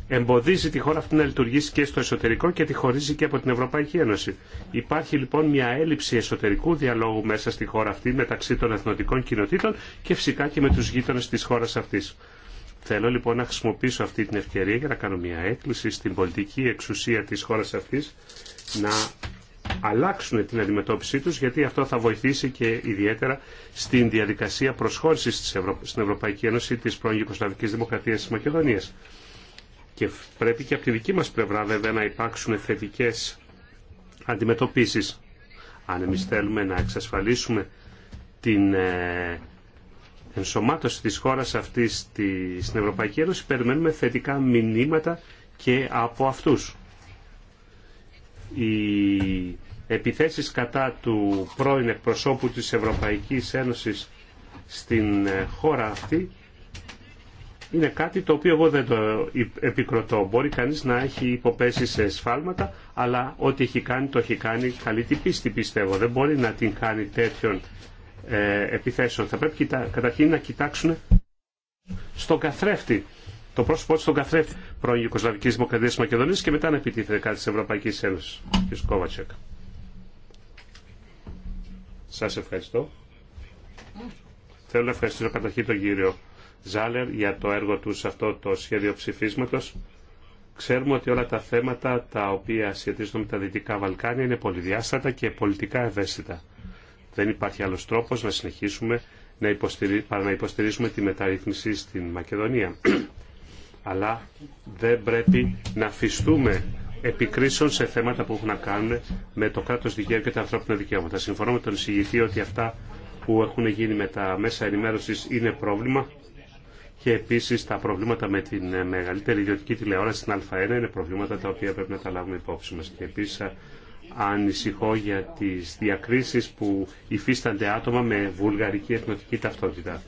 εμποδίζει τη χώρα αυτή να λειτουργήσει και στο εσωτερικό και τη χωρίζει και από την Ευρωπαϊκή Ένωση. Υπάρχει λοιπόν μια έλλειψη εσωτερικού διαλόγου μέσα στη χώρα αυτή μεταξύ των εθνοτικών κοινοτήτων και φυσικά και με τους γείτονες της χώρας αυτής. Θέλω λοιπόν να χρησιμοποιήσω αυτή την ευκαιρία για να κάνω μια έκκληση στην πολιτική εξουσία της χώρας αυτής να αλλάξουν την αντιμετώπιση τους γιατί αυτό θα βοηθήσει και ιδιαίτερα στην διαδικασία προσχώρησης στην Ευρωπαϊκή Ένωση της πρώην Ιουκοσλαβικής Δημοκρατίας της Μακεδονίας. Και πρέπει και από τη δική μας πλευρά βέβαια να υπάρξουν θετικές αντιμετωπίσεις. Αν εμείς θέλουμε να εξασφαλίσουμε την ε, ενσωμάτωση της χώρας αυτής στην Ευρωπαϊκή Ένωση περιμένουμε θετικά μηνύματα και από αυτούς οι επιθέσεις κατά του πρώην εκπροσώπου της Ευρωπαϊκής Ένωσης στην ε, χώρα αυτή είναι κάτι το οποίο εγώ δεν το επικροτώ. Μπορεί κανείς να έχει υποπέσει σε σφάλματα, αλλά ό,τι έχει κάνει το έχει κάνει καλή την πίστη πιστεύω. Δεν μπορεί να την κάνει τέτοιων ε, επιθέσεων. Θα πρέπει καταρχήν να κοιτάξουν στον καθρέφτη το πρόσωπό του στον καθρέφτη πρώην Ιουκοσλαβική Δημοκρατία τη Μακεδονία και μετά να επιτίθεται κάτι τη Ευρωπαϊκή Ένωση. Κ. Κόβατσεκ. Σα ευχαριστώ. Θέλω να ευχαριστήσω καταρχήν τον κύριο Ζάλερ για το έργο του σε αυτό το σχέδιο ψηφίσματο. Ξέρουμε ότι όλα τα θέματα τα οποία σχετίζονται με τα Δυτικά Βαλκάνια είναι πολυδιάστατα και πολιτικά ευαίσθητα. Δεν υπάρχει άλλο τρόπο να συνεχίσουμε να υποστηρί... παρά να υποστηρίζουμε τη μεταρρύθμιση στην Μακεδονία αλλά δεν πρέπει να αφιστούμε επικρίσεων σε θέματα που έχουν να κάνουν με το κράτος δικαίου και τα ανθρώπινα δικαιώματα. Συμφωνώ με τον εισηγητή ότι αυτά που έχουν γίνει με τα μέσα ενημέρωσης είναι πρόβλημα και επίσης τα προβλήματα με την μεγαλύτερη ιδιωτική τηλεόραση στην Α1 είναι προβλήματα τα οποία πρέπει να τα λάβουμε υπόψη μας. Και επίσης ανησυχώ για τις διακρίσεις που υφίστανται άτομα με βουλγαρική εθνοτική ταυτότητα.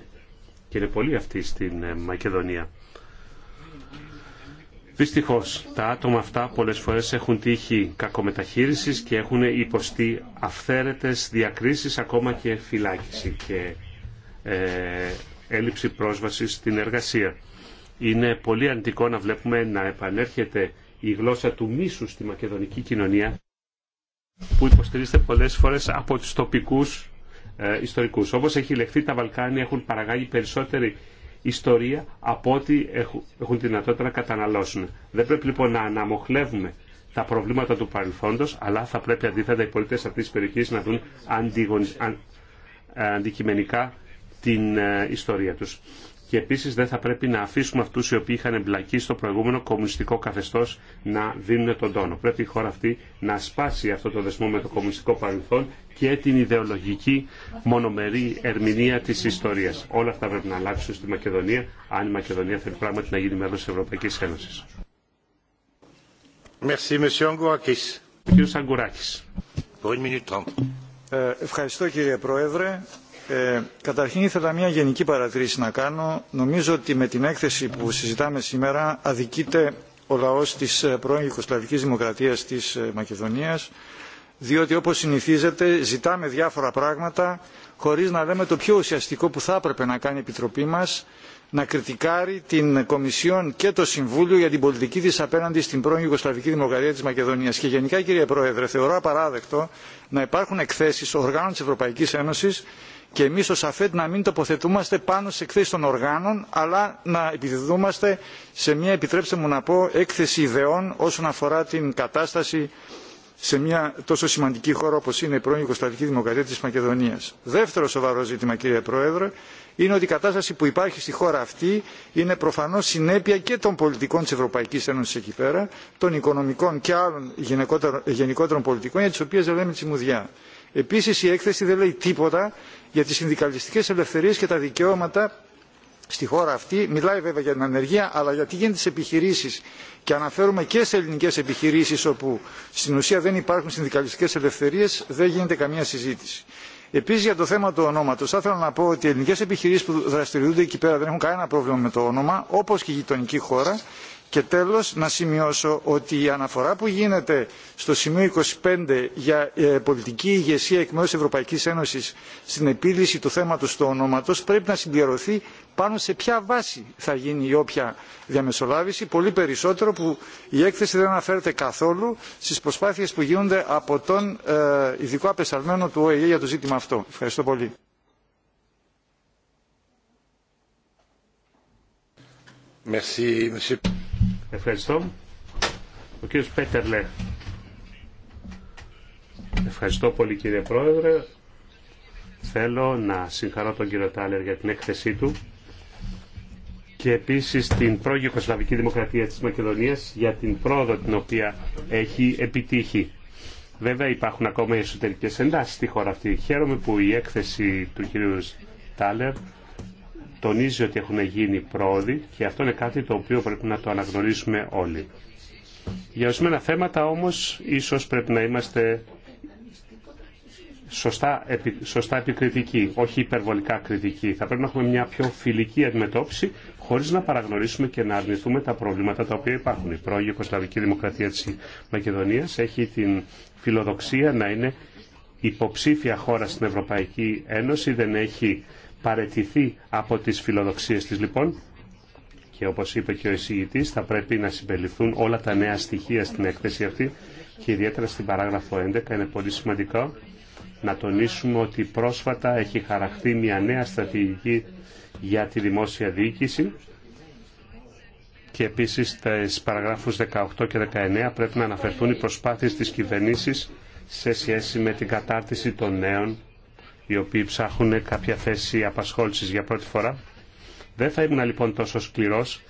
Και είναι πολλοί αυτοί στην ε, Μακεδονία. Δυστυχώ, τα άτομα αυτά πολλές φορές έχουν τύχει κακομεταχείρισης και έχουν υποστεί αυθαίρετε διακρίσεις, ακόμα και φυλάκιση και ε, έλλειψη πρόσβασης στην εργασία. Είναι πολύ αντικό να βλέπουμε να επανέρχεται η γλώσσα του μίσου στη μακεδονική κοινωνία που υποστηρίζεται πολλές φορές από του τοπικού ε, ιστορικούς. Όπως έχει λεχθεί, τα Βαλκάνια έχουν παραγάγει περισσότερη ιστορία από ό,τι έχουν τη δυνατότητα να καταναλώσουν. Δεν πρέπει λοιπόν να αναμοχλεύουμε τα προβλήματα του παρελθόντος, αλλά θα πρέπει αντίθετα οι πολίτε αυτή τη περιοχή να δουν ε, αντικειμενικά την ε, ιστορία τους και επίσης δεν θα πρέπει να αφήσουμε αυτού οι οποίοι είχαν εμπλακεί στο προηγούμενο κομμουνιστικό καθεστώ να δίνουν τον τόνο. Πρέπει η χώρα αυτή να σπάσει αυτό το δεσμό με το κομμουνιστικό παρελθόν και την ιδεολογική μονομερή ερμηνεία της ιστορίας. Όλα αυτά πρέπει να αλλάξουν στη Μακεδονία, αν η Μακεδονία θέλει πράγματι να γίνει μέλο της Ευρωπαϊκής Ένωση. Ε, ευχαριστώ κύριε Πρόεδρε. Ε, καταρχήν ήθελα μια γενική παρατήρηση να κάνω. Νομίζω ότι με την έκθεση που συζητάμε σήμερα αδικείται ο λαός της ε, πρώην Ιουκοσλαβικής Δημοκρατίας της ε, Μακεδονίας διότι όπως συνηθίζεται ζητάμε διάφορα πράγματα χωρίς να λέμε το πιο ουσιαστικό που θα έπρεπε να κάνει η Επιτροπή μας να κριτικάρει την Κομισιόν και το Συμβούλιο για την πολιτική της απέναντι στην πρώην Ιουγκοσλαβική Δημοκρατία της Μακεδονίας. Και γενικά κύριε Πρόεδρε θεωρώ απαράδεκτο να υπάρχουν εκθέσεις οργάνων της Ευρωπαϊκής Ένωσης και εμείς ως αφετ να μην τοποθετούμαστε πάνω σε εκθέσεις των οργάνων αλλά να επιδιδούμαστε σε μια επιτρέψτε μου να πω έκθεση ιδεών όσον αφορά την κατάσταση σε μια τόσο σημαντική χώρα όπως είναι η πρώην Ιουγκοσλαβική Δημοκρατία της Μακεδονίας. Δεύτερο σοβαρό ζήτημα κύριε Πρόεδρε είναι ότι η κατάσταση που υπάρχει στη χώρα αυτή είναι προφανώς συνέπεια και των πολιτικών της Ευρωπαϊκής Ένωσης εκεί πέρα, των οικονομικών και άλλων γενικότερων πολιτικών για τις οποίες δεν λέμε τσιμουδιά. Επίση, η έκθεση δεν λέει τίποτα για τι συνδικαλιστικέ ελευθερίε και τα δικαιώματα στη χώρα αυτή. Μιλάει βέβαια για την ανεργία, αλλά γιατί γίνεται τις επιχειρήσει και αναφέρουμε και σε ελληνικέ επιχειρήσει, όπου στην ουσία δεν υπάρχουν συνδικαλιστικέ ελευθερίε, δεν γίνεται καμία συζήτηση. Επίση για το θέμα του ονόματο, θα ήθελα να πω ότι οι ελληνικέ επιχειρήσει που δραστηριούνται εκεί πέρα δεν έχουν κανένα πρόβλημα με το όνομα, όπω και η γειτονική χώρα και τέλος να σημειώσω ότι η αναφορά που γίνεται στο σημείο 25 για ε, πολιτική ηγεσία εκ μέρους Ευρωπαϊκής Ένωσης στην επίλυση του θέματος του ονόματος πρέπει να συμπληρωθεί πάνω σε ποια βάση θα γίνει η όποια διαμεσολάβηση, πολύ περισσότερο που η έκθεση δεν αναφέρεται καθόλου στις προσπάθειες που γίνονται από τον ε, ειδικό απεσταλμένο του ΟΕΕ για το ζήτημα αυτό. Ευχαριστώ πολύ. Merci, monsieur. Ευχαριστώ. Ο κύριος Πέτερλε. Ευχαριστώ πολύ κύριε Πρόεδρε. Θέλω να συγχαρώ τον κύριο Τάλερ για την έκθεσή του και επίσης την πρώην Δημοκρατία της Μακεδονίας για την πρόοδο την οποία έχει επιτύχει. Βέβαια υπάρχουν ακόμα εσωτερικές εντάσεις στη χώρα αυτή. Χαίρομαι που η έκθεση του κυρίου Τάλερ τονίζει ότι έχουν γίνει πρόοδοι και αυτό είναι κάτι το οποίο πρέπει να το αναγνωρίσουμε όλοι. Για ορισμένα θέματα όμως ίσως πρέπει να είμαστε σωστά, σωστά επικριτικοί, όχι υπερβολικά κριτικοί. Θα πρέπει να έχουμε μια πιο φιλική αντιμετώπιση χωρίς να παραγνωρίσουμε και να αρνηθούμε τα προβλήματα τα οποία υπάρχουν. Η πρώην Οικοσλαβική Δημοκρατία της Μακεδονίας έχει την φιλοδοξία να είναι υποψήφια χώρα στην Ευρωπαϊκή Ένωση, δεν έχει παρετηθεί από τις φιλοδοξίες της λοιπόν και όπως είπε και ο εισηγητής θα πρέπει να συμπεριληφθούν όλα τα νέα στοιχεία στην έκθεση αυτή και ιδιαίτερα στην παράγραφο 11 είναι πολύ σημαντικό να τονίσουμε ότι πρόσφατα έχει χαραχθεί μια νέα στρατηγική για τη δημόσια διοίκηση και επίσης στις παραγράφους 18 και 19 πρέπει να αναφερθούν οι προσπάθειες της κυβερνήσης σε σχέση με την κατάρτιση των νέων οι οποίοι ψάχνουν κάποια θέση απασχόλησης για πρώτη φορά. Δεν θα ήμουν λοιπόν τόσο σκληρός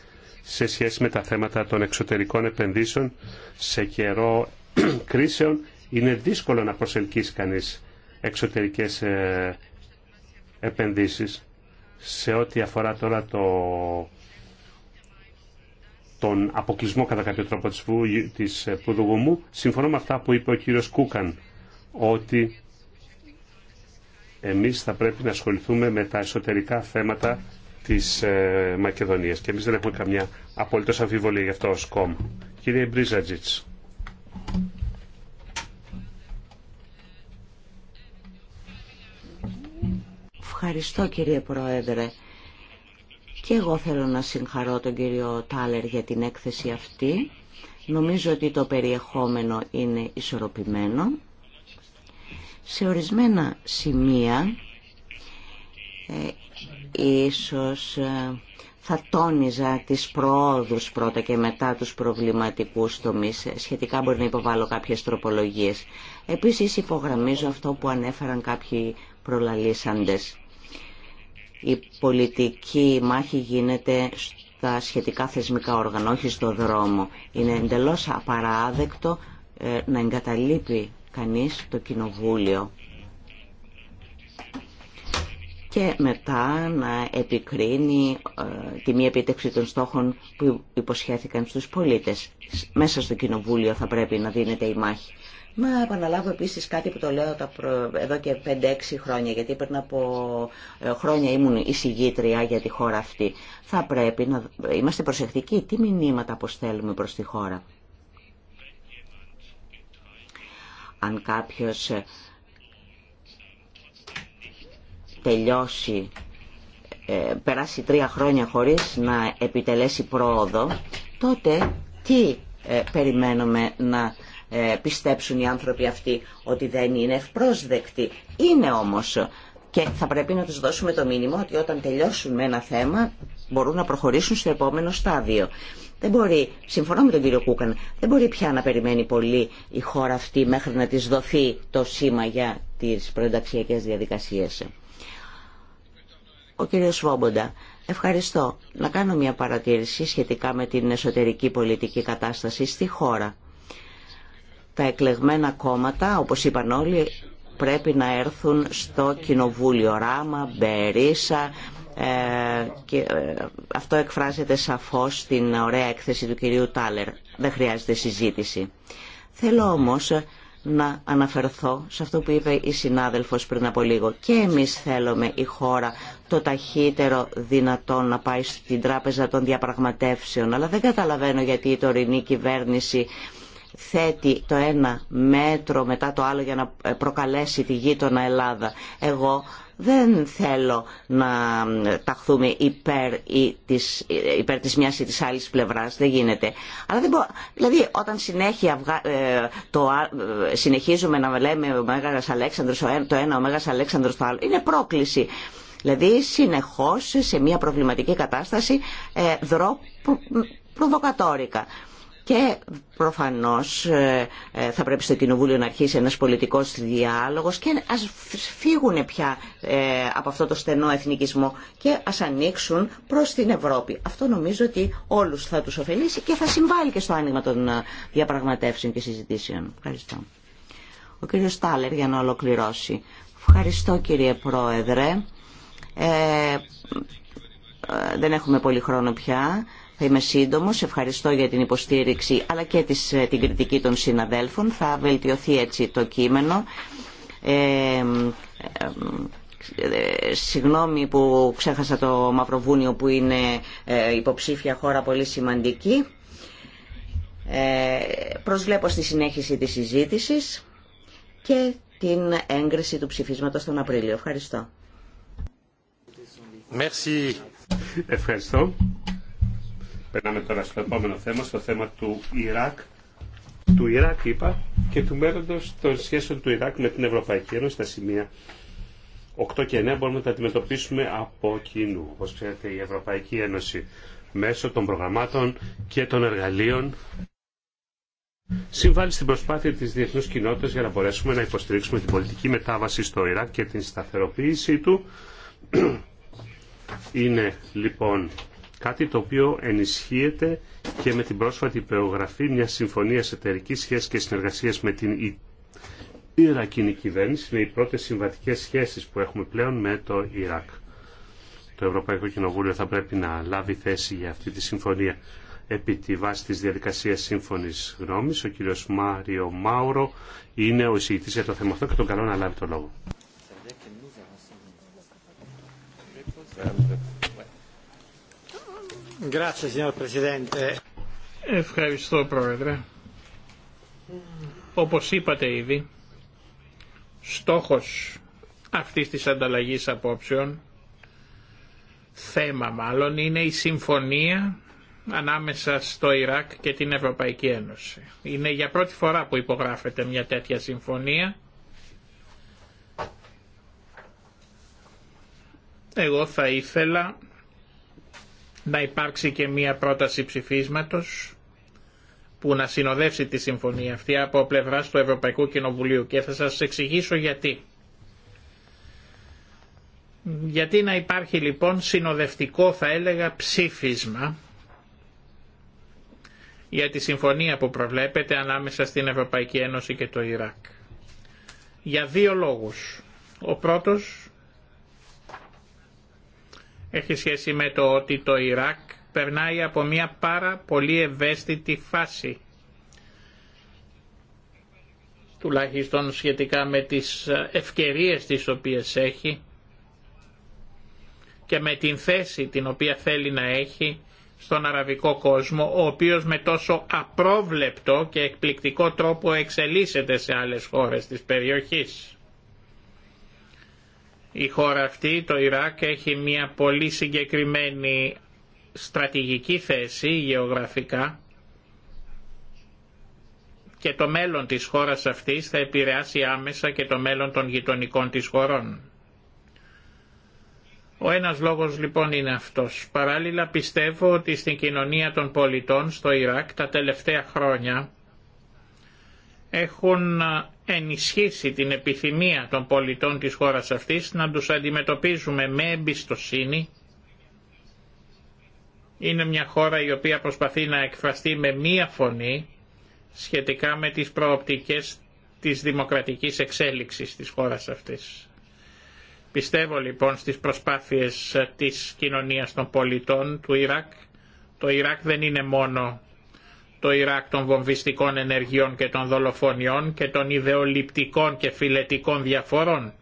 σε σχέση με τα θέματα των εξωτερικών επενδύσεων σε καιρό [CLEARS THROAT] κρίσεων. Είναι δύσκολο να προσελκύσει κανείς εξωτερικές ε, επενδύσεις. Σε ό,τι αφορά τώρα το, τον αποκλεισμό κατά κάποιο τρόπο της, της ε, Πουδουγούμου, συμφωνώ με αυτά που είπε ο κύριος Κούκαν, ότι εμείς θα πρέπει να ασχοληθούμε με τα εσωτερικά θέματα της ε, Μακεδονίας και εμείς δεν έχουμε καμιά απολύτως αμφιβολία γι' αυτό ως κόμμα. Κύριε Μπρίζατζιτς. Ευχαριστώ κύριε Πρόεδρε. Και εγώ θέλω να συγχαρώ τον κύριο Τάλερ για την έκθεση αυτή. Νομίζω ότι το περιεχόμενο είναι ισορροπημένο. Σε ορισμένα σημεία ε, ίσως ε, θα τόνιζα τις προόδους πρώτα και μετά τους προβληματικούς τομείς. Ε, σχετικά μπορεί να υποβάλω κάποιες τροπολογίες. Επίσης υπογραμμίζω αυτό που ανέφεραν κάποιοι προλαλήσαντες. Η πολιτική μάχη γίνεται στα σχετικά θεσμικά όργανα, όχι στο δρόμο. Είναι εντελώς απαράδεκτο ε, να εγκαταλείπει κανείς το κοινοβούλιο και μετά να επικρίνει ε, τη μη επίτευξη των στόχων που υποσχέθηκαν στους πολίτες. Μέσα στο Κοινοβούλιο θα πρέπει να δίνεται η μάχη. Να επαναλάβω επίσης κάτι που το λέω εδώ και 5-6 χρόνια, γιατί πριν από ε, χρόνια ήμουν εισηγήτρια για τη χώρα αυτή. Θα πρέπει να ε, είμαστε προσεκτικοί τι μηνύματα αποστέλουμε προς τη χώρα. αν κάποιος τελειώσει, ε, περάσει τρία χρόνια χωρίς να επιτελέσει πρόοδο, τότε τι ε, περιμένουμε να ε, πιστέψουν οι άνθρωποι αυτοί ότι δεν είναι ευπρόσδεκτοι. Είναι όμως και θα πρέπει να τους δώσουμε το μήνυμα ότι όταν τελειώσουν με ένα θέμα μπορούν να προχωρήσουν στο επόμενο στάδιο. Δεν μπορεί, συμφωνώ με τον κύριο Κούκαν, δεν μπορεί πια να περιμένει πολύ η χώρα αυτή μέχρι να της δοθεί το σήμα για τις προενταξιακές διαδικασίες. Ο κύριος Βόμποντα, ευχαριστώ. Να κάνω μια παρατήρηση σχετικά με την εσωτερική πολιτική κατάσταση στη χώρα. Τα εκλεγμένα κόμματα, όπως είπαν όλοι, πρέπει να έρθουν στο Κοινοβούλιο Ράμα, Μπερίσα, ε, και ε, αυτό εκφράζεται σαφώς στην ωραία έκθεση του κυρίου Τάλερ. Δεν χρειάζεται συζήτηση. Θέλω όμως ε, να αναφερθώ σε αυτό που είπε η συνάδελφος πριν από λίγο. Και εμείς θέλουμε η χώρα το ταχύτερο δυνατόν να πάει στην τράπεζα των διαπραγματεύσεων. Αλλά δεν καταλαβαίνω γιατί η τωρινή κυβέρνηση θέτει το ένα μέτρο μετά το άλλο για να προκαλέσει τη γείτονα Ελλάδα. Εγώ δεν θέλω να ταχθούμε υπέρ, ή της, υπέρ της μιας ή της άλλης πλευράς, δεν γίνεται. Αλλά δεν μπορώ, δηλαδή όταν ε, το, ε, συνεχίζουμε να λέμε ο Μέγας Αλέξανδρος το ένα, ο Μέγας Αλέξανδρος το άλλο, είναι πρόκληση. Δηλαδή συνεχώς σε μια προβληματική κατάσταση ε, δρώ προβοκατόρικα. Και προφανώς ε, ε, θα πρέπει στο Κοινοβούλιο να αρχίσει ένας πολιτικός διάλογος και ας φύγουν πια ε, από αυτό το στενό εθνικισμό και ας ανοίξουν προς την Ευρώπη. Αυτό νομίζω ότι όλους θα τους ωφελήσει και θα συμβάλλει και στο άνοιγμα των διαπραγματεύσεων και συζητήσεων. Ευχαριστώ. Ο κύριος Στάλερ για να ολοκληρώσει. Ευχαριστώ κύριε Πρόεδρε. δεν έχουμε πολύ χρόνο πια. Θα είμαι σύντομος, ευχαριστώ για την υποστήριξη αλλά και ε, την κριτική των συναδέλφων. Θα βελτιωθεί έτσι το κείμενο. Ε, ε, ε συγγνώμη που ξέχασα το Μαυροβούνιο που είναι υποψήφια χώρα πολύ σημαντική. Προσβλέπω στη συνέχιση της συζήτησης και την έγκριση του ψηφίσματος τον Απρίλιο. Ευχαριστώ. Ευχαριστώ. Περνάμε τώρα στο επόμενο θέμα, στο θέμα του Ιράκ. Του Ιράκ είπα και του μέλλοντο των σχέσεων του Ιράκ με την Ευρωπαϊκή Ένωση στα σημεία 8 και 9 μπορούμε να τα αντιμετωπίσουμε από κοινού. όπω ξέρετε η Ευρωπαϊκή Ένωση μέσω των προγραμμάτων και των εργαλείων συμβάλλει στην προσπάθεια της διεθνούς κοινότητας για να μπορέσουμε να υποστηρίξουμε την πολιτική μετάβαση στο Ιράκ και την σταθεροποίηση του. [CLEARS THROAT] Είναι λοιπόν Κάτι το οποίο ενισχύεται και με την πρόσφατη υπεογραφή μια συμφωνία εταιρική σχέση και συνεργασία με την Ιρακινή κυβέρνηση. Είναι οι πρώτε συμβατικέ σχέσει που έχουμε πλέον με το Ιράκ. Το Ευρωπαϊκό Κοινοβούλιο θα πρέπει να λάβει θέση για αυτή τη συμφωνία επί τη βάση της διαδικασίας σύμφωνης γνώμης. Ο κύριος Μάριο Μάουρο είναι ο εισηγητής για το θέμα αυτό και τον καλό να λάβει το λόγο. Ευχαριστώ Πρόεδρε. Όπως είπατε ήδη, στόχος αυτής της ανταλλαγής απόψεων, θέμα μάλλον, είναι η συμφωνία ανάμεσα στο Ιράκ και την Ευρωπαϊκή Ένωση. Είναι για πρώτη φορά που υπογράφεται μια τέτοια συμφωνία. Εγώ θα ήθελα να υπάρξει και μία πρόταση ψηφίσματος που να συνοδεύσει τη συμφωνία αυτή από πλευρά του Ευρωπαϊκού Κοινοβουλίου και θα σας εξηγήσω γιατί. Γιατί να υπάρχει λοιπόν συνοδευτικό θα έλεγα ψήφισμα για τη συμφωνία που προβλέπεται ανάμεσα στην Ευρωπαϊκή Ένωση και το Ιράκ. Για δύο λόγους. Ο πρώτος έχει σχέση με το ότι το Ιράκ περνάει από μια πάρα πολύ ευαίσθητη φάση τουλάχιστον σχετικά με τις ευκαιρίες τις οποίες έχει και με την θέση την οποία θέλει να έχει στον αραβικό κόσμο, ο οποίος με τόσο απρόβλεπτο και εκπληκτικό τρόπο εξελίσσεται σε άλλες χώρες της περιοχής. Η χώρα αυτή, το Ιράκ, έχει μια πολύ συγκεκριμένη στρατηγική θέση γεωγραφικά και το μέλλον της χώρας αυτής θα επηρεάσει άμεσα και το μέλλον των γειτονικών της χωρών. Ο ένας λόγος λοιπόν είναι αυτός. Παράλληλα πιστεύω ότι στην κοινωνία των πολιτών στο Ιράκ τα τελευταία χρόνια έχουν ενισχύσει την επιθυμία των πολιτών της χώρας αυτής να τους αντιμετωπίζουμε με εμπιστοσύνη. Είναι μια χώρα η οποία προσπαθεί να εκφραστεί με μία φωνή σχετικά με τις προοπτικές της δημοκρατικής εξέλιξης της χώρας αυτής. Πιστεύω λοιπόν στις προσπάθειες της κοινωνίας των πολιτών του Ιράκ. Το Ιράκ δεν είναι μόνο το Ιράκ των βομβιστικών ενεργειών και των δολοφονιών και των ιδεολειπτικών και φιλετικών διαφορών.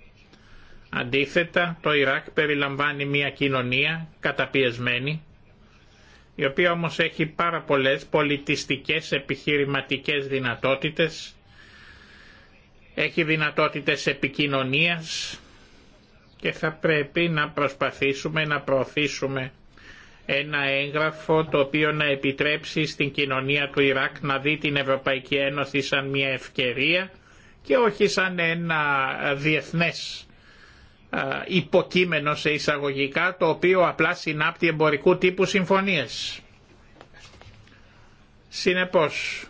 Αντίθετα, το Ιράκ περιλαμβάνει μια κοινωνία καταπιεσμένη, η οποία όμως έχει πάρα πολλές πολιτιστικές επιχειρηματικές δυνατότητες, έχει δυνατότητες επικοινωνίας και θα πρέπει να προσπαθήσουμε να προωθήσουμε ένα έγγραφο το οποίο να επιτρέψει στην κοινωνία του Ιράκ να δει την Ευρωπαϊκή Ένωση σαν μια ευκαιρία και όχι σαν ένα διεθνές υποκείμενο σε εισαγωγικά το οποίο απλά συνάπτει εμπορικού τύπου συμφωνίες. Συνεπώς,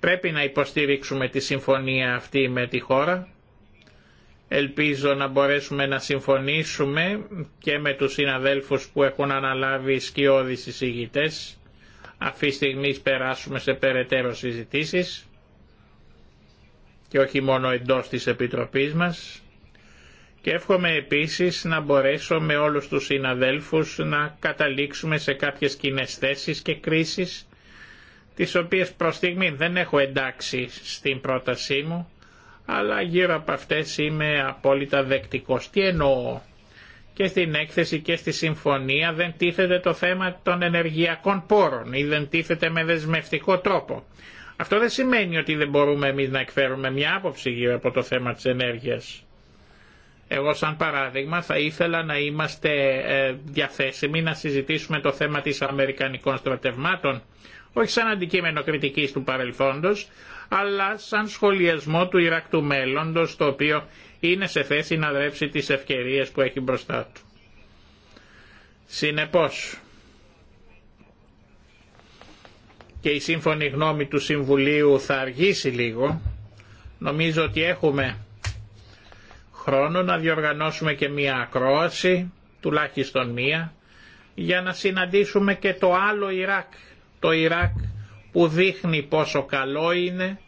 πρέπει να υποστηρίξουμε τη συμφωνία αυτή με τη χώρα Ελπίζω να μπορέσουμε να συμφωνήσουμε και με τους συναδέλφους που έχουν αναλάβει σκιώδεις εισηγητές. Αυτή τη στιγμή περάσουμε σε περαιτέρω συζητήσεις και όχι μόνο εντός της Επιτροπής μας. Και εύχομαι επίσης να μπορέσω με όλους τους συναδέλφους να καταλήξουμε σε κάποιες κοινέ θέσει και κρίσεις τις οποίες προς στιγμή δεν έχω εντάξει στην πρότασή μου αλλά γύρω από αυτές είμαι απόλυτα δεκτικός. Τι εννοώ και στην έκθεση και στη συμφωνία δεν τίθεται το θέμα των ενεργειακών πόρων ή δεν τίθεται με δεσμευτικό τρόπο. Αυτό δεν σημαίνει ότι δεν μπορούμε εμείς να εκφέρουμε μια άποψη γύρω από το θέμα της ενέργειας. Εγώ σαν παράδειγμα θα ήθελα να είμαστε ε, διαθέσιμοι να συζητήσουμε το θέμα της Αμερικανικών στρατευμάτων, όχι σαν αντικείμενο κριτικής του παρελθόντος, αλλά σαν σχολιασμό του Ιράκ του μέλλοντος, το οποίο είναι σε θέση να δρέψει τις ευκαιρίες που έχει μπροστά του. Συνεπώς, και η σύμφωνη γνώμη του Συμβουλίου θα αργήσει λίγο, νομίζω ότι έχουμε χρόνο να διοργανώσουμε και μία ακρόαση, τουλάχιστον μία, για να συναντήσουμε και το άλλο Ιράκ, το Ιράκ που δείχνει πόσο καλό είναι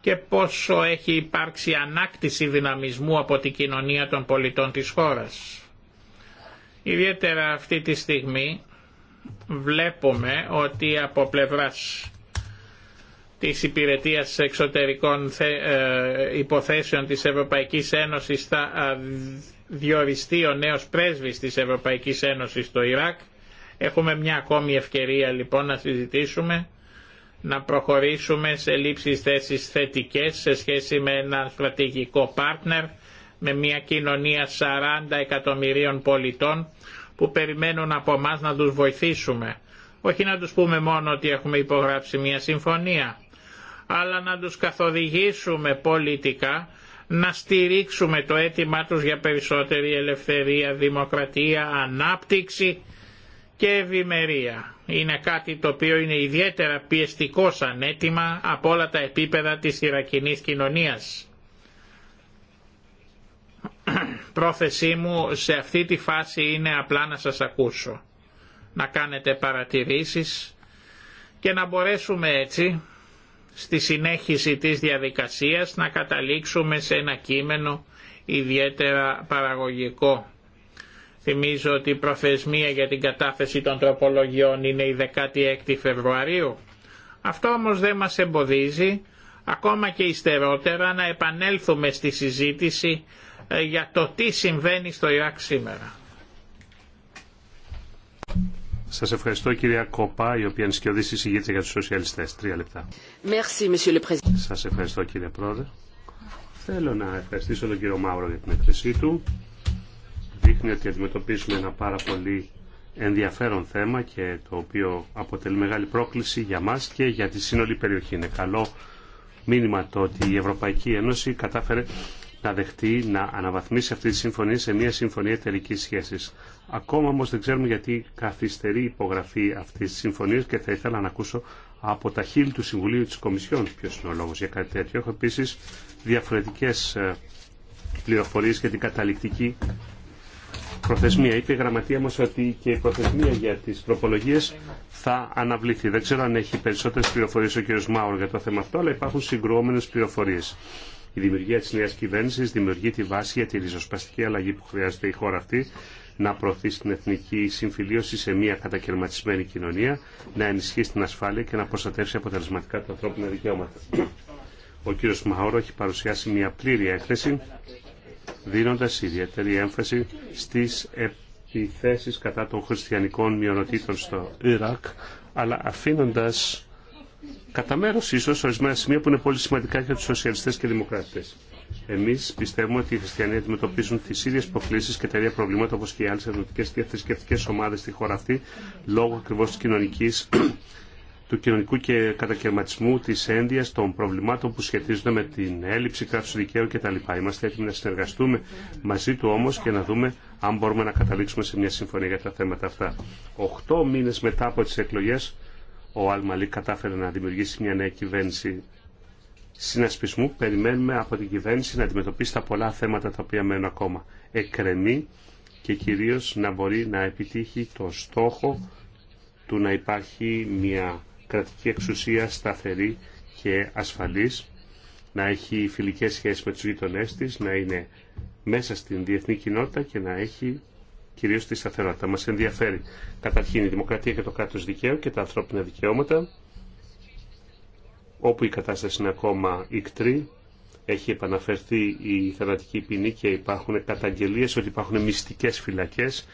και πόσο έχει υπάρξει ανάκτηση δυναμισμού από την κοινωνία των πολιτών της χώρας. Ιδιαίτερα αυτή τη στιγμή βλέπουμε ότι από πλευράς της υπηρετίας εξωτερικών ε, υποθέσεων της Ευρωπαϊκής Ένωσης θα ε, διοριστεί ο νέος πρέσβης της Ευρωπαϊκής Ένωσης στο Ιράκ. Έχουμε μια ακόμη ευκαιρία λοιπόν να συζητήσουμε να προχωρήσουμε σε λήψεις θέσεις θετικές σε σχέση με έναν στρατηγικό πάρτνερ, με μια κοινωνία 40 εκατομμυρίων πολιτών που περιμένουν από εμά να τους βοηθήσουμε. Όχι να τους πούμε μόνο ότι έχουμε υπογράψει μια συμφωνία, αλλά να τους καθοδηγήσουμε πολιτικά να στηρίξουμε το αίτημά τους για περισσότερη ελευθερία, δημοκρατία, ανάπτυξη και ευημερία είναι κάτι το οποίο είναι ιδιαίτερα πιεστικό σαν αίτημα από όλα τα επίπεδα της Ιρακινής κοινωνίας. Πρόθεσή μου σε αυτή τη φάση είναι απλά να σας ακούσω, να κάνετε παρατηρήσεις και να μπορέσουμε έτσι στη συνέχιση της διαδικασίας να καταλήξουμε σε ένα κείμενο ιδιαίτερα παραγωγικό. Θυμίζω ότι η προθεσμία για την κατάθεση των τροπολογιών είναι η 16η Φεβρουαρίου. Αυτό όμως δεν μας εμποδίζει ακόμα και ιστεροτέρα να επανέλθουμε στη συζήτηση ε, για το τι συμβαίνει στο Ιράκ σήμερα. Σας ευχαριστώ κυρία Κοπά, η οποία είναι σκιωδής για τους σοσιαλιστές. Τρία λεπτά. Merci, le Σας ευχαριστώ κύριε Πρόεδρε. Θέλω να ευχαριστήσω τον κύριο Μάουρο για την έκθεσή του δείχνει ότι αντιμετωπίζουμε ένα πάρα πολύ ενδιαφέρον θέμα και το οποίο αποτελεί μεγάλη πρόκληση για μας και για τη σύνολη περιοχή. Είναι καλό μήνυμα το ότι η Ευρωπαϊκή Ένωση κατάφερε να δεχτεί να αναβαθμίσει αυτή τη συμφωνία σε μια συμφωνία εταιρική σχέση. Ακόμα όμω δεν ξέρουμε γιατί καθυστερεί η υπογραφή αυτή τη συμφωνία και θα ήθελα να ακούσω από τα χείλη του Συμβουλίου τη Κομισιόν ποιο είναι ο λόγο για κάτι τέτοιο. Έχω επίση διαφορετικέ ε, πληροφορίε για την καταληκτική προθεσμία. Είπε η γραμματεία μας ότι και η προθεσμία για τι τροπολογίες θα αναβληθεί. Δεν ξέρω αν έχει περισσότερε πληροφορίε ο κ. Μάουρ για το θέμα αυτό, αλλά υπάρχουν συγκρούμενε πληροφορίε. Η δημιουργία τη νέα κυβέρνηση δημιουργεί τη βάση για τη ριζοσπαστική αλλαγή που χρειάζεται η χώρα αυτή να προωθεί στην εθνική συμφιλίωση σε μια κατακαιρματισμένη κοινωνία, να ενισχύσει την ασφάλεια και να προστατεύσει αποτελεσματικά τα ανθρώπινα δικαιώματα. Ο κ. Μαόρο έχει παρουσιάσει μια πλήρη έκθεση δίνοντας ιδιαίτερη έμφαση στις επιθέσεις κατά των χριστιανικών μειονοτήτων στο Ιράκ, αλλά αφήνοντας κατά μέρο ίσως ορισμένα σημεία που είναι πολύ σημαντικά για τους σοσιαλιστές και δημοκράτες. Εμείς πιστεύουμε ότι οι χριστιανοί αντιμετωπίζουν τις ίδιες προκλήσεις και τα ίδια προβλήματα όπως και οι άλλες εθνοτικές και θρησκευτικέ ομάδες στη χώρα αυτή, λόγω ακριβώς της κοινωνικής του κοινωνικού και κατακαιρματισμού, τη ένδυα, των προβλημάτων που σχετίζονται με την έλλειψη κράτου δικαίου κτλ. Είμαστε έτοιμοι να συνεργαστούμε μαζί του όμω και να δούμε αν μπορούμε να καταλήξουμε σε μια συμφωνία για τα θέματα αυτά. Οχτώ μήνε μετά από τι εκλογέ, ο Αλμαλή κατάφερε να δημιουργήσει μια νέα κυβέρνηση συνασπισμού. Περιμένουμε από την κυβέρνηση να αντιμετωπίσει τα πολλά θέματα τα οποία μένουν ακόμα εκκρεμή και κυρίως να μπορεί να επιτύχει το στόχο του να υπάρχει μια κρατική εξουσία σταθερή και ασφαλής, να έχει φιλικές σχέσεις με τους γείτονές της, να είναι μέσα στην διεθνή κοινότητα και να έχει κυρίως τη σταθερότητα. Μας ενδιαφέρει καταρχήν η δημοκρατία και το κράτος δικαίου και τα ανθρώπινα δικαιώματα, όπου η κατάσταση είναι ακόμα ικτρή, έχει επαναφερθεί η θανατική ποινή και υπάρχουν καταγγελίες ότι υπάρχουν μυστικές φυλακές,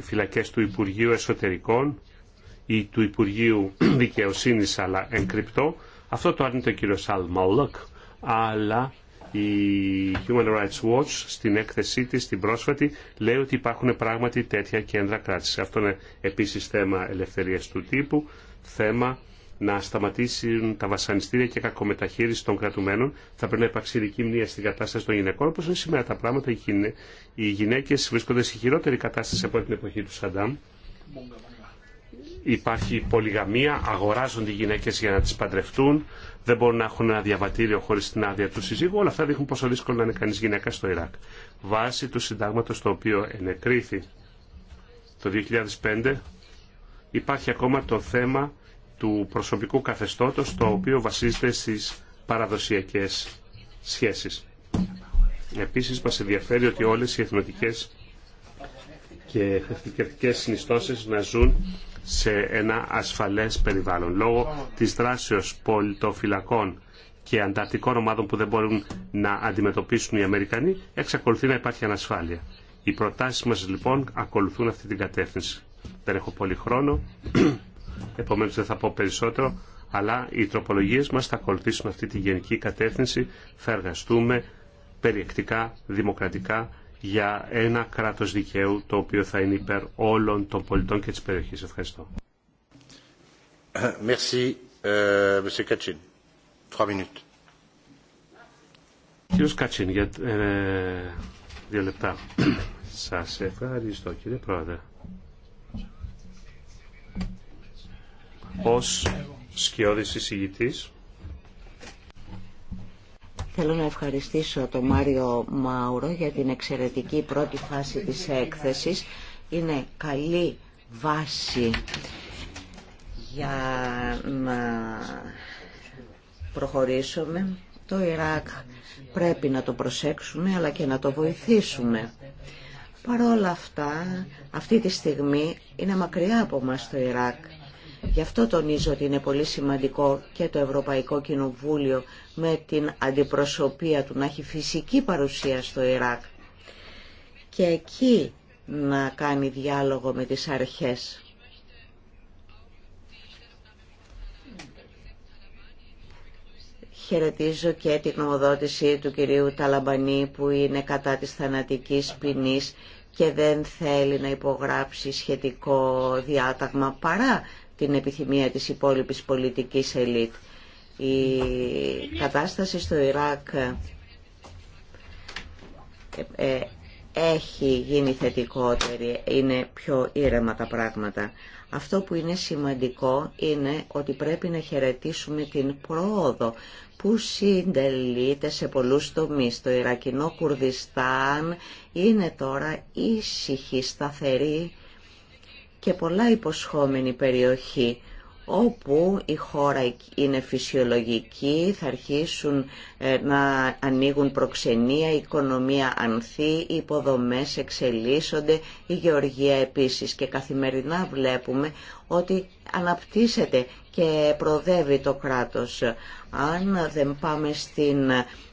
φυλακές του Υπουργείου Εσωτερικών, ή του Υπουργείου Δικαιοσύνης αλλά εγκρυπτό. Αυτό το αρνείται ο Αλ Αλμόλοκ, αλλά η Human Rights Watch στην έκθεσή της, την πρόσφατη, λέει ότι υπάρχουν πράγματι τέτοια κέντρα κράτηση. Αυτό είναι επίση θέμα ελευθερίας του τύπου, θέμα να σταματήσουν τα βασανιστήρια και κακομεταχείριση των κρατουμένων. Θα πρέπει να υπάρξει ειδική μνήμα στην κατάσταση των γυναικών. Όπω είναι σήμερα τα πράγματα, οι γυναίκε βρίσκονται σε χειρότερη κατάσταση από την εποχή του Σαντάμ υπάρχει πολυγαμία, αγοράζονται οι γυναίκες για να τις παντρευτούν, δεν μπορούν να έχουν ένα διαβατήριο χωρίς την άδεια του συζύγου, όλα αυτά δείχνουν πόσο δύσκολο να είναι κανείς γυναίκα στο Ιράκ. Βάσει του συντάγματος το οποίο ενεκρίθη το 2005, υπάρχει ακόμα το θέμα του προσωπικού καθεστώτος, το οποίο βασίζεται στις παραδοσιακές σχέσεις. Επίσης μας ενδιαφέρει ότι όλες οι εθνοτικές και εθνικευτικές συνιστώσεις να ζουν σε ένα ασφαλές περιβάλλον. Λόγω της δράσεως πολιτοφυλακών και ανταρτικών ομάδων που δεν μπορούν να αντιμετωπίσουν οι Αμερικανοί, εξακολουθεί να υπάρχει ανασφάλεια. Οι προτάσεις μας λοιπόν ακολουθούν αυτή την κατεύθυνση. Δεν έχω πολύ χρόνο, [CLEARS THROAT] επομένως δεν θα πω περισσότερο, αλλά οι τροπολογίες μας θα ακολουθήσουν αυτή τη γενική κατεύθυνση, θα εργαστούμε περιεκτικά, δημοκρατικά, για ένα κράτος δικαίου το οποίο θα είναι υπέρ όλων των πολιτών και της περιοχής. Ευχαριστώ. Merci, euh, Kachin. Κύριος Κατσίν, για ε, δύο λεπτά. Σας ευχαριστώ κύριε Πρόεδρε. Ως σκιώδης εισηγητής Θέλω να ευχαριστήσω τον Μάριο Μάουρο για την εξαιρετική πρώτη φάση της έκθεσης. Είναι καλή βάση για να προχωρήσουμε. Το Ιράκ πρέπει να το προσέξουμε αλλά και να το βοηθήσουμε. Παρ' όλα αυτά, αυτή τη στιγμή είναι μακριά από μας το Ιράκ. Γι' αυτό τονίζω ότι είναι πολύ σημαντικό και το Ευρωπαϊκό Κοινοβούλιο με την αντιπροσωπεία του να έχει φυσική παρουσία στο Ιράκ και εκεί να κάνει διάλογο με τις αρχές. Χαιρετίζω και την νομοδότηση του κυρίου Ταλαμπανή που είναι κατά της θανατικής ποινής και δεν θέλει να υπογράψει σχετικό διάταγμα παρά την επιθυμία της υπόλοιπης πολιτικής ελίτ. Η κατάσταση στο Ιράκ ε, ε, έχει γίνει θετικότερη, είναι πιο ήρεμα τα πράγματα. Αυτό που είναι σημαντικό είναι ότι πρέπει να χαιρετήσουμε την πρόοδο που συντελείται σε πολλούς τομείς. Το Ιρακινό Κουρδιστάν είναι τώρα ήσυχη, σταθερή και πολλά υποσχόμενη περιοχή όπου η χώρα είναι φυσιολογική, θα αρχίσουν ε, να ανοίγουν προξενία, η οικονομία ανθεί, οι υποδομές εξελίσσονται, η γεωργία επίσης και καθημερινά βλέπουμε ότι αναπτύσσεται και προοδεύει το κράτος. Αν δεν πάμε στην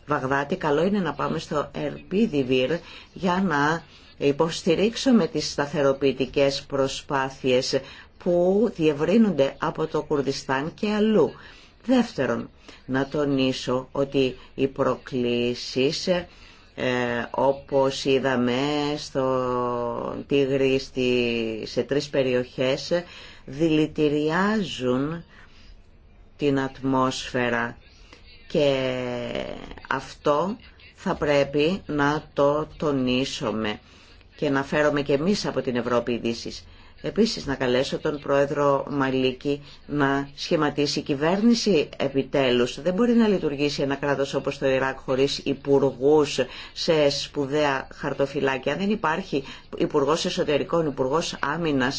Βαγδάτη, καλό είναι να πάμε στο Ερπίδιβιρ για να υποστηρίξουμε τις σταθεροποιητικές προσπάθειες που διευρύνονται από το Κουρδιστάν και αλλού. Δεύτερον, να τονίσω ότι οι προκλήσεις ε, όπως είδαμε στο Τίγρη στη, σε τρεις περιοχές δηλητηριάζουν την ατμόσφαιρα και αυτό θα πρέπει να το τονίσουμε και να φέρουμε και εμείς από την Ευρώπη ειδήσει. Επίσης να καλέσω τον πρόεδρο Μαλίκη να σχηματίσει κυβέρνηση επιτέλους. Δεν μπορεί να λειτουργήσει ένα κράτος όπως το Ιράκ χωρίς υπουργού σε σπουδαία χαρτοφυλάκια. δεν υπάρχει υπουργό εσωτερικών, υπουργό Άμυνα.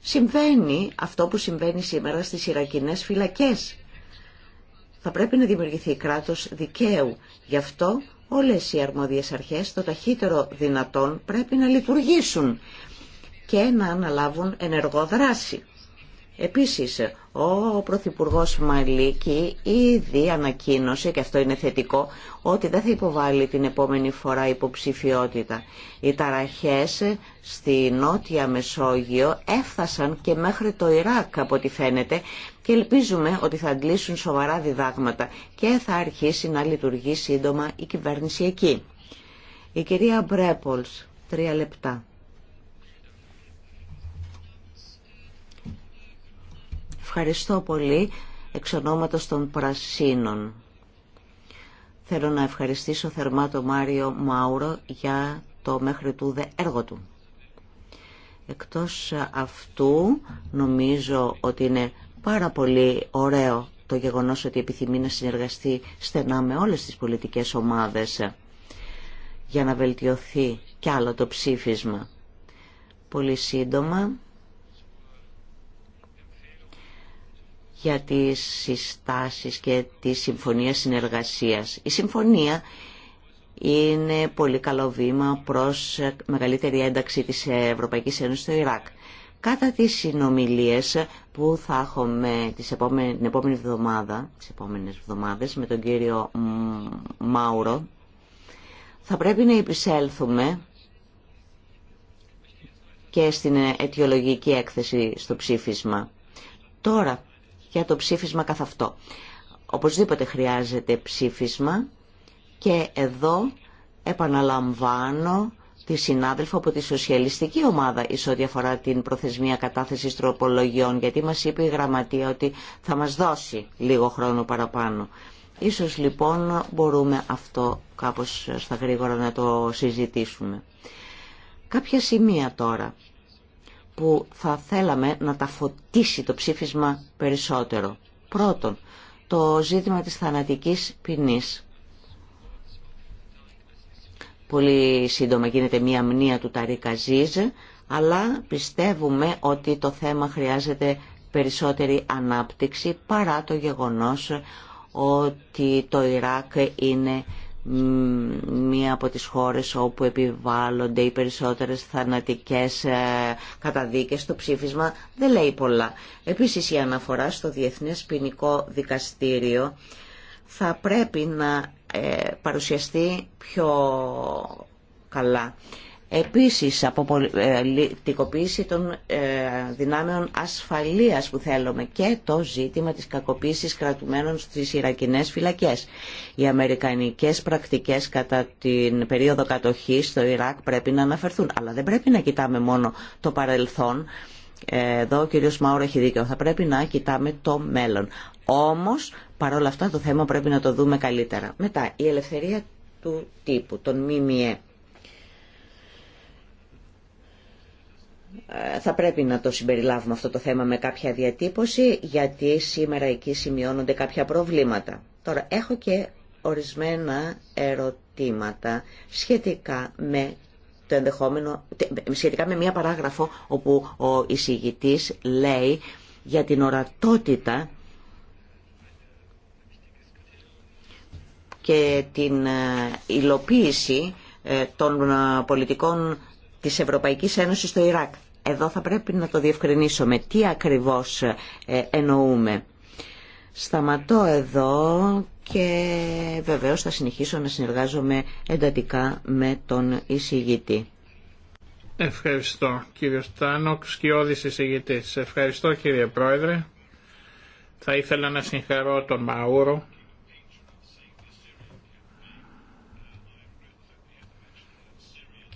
Συμβαίνει αυτό που συμβαίνει σήμερα στις Ιρακινές φυλακές. Θα πρέπει να δημιουργηθεί κράτος δικαίου. Γι' αυτό όλες οι αρμόδιες αρχές το ταχύτερο δυνατόν πρέπει να λειτουργήσουν και να αναλάβουν ενεργό δράση. Επίσης, ο Πρωθυπουργός Μαλίκη ήδη ανακοίνωσε, και αυτό είναι θετικό, ότι δεν θα υποβάλει την επόμενη φορά υποψηφιότητα. Οι ταραχές στη Νότια Μεσόγειο έφτασαν και μέχρι το Ιράκ από ό,τι φαίνεται και ελπίζουμε ότι θα αντλήσουν σοβαρά διδάγματα και θα αρχίσει να λειτουργεί σύντομα η κυβέρνηση εκεί. Η κυρία Μπρέπολς, τρία λεπτά. Ευχαριστώ πολύ εξ ονόματος των Πρασίνων. Θέλω να ευχαριστήσω θερμά τον Μάριο Μάουρο για το μέχρι δε έργο του. Εκτός αυτού νομίζω ότι είναι πάρα πολύ ωραίο το γεγονός ότι επιθυμεί να συνεργαστεί στενά με όλες τις πολιτικές ομάδες για να βελτιωθεί κι άλλο το ψήφισμα. Πολύ σύντομα για τις συστάσεις και τη συμφωνία συνεργασίας. Η συμφωνία είναι πολύ καλό βήμα προς μεγαλύτερη ένταξη της Ευρωπαϊκής Ένωσης στο Ιράκ. Κατά τις συνομιλίες που θα έχουμε τις την επόμενη εβδομάδα, τις επόμενες εβδομάδες με τον κύριο Μάουρο, θα πρέπει να επισέλθουμε και στην αιτιολογική έκθεση στο ψήφισμα. Τώρα, για το ψήφισμα καθ' αυτό. Οπωσδήποτε χρειάζεται ψήφισμα και εδώ επαναλαμβάνω τη συνάδελφο από τη σοσιαλιστική ομάδα εις ό,τι αφορά την προθεσμία κατάθεσης τροπολογιών γιατί μας είπε η γραμματεία ότι θα μας δώσει λίγο χρόνο παραπάνω. Ίσως λοιπόν μπορούμε αυτό κάπως στα γρήγορα να το συζητήσουμε. Κάποια σημεία τώρα που θα θέλαμε να τα φωτίσει το ψήφισμα περισσότερο. Πρώτον, το ζήτημα της θανατικής ποινής. Πολύ σύντομα γίνεται μία μνήα του Ταρίκα αλλά πιστεύουμε ότι το θέμα χρειάζεται περισσότερη ανάπτυξη παρά το γεγονός ότι το Ιράκ είναι μία από τις χώρες όπου επιβάλλονται οι περισσότερες θανατικές ε, καταδίκες στο ψήφισμα δεν λέει πολλά. Επίσης η αναφορά στο Διεθνές Ποινικό Δικαστήριο θα πρέπει να ε, παρουσιαστεί πιο καλά. Επίσης, αποπολιτικοποίηση ε, των ε, δυνάμεων ασφαλείας που θέλουμε και το ζήτημα της κακοποίησης κρατουμένων στις Ιρακινές φυλακές. Οι αμερικανικές πρακτικές κατά την περίοδο κατοχής στο Ιράκ πρέπει να αναφερθούν. Αλλά δεν πρέπει να κοιτάμε μόνο το παρελθόν. Εδώ ο κύριος Μάουρο έχει δίκιο. Θα πρέπει να κοιτάμε το μέλλον. Όμως, παρόλα αυτά, το θέμα πρέπει να το δούμε καλύτερα. Μετά, η ελευθερία του τύπου, των ΜΜΕ Ε, θα πρέπει να το συμπεριλάβουμε αυτό το θέμα με κάποια διατύπωση, γιατί σήμερα εκεί σημειώνονται κάποια προβλήματα. Τώρα, έχω και ορισμένα ερωτήματα σχετικά με το ενδεχόμενο, σχετικά με μία παράγραφο όπου ο εισηγητής λέει για την ορατότητα και την ε, υλοποίηση ε, των πολιτικών της Ευρωπαϊκής Ένωσης στο Ιράκ. Εδώ θα πρέπει να το διευκρινίσουμε. Τι ακριβώς ε, εννοούμε. Σταματώ εδώ και βεβαίως θα συνεχίσω να συνεργάζομαι εντατικά με τον εισηγητή. Ευχαριστώ κύριο Στάνοκ, σκιώδης εισηγητής. Ευχαριστώ κύριε Πρόεδρε. Θα ήθελα να συγχαρώ τον Μαούρο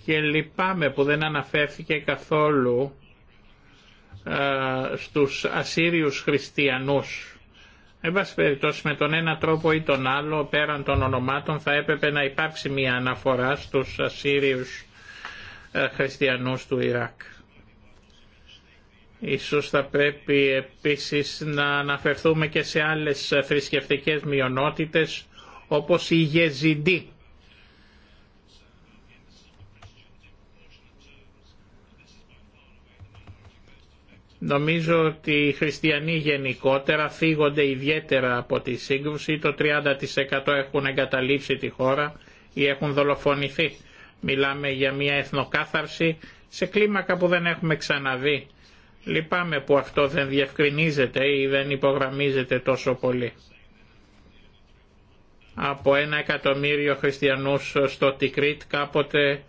και λυπάμαι που δεν αναφέρθηκε καθόλου ε, στους ασύριους χριστιανούς. Εν πάση περιπτώσει με τον ένα τρόπο ή τον άλλο πέραν των ονομάτων θα έπρεπε να υπάρξει μια αναφορά στους ασύριους ε, χριστιανούς του Ιράκ. Ίσως θα πρέπει επίσης να αναφερθούμε και σε άλλες θρησκευτικές μειονότητες όπως οι Γεζιντοί Νομίζω ότι οι χριστιανοί γενικότερα φύγονται ιδιαίτερα από τη σύγκρουση. Το 30% έχουν εγκαταλείψει τη χώρα ή έχουν δολοφονηθεί. Μιλάμε για μια εθνοκάθαρση σε κλίμακα που δεν έχουμε ξαναδεί. Λυπάμαι που αυτό δεν διευκρινίζεται ή δεν υπογραμμίζεται τόσο πολύ. Από ένα εκατομμύριο χριστιανούς στο Τικρίτ κάποτε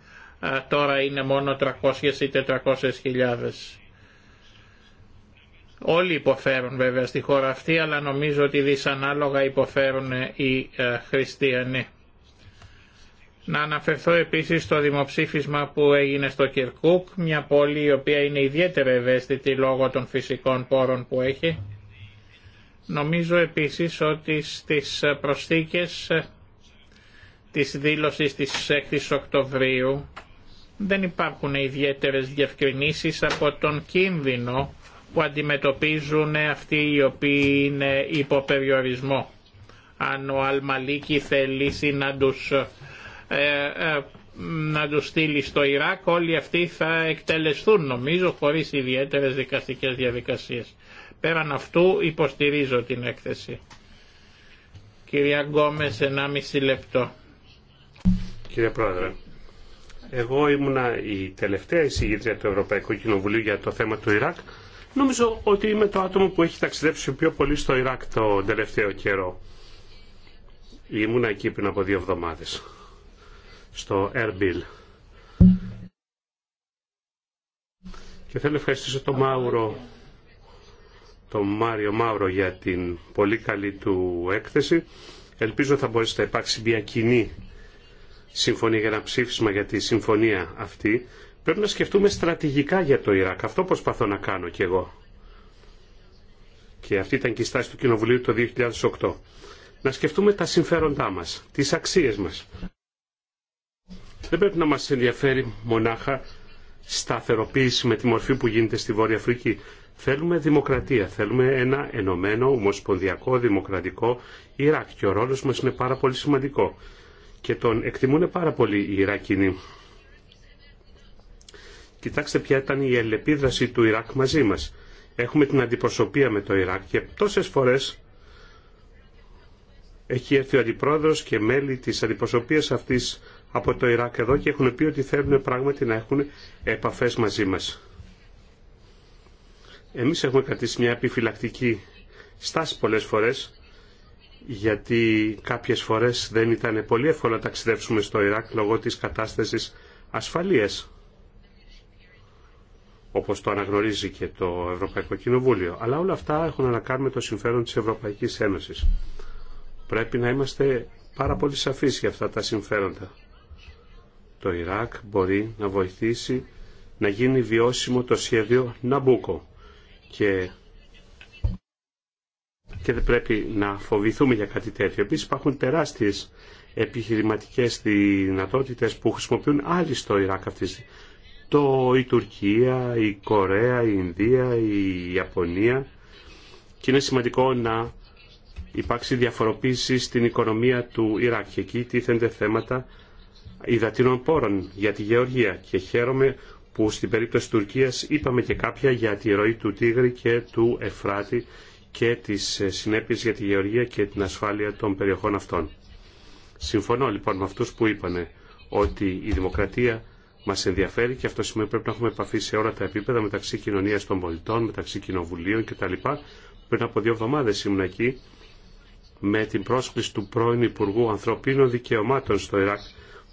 τώρα είναι μόνο 300 ή 400 χιλιάδες. Όλοι υποφέρουν βέβαια στη χώρα αυτή, αλλά νομίζω ότι δυσανάλογα υποφέρουν οι ε, χριστιανοί. Να αναφερθώ επίσης στο δημοψήφισμα που έγινε στο Κυρκούκ, μια πόλη η οποία είναι ιδιαίτερα ευαίσθητη λόγω των φυσικών πόρων που έχει. Νομίζω επίσης ότι στις προσθήκες ε, της δήλωσης της 6ης Οκτωβρίου δεν υπάρχουν ιδιαίτερες διευκρινήσεις από τον κίνδυνο που αντιμετωπίζουν αυτοί οι οποίοι είναι υποπεριορισμό. Αν ο Αλμαλίκη θελήσει να τους, ε, ε, να στείλει στο Ιράκ, όλοι αυτοί θα εκτελεστούν νομίζω χωρίς ιδιαίτερες δικαστικές διαδικασίες. Πέραν αυτού υποστηρίζω την έκθεση. Κυρία Γκόμες, 1,5 λεπτό. Κύριε Πρόεδρε, εγώ ήμουνα η τελευταία εισηγήτρια του Ευρωπαϊκού Κοινοβουλίου για το θέμα του Ιράκ Νομίζω ότι είμαι το άτομο που έχει ταξιδέψει πιο πολύ στο Ιράκ το τελευταίο καιρό. Ήμουνα εκεί πριν από δύο εβδομάδες, στο Ερμπίλ. Και θέλω να ευχαριστήσω τον Μάουρο, τον Μάριο Μάουρο για την πολύ καλή του έκθεση. Ελπίζω θα μπορέσει να υπάρξει μια κοινή συμφωνία για ένα ψήφισμα για τη συμφωνία αυτή Πρέπει να σκεφτούμε στρατηγικά για το Ιράκ. Αυτό προσπαθώ να κάνω κι εγώ. Και αυτή ήταν και η στάση του Κοινοβουλίου το 2008. Να σκεφτούμε τα συμφέροντά μας, τις αξίες μας. Δεν πρέπει να μας ενδιαφέρει μονάχα σταθεροποίηση με τη μορφή που γίνεται στη Βόρεια Αφρική. Θέλουμε δημοκρατία, θέλουμε ένα ενωμένο, ομοσπονδιακό, δημοκρατικό Ιράκ και ο ρόλος μας είναι πάρα πολύ σημαντικό. Και τον εκτιμούν πάρα πολύ οι Ιράκινοι Κοιτάξτε ποια ήταν η ελεπίδραση του Ιράκ μαζί μας. Έχουμε την αντιπροσωπεία με το Ιράκ και τόσες φορές έχει έρθει ο αντιπρόεδρος και μέλη της αντιπροσωπείας αυτής από το Ιράκ εδώ και έχουν πει ότι θέλουν πράγματι να έχουν επαφές μαζί μας. Εμείς έχουμε κρατήσει μια επιφυλακτική στάση πολλές φορές γιατί κάποιες φορές δεν ήταν πολύ εύκολο να ταξιδεύσουμε στο Ιράκ λόγω της κατάστασης ασφαλείας. Όπω το αναγνωρίζει και το Ευρωπαϊκό Κοινοβούλιο. Αλλά όλα αυτά έχουν να κάνουν με το συμφέρον τη Ευρωπαϊκή Ένωση. Πρέπει να είμαστε πάρα πολύ σαφείς για αυτά τα συμφέροντα. Το Ιράκ μπορεί να βοηθήσει να γίνει βιώσιμο το σχέδιο Ναμπούκο και, και δεν πρέπει να φοβηθούμε για κάτι τέτοιο. Επίσης υπάρχουν τεράστιες επιχειρηματικές δυνατότητες που χρησιμοποιούν άλλοι στο Ιράκ αυτή το, η Τουρκία, η Κορέα, η Ινδία, η Ιαπωνία και είναι σημαντικό να υπάρξει διαφοροποίηση στην οικονομία του Ιράκ και εκεί τίθενται θέματα υδατίνων πόρων για τη γεωργία και χαίρομαι που στην περίπτωση της Τουρκίας είπαμε και κάποια για τη ροή του Τίγρη και του Εφράτη και τις συνέπειες για τη γεωργία και την ασφάλεια των περιοχών αυτών. Συμφωνώ λοιπόν με αυτούς που είπανε ότι η δημοκρατία μα ενδιαφέρει και αυτό σημαίνει πρέπει να έχουμε επαφή σε όλα τα επίπεδα μεταξύ κοινωνία των πολιτών, μεταξύ κοινοβουλίων κτλ. Πριν από δύο εβδομάδε ήμουν εκεί με την πρόσκληση του πρώην Υπουργού Ανθρωπίνων Δικαιωμάτων στο Ιράκ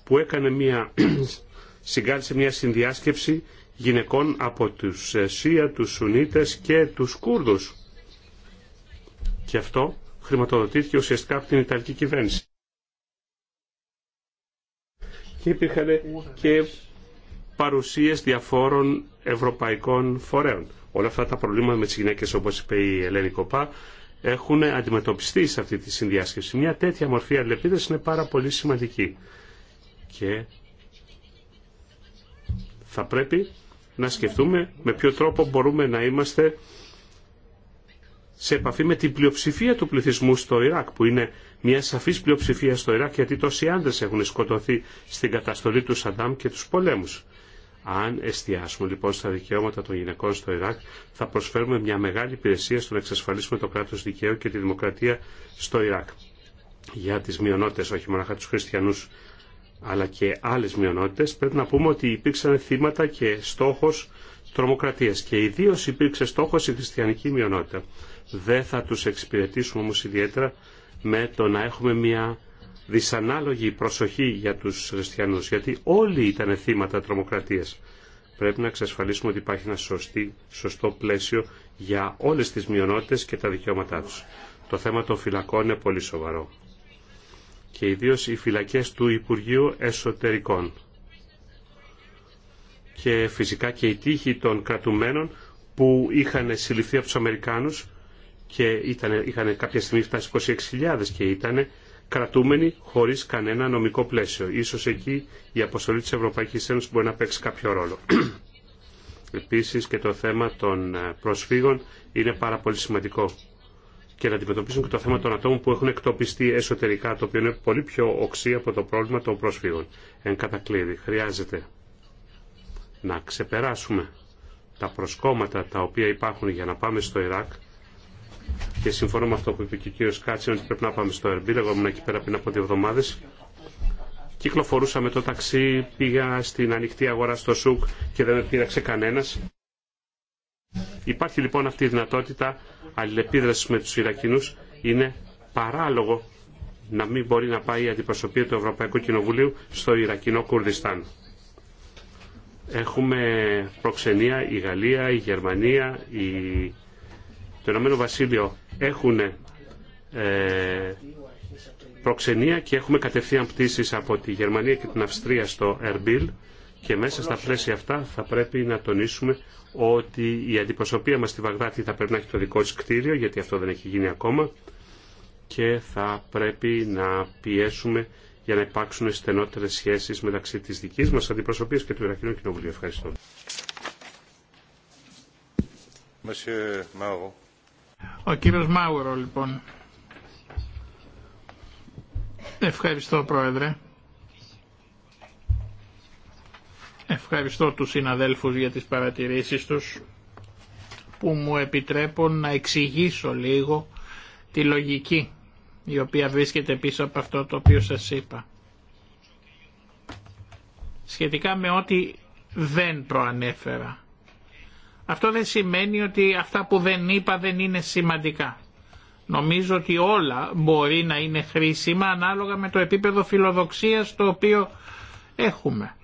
που έκανε μια [CLEARS THROAT] συγκάλυψε μια συνδιάσκεψη γυναικών από τους ε, ΣΥΑ, τους Σουνίτες και τους Κούρδους. Και αυτό χρηματοδοτήθηκε ουσιαστικά από την Ιταλική κυβέρνηση. Και υπήρχαν και παρουσίες διαφόρων ευρωπαϊκών φορέων. Όλα αυτά τα προβλήματα με τις γυναίκες, όπως είπε η Ελένη Κοπά, έχουν αντιμετωπιστεί σε αυτή τη συνδιάσκεψη. Μια τέτοια μορφή αλληλεπίδραση είναι πάρα πολύ σημαντική. Και θα πρέπει να σκεφτούμε με ποιο τρόπο μπορούμε να είμαστε σε επαφή με την πλειοψηφία του πληθυσμού στο Ιράκ, που είναι μια σαφή πλειοψηφία στο Ιράκ, γιατί τόσοι άντρε έχουν σκοτωθεί στην καταστολή του Σαντάμ και του πολέμου. Αν εστιάσουμε λοιπόν στα δικαιώματα των γυναικών στο Ιράκ, θα προσφέρουμε μια μεγάλη υπηρεσία στο να εξασφαλίσουμε το κράτος δικαίου και τη δημοκρατία στο Ιράκ. Για τις μειονότητες, όχι μόνο τους χριστιανούς, αλλά και άλλες μειονότητες, πρέπει να πούμε ότι υπήρξαν θύματα και στόχος τρομοκρατίας και ιδίω υπήρξε στόχος η χριστιανική μειονότητα. Δεν θα τους εξυπηρετήσουμε όμως ιδιαίτερα με το να έχουμε μια δυσανάλογη προσοχή για τους χριστιανούς, γιατί όλοι ήταν θύματα τρομοκρατίας. Πρέπει να εξασφαλίσουμε ότι υπάρχει ένα σωστή, σωστό πλαίσιο για όλες τις μειονότητες και τα δικαιώματά τους. Το θέμα των φυλακών είναι πολύ σοβαρό. Και ιδίως οι φυλακές του Υπουργείου Εσωτερικών. Και φυσικά και η τύχη των κρατουμένων που είχαν συλληφθεί από τους Αμερικάνους και είχαν κάποια στιγμή φτάσει 26.000 και ήταν κρατούμενοι χωρίς κανένα νομικό πλαίσιο. Ίσως εκεί η αποστολή της Ευρωπαϊκής Ένωσης μπορεί να παίξει κάποιο ρόλο. [CLEARS THROAT] Επίσης και το θέμα των ε, προσφύγων είναι πάρα πολύ σημαντικό και να αντιμετωπίσουν και το θέμα των ατόμων που έχουν εκτοπιστεί εσωτερικά, το οποίο είναι πολύ πιο οξύ από το πρόβλημα των προσφύγων. Εν κατακλείδη, χρειάζεται να ξεπεράσουμε τα προσκόμματα τα οποία υπάρχουν για να πάμε στο Ιράκ και συμφωνώ με αυτό που είπε και ο κύριο Κάτσιν ότι πρέπει να πάμε στο Ερμπίλ. Εγώ ήμουν εκεί πέρα πριν από δύο εβδομάδε. Κυκλοφορούσαμε το ταξί, πήγα στην ανοιχτή αγορά στο Σουκ και δεν με πήραξε κανένα. Υπάρχει λοιπόν αυτή η δυνατότητα αλληλεπίδραση με του Ιρακινού. Είναι παράλογο να μην μπορεί να πάει η αντιπροσωπεία του Ευρωπαϊκού Κοινοβουλίου στο Ιρακινό Κουρδιστάν. Έχουμε προξενία η Γαλλία, η Γερμανία, η το Ηνωμένο Βασίλειο έχουν ε, προξενία και έχουμε κατευθείαν πτήσεις από τη Γερμανία και την Αυστρία στο Ερμπίλ και μέσα στα πλαίσια αυτά θα πρέπει να τονίσουμε ότι η αντιπροσωπεία μας στη Βαγδάτη θα πρέπει να έχει το δικό της κτίριο γιατί αυτό δεν έχει γίνει ακόμα και θα πρέπει να πιέσουμε για να υπάρξουν στενότερες σχέσεις μεταξύ της δικής μας αντιπροσωπείας και του Ιρακινού Κοινοβουλίου. Ευχαριστώ. Ο κύριος Μάουρο λοιπόν. Ευχαριστώ πρόεδρε. Ευχαριστώ τους συναδέλφους για τις παρατηρήσεις τους που μου επιτρέπουν να εξηγήσω λίγο τη λογική η οποία βρίσκεται πίσω από αυτό το οποίο σας είπα. Σχετικά με ό,τι δεν προανέφερα. Αυτό δεν σημαίνει ότι αυτά που δεν είπα δεν είναι σημαντικά. Νομίζω ότι όλα μπορεί να είναι χρήσιμα ανάλογα με το επίπεδο φιλοδοξίας το οποίο έχουμε.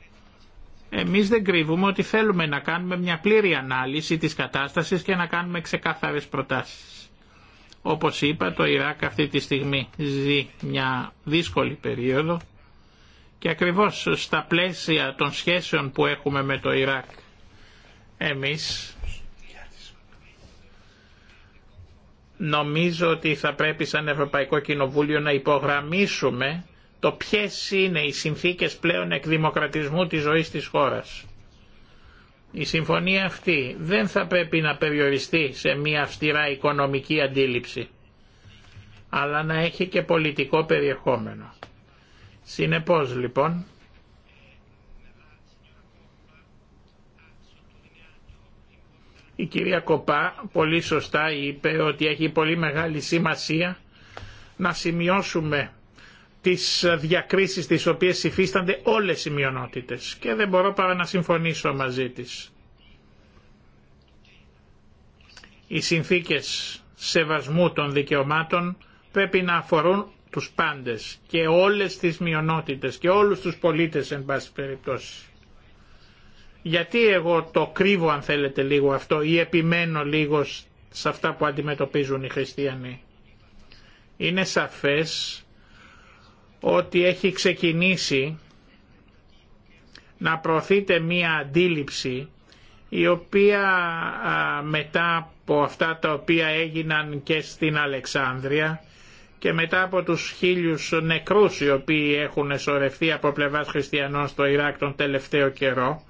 Εμείς δεν κρύβουμε ότι θέλουμε να κάνουμε μια πλήρη ανάλυση της κατάστασης και να κάνουμε ξεκάθαρες προτάσεις. Όπως είπα το Ιράκ αυτή τη στιγμή ζει μια δύσκολη περίοδο και ακριβώς στα πλαίσια των σχέσεων που έχουμε με το Ιράκ εμείς νομίζω ότι θα πρέπει σαν Ευρωπαϊκό Κοινοβούλιο να υπογραμμίσουμε το ποιες είναι οι συνθήκες πλέον εκδημοκρατισμού της ζωής της χώρας. Η συμφωνία αυτή δεν θα πρέπει να περιοριστεί σε μια αυστηρά οικονομική αντίληψη, αλλά να έχει και πολιτικό περιεχόμενο. Συνεπώς λοιπόν, Η κυρία Κοπά πολύ σωστά είπε ότι έχει πολύ μεγάλη σημασία να σημειώσουμε τις διακρίσεις τις οποίες υφίστανται όλες οι μειονότητες και δεν μπορώ παρά να συμφωνήσω μαζί της. Οι συνθήκες σεβασμού των δικαιωμάτων πρέπει να αφορούν τους πάντες και όλες τις μειονότητες και όλους τους πολίτες εν πάση περιπτώσει. Γιατί εγώ το κρύβω αν θέλετε λίγο αυτό ή επιμένω λίγο σε αυτά που αντιμετωπίζουν οι χριστιανοί. Είναι σαφές ότι έχει ξεκινήσει να προωθείται μία αντίληψη η οποία μετά από αυτά τα οποία έγιναν και στην Αλεξάνδρεια και μετά από τους χίλιους νεκρούς οι οποίοι έχουν σωρευτεί από πλευράς χριστιανών στο Ιράκ τον τελευταίο καιρό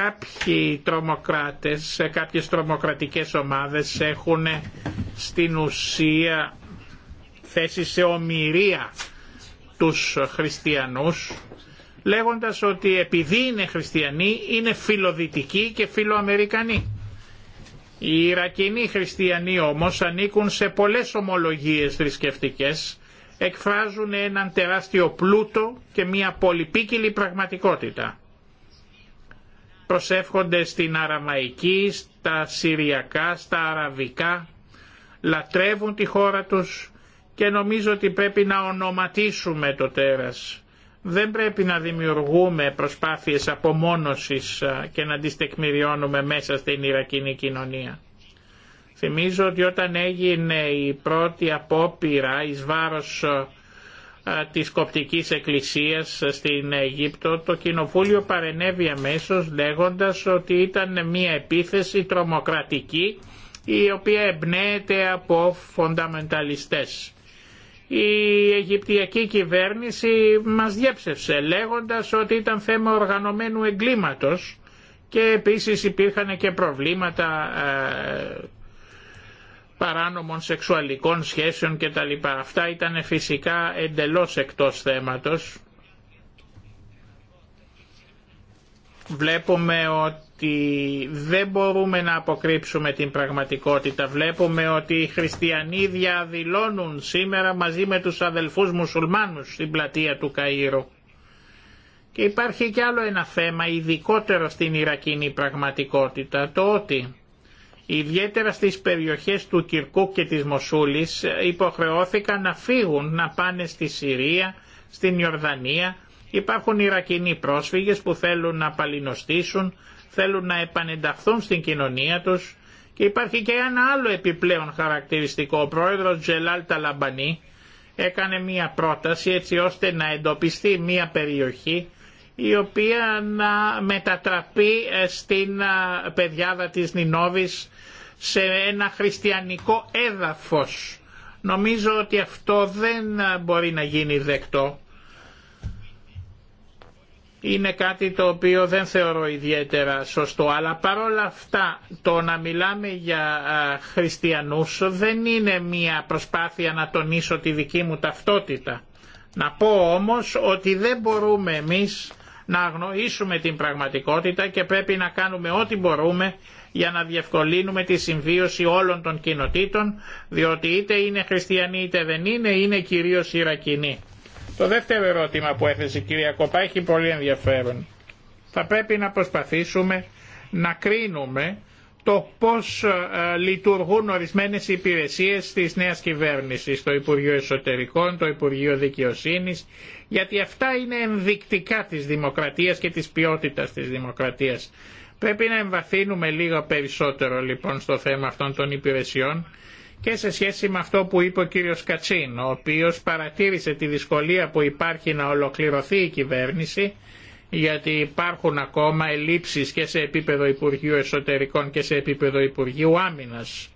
κάποιοι τρομοκράτες, κάποιες τρομοκρατικές ομάδες έχουν στην ουσία θέση σε ομοιρία τους χριστιανούς λέγοντας ότι επειδή είναι χριστιανοί είναι φιλοδυτικοί και φιλοαμερικανοί. Οι Ιρακινοί χριστιανοί όμως ανήκουν σε πολλές ομολογίες θρησκευτικέ, εκφράζουν έναν τεράστιο πλούτο και μια πολυπίκυλη πραγματικότητα προσεύχονται στην αραμαϊκή, στα συριακά, στα αραβικά, λατρεύουν τη χώρα τους και νομίζω ότι πρέπει να ονοματίσουμε το τέρας. Δεν πρέπει να δημιουργούμε προσπάθειες απομόνωσης και να τις τεκμηριώνουμε μέσα στην Ιρακινή κοινωνία. Θυμίζω ότι όταν έγινε η πρώτη απόπειρα εις βάρος της Κοπτικής Εκκλησίας στην Αιγύπτο, το Κοινοβούλιο παρενέβη αμέσως λέγοντας ότι ήταν μια επίθεση τρομοκρατική η οποία εμπνέεται από φονταμενταλιστές. Η Αιγυπτιακή κυβέρνηση μας διέψευσε λέγοντας ότι ήταν θέμα οργανωμένου εγκλήματος και επίσης υπήρχαν και προβλήματα παράνομων σεξουαλικών σχέσεων κτλ. Αυτά ήταν φυσικά εντελώς εκτός θέματος. Βλέπουμε ότι δεν μπορούμε να αποκρύψουμε την πραγματικότητα. Βλέπουμε ότι οι χριστιανοί διαδηλώνουν σήμερα μαζί με τους αδελφούς μουσουλμάνους στην πλατεία του Καΐρου. Και υπάρχει κι άλλο ένα θέμα ειδικότερο στην Ιρακινή πραγματικότητα, το ότι Ιδιαίτερα στις περιοχές του Κυρκού και της Μοσούλης ε, υποχρεώθηκαν να φύγουν, να πάνε στη Συρία, στην Ιορδανία. Υπάρχουν Ιρακινοί πρόσφυγες που θέλουν να παλινοστήσουν, θέλουν να επανενταχθούν στην κοινωνία τους και υπάρχει και ένα άλλο επιπλέον χαρακτηριστικό. Ο πρόεδρος Τζελάλ Ταλαμπάνι έκανε μία πρόταση έτσι ώστε να εντοπιστεί μία περιοχή η οποία να μετατραπεί ε, στην ε, πεδιάδα της Νινόβης σε ένα χριστιανικό έδαφος. Νομίζω ότι αυτό δεν μπορεί να γίνει δεκτό. Είναι κάτι το οποίο δεν θεωρώ ιδιαίτερα σωστό, αλλά παρόλα αυτά το να μιλάμε για χριστιανούς δεν είναι μια προσπάθεια να τονίσω τη δική μου ταυτότητα. Να πω όμως ότι δεν μπορούμε εμείς να αγνοήσουμε την πραγματικότητα και πρέπει να κάνουμε ό,τι μπορούμε για να διευκολύνουμε τη συμβίωση όλων των κοινοτήτων, διότι είτε είναι χριστιανοί είτε δεν είναι, είναι κυρίως Ιρακινοί. Το δεύτερο ερώτημα που έθεσε η κυρία Κοπά έχει πολύ ενδιαφέρον. Θα πρέπει να προσπαθήσουμε να κρίνουμε το πώς ε, λειτουργούν ορισμένες υπηρεσίες της νέας κυβέρνησης, το Υπουργείο Εσωτερικών, το Υπουργείο Δικαιοσύνης, γιατί αυτά είναι ενδεικτικά της δημοκρατίας και της ποιότητας της δημοκρατίας. Πρέπει να εμβαθύνουμε λίγο περισσότερο λοιπόν στο θέμα αυτών των υπηρεσιών και σε σχέση με αυτό που είπε ο κύριος Κατσίν, ο οποίος παρατήρησε τη δυσκολία που υπάρχει να ολοκληρωθεί η κυβέρνηση γιατί υπάρχουν ακόμα ελλείψεις και σε επίπεδο Υπουργείου Εσωτερικών και σε επίπεδο Υπουργείου Άμυνας.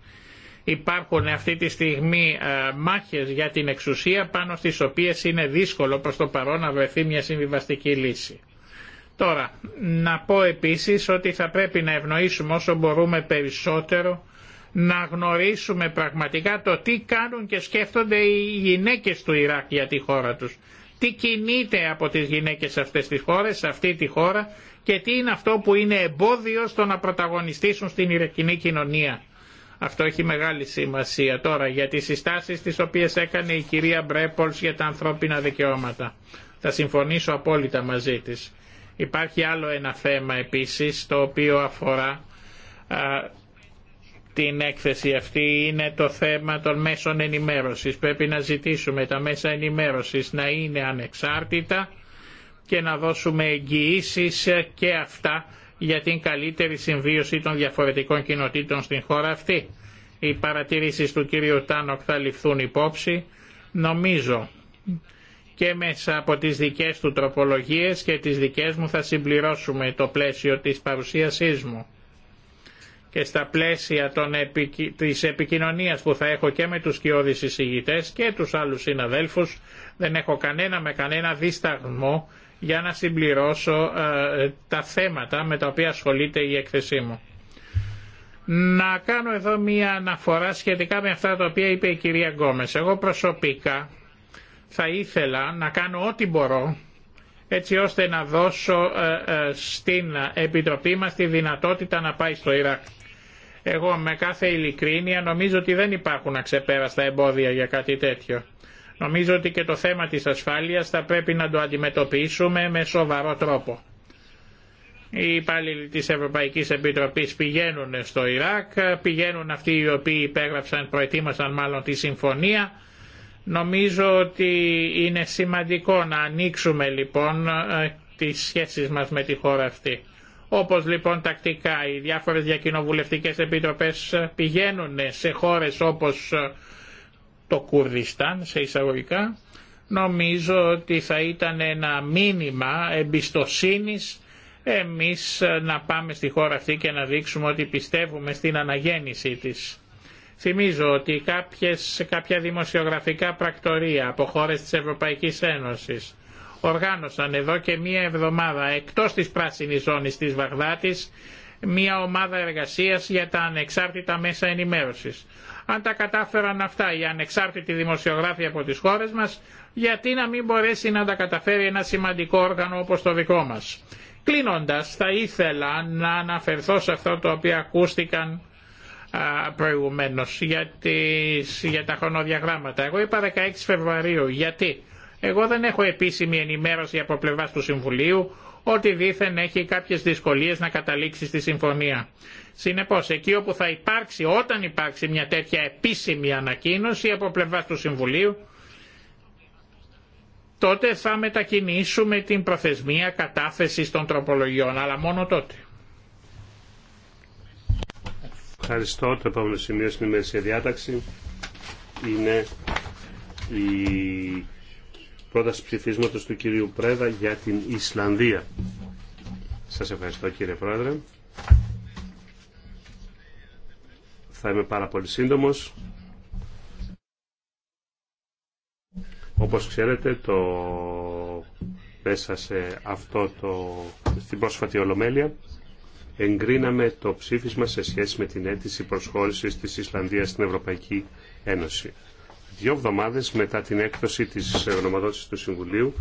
Υπάρχουν αυτή τη στιγμή ε, μάχες για την εξουσία πάνω στις οποίες είναι δύσκολο προς το παρόν να βρεθεί μια συμβιβαστική λύση. Τώρα, να πω επίσης ότι θα πρέπει να ευνοήσουμε όσο μπορούμε περισσότερο να γνωρίσουμε πραγματικά το τι κάνουν και σκέφτονται οι γυναίκες του Ιράκ για τη χώρα τους. Τι κινείται από τις γυναίκες αυτές τις χώρες, σε αυτή τη χώρα και τι είναι αυτό που είναι εμπόδιο στο να πρωταγωνιστήσουν στην Ιρακινή κοινωνία. Αυτό έχει μεγάλη σημασία τώρα για τις συστάσεις τις οποίες έκανε η κυρία Μπρέπολς για τα ανθρώπινα δικαιώματα. Θα συμφωνήσω απόλυτα μαζί της. Υπάρχει άλλο ένα θέμα επίσης το οποίο αφορά την έκθεση αυτή είναι το θέμα των μέσων ενημέρωσης. Πρέπει να ζητήσουμε τα μέσα ενημέρωσης να είναι ανεξάρτητα και να δώσουμε εγγυήσει και αυτά για την καλύτερη συμβίωση των διαφορετικών κοινοτήτων στην χώρα αυτή. Οι παρατηρήσεις του κύριου Τάνοκ θα ληφθούν υπόψη. Νομίζω και μέσα από τις δικές του τροπολογίες και τις δικές μου θα συμπληρώσουμε το πλαίσιο της παρουσίασής μου. Και στα πλαίσια των επικοι... της επικοινωνίας που θα έχω και με τους κοιόδης εισηγητές και τους άλλους συναδέλφους δεν έχω κανένα με κανένα δισταγμό για να συμπληρώσω ε, τα θέματα με τα οποία ασχολείται η έκθεσή μου. Να κάνω εδώ μία αναφορά σχετικά με αυτά τα οποία είπε η κυρία Γκόμες. Εγώ προσωπικά θα ήθελα να κάνω ό,τι μπορώ έτσι ώστε να δώσω ε, ε, στην Επιτροπή μας τη δυνατότητα να πάει στο Ιράκ. Εγώ με κάθε ειλικρίνεια νομίζω ότι δεν υπάρχουν αξεπέραστα εμπόδια για κάτι τέτοιο. Νομίζω ότι και το θέμα της ασφάλειας θα πρέπει να το αντιμετωπίσουμε με σοβαρό τρόπο. Οι υπάλληλοι της Ευρωπαϊκής Επιτροπής πηγαίνουν στο Ιράκ, πηγαίνουν αυτοί οι οποίοι υπέγραψαν, προετοίμασαν μάλλον τη συμφωνία Νομίζω ότι είναι σημαντικό να ανοίξουμε λοιπόν ε, τις σχέσεις μας με τη χώρα αυτή. Όπως λοιπόν τακτικά οι διάφορες διακοινοβουλευτικές επιτροπές ε, πηγαίνουν σε χώρες όπως ε, το Κουρδιστάν σε εισαγωγικά, νομίζω ότι θα ήταν ένα μήνυμα εμπιστοσύνης εμείς να πάμε στη χώρα αυτή και να δείξουμε ότι πιστεύουμε στην αναγέννησή της. Θυμίζω ότι κάποιες, κάποια δημοσιογραφικά πρακτορία από χώρες της Ευρωπαϊκής Ένωσης οργάνωσαν εδώ και μία εβδομάδα εκτός της πράσινης ζώνης της Βαγδάτης μία ομάδα εργασίας για τα ανεξάρτητα μέσα ενημέρωσης. Αν τα κατάφεραν αυτά οι ανεξάρτητοι δημοσιογράφοι από τις χώρες μας, γιατί να μην μπορέσει να τα καταφέρει ένα σημαντικό όργανο όπως το δικό μας. Κλείνοντας, θα ήθελα να αναφερθώ σε αυτό το οποίο ακούστηκαν Προηγουμένω για, για τα χρονοδιαγράμματα. Εγώ είπα 16 Φεβρουαρίου. Γιατί? Εγώ δεν έχω επίσημη ενημέρωση από πλευρά του Συμβουλίου ότι δήθεν έχει κάποιες δυσκολίες να καταλήξει στη συμφωνία. Συνεπώ, εκεί όπου θα υπάρξει, όταν υπάρξει μια τέτοια επίσημη ανακοίνωση από πλευρά του Συμβουλίου, τότε θα μετακινήσουμε την προθεσμία κατάθεση των τροπολογιών, αλλά μόνο τότε. Ευχαριστώ. Το επόμενο σημείο στην ημερήσια διάταξη είναι η πρόταση ψηφίσματο του κυρίου Πρέδα για την Ισλανδία. Σα ευχαριστώ κύριε Πρόεδρε. Θα είμαι πάρα πολύ σύντομο. Όπως ξέρετε, το... μέσα σε αυτό το... στην πρόσφατη Ολομέλεια εγκρίναμε το ψήφισμα σε σχέση με την αίτηση προσχώρησης της Ισλανδίας στην Ευρωπαϊκή Ένωση. Δύο εβδομάδες μετά την έκδοση της γνωμοδότησης του Συμβουλίου,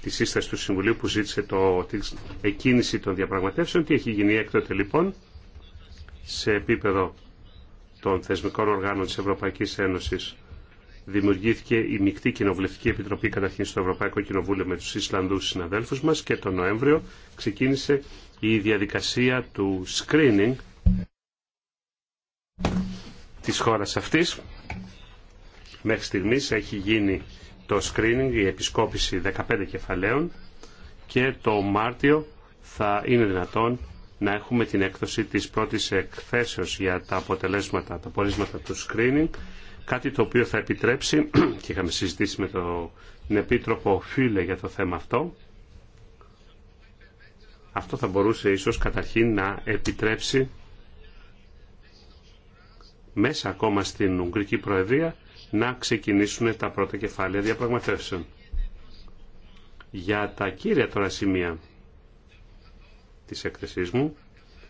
τη σύσταση του Συμβουλίου που ζήτησε το, την εκκίνηση των διαπραγματεύσεων, τι έχει γίνει έκτοτε λοιπόν σε επίπεδο των θεσμικών οργάνων της Ευρωπαϊκής Ένωσης δημιουργήθηκε η μεικτή κοινοβουλευτική επιτροπή καταρχήν στο Ευρωπαϊκό Κοινοβούλιο με τους Ισλανδούς συναδέλφους μας και τον Νοέμβριο ξεκίνησε η διαδικασία του screening της χώρας αυτής. Μέχρι στιγμής έχει γίνει το screening, η επισκόπηση 15 κεφαλαίων και το Μάρτιο θα είναι δυνατόν να έχουμε την έκδοση της πρώτης εκθέσεως για τα αποτελέσματα, τα πορίσματα του screening, κάτι το οποίο θα επιτρέψει, [CLEARS THROAT] και είχαμε συζητήσει με τον Επίτροπο Φίλε για το θέμα αυτό, αυτό θα μπορούσε ίσως καταρχήν να επιτρέψει μέσα ακόμα στην Ουγγρική Προεδρία να ξεκινήσουν τα πρώτα κεφάλαια διαπραγματεύσεων. Για τα κύρια τώρα σημεία της έκθεσής μου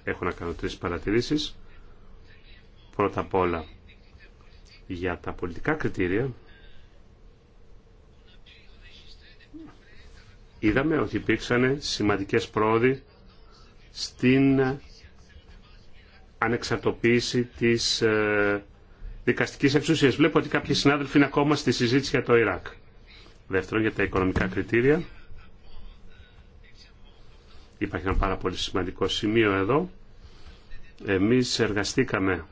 έχω να κάνω τρεις παρατηρήσεις. Πρώτα απ' όλα για τα πολιτικά κριτήρια είδαμε ότι υπήρξαν σημαντικές πρόοδοι στην ε, ανεξαρτοποίηση της ε, δικαστικής εξουσίας. Βλέπω ότι κάποιοι συνάδελφοι είναι ακόμα στη συζήτηση για το Ιράκ. Δεύτερον, για τα οικονομικά κριτήρια. Υπάρχει ένα πάρα πολύ σημαντικό σημείο εδώ. Εμείς εργαστήκαμε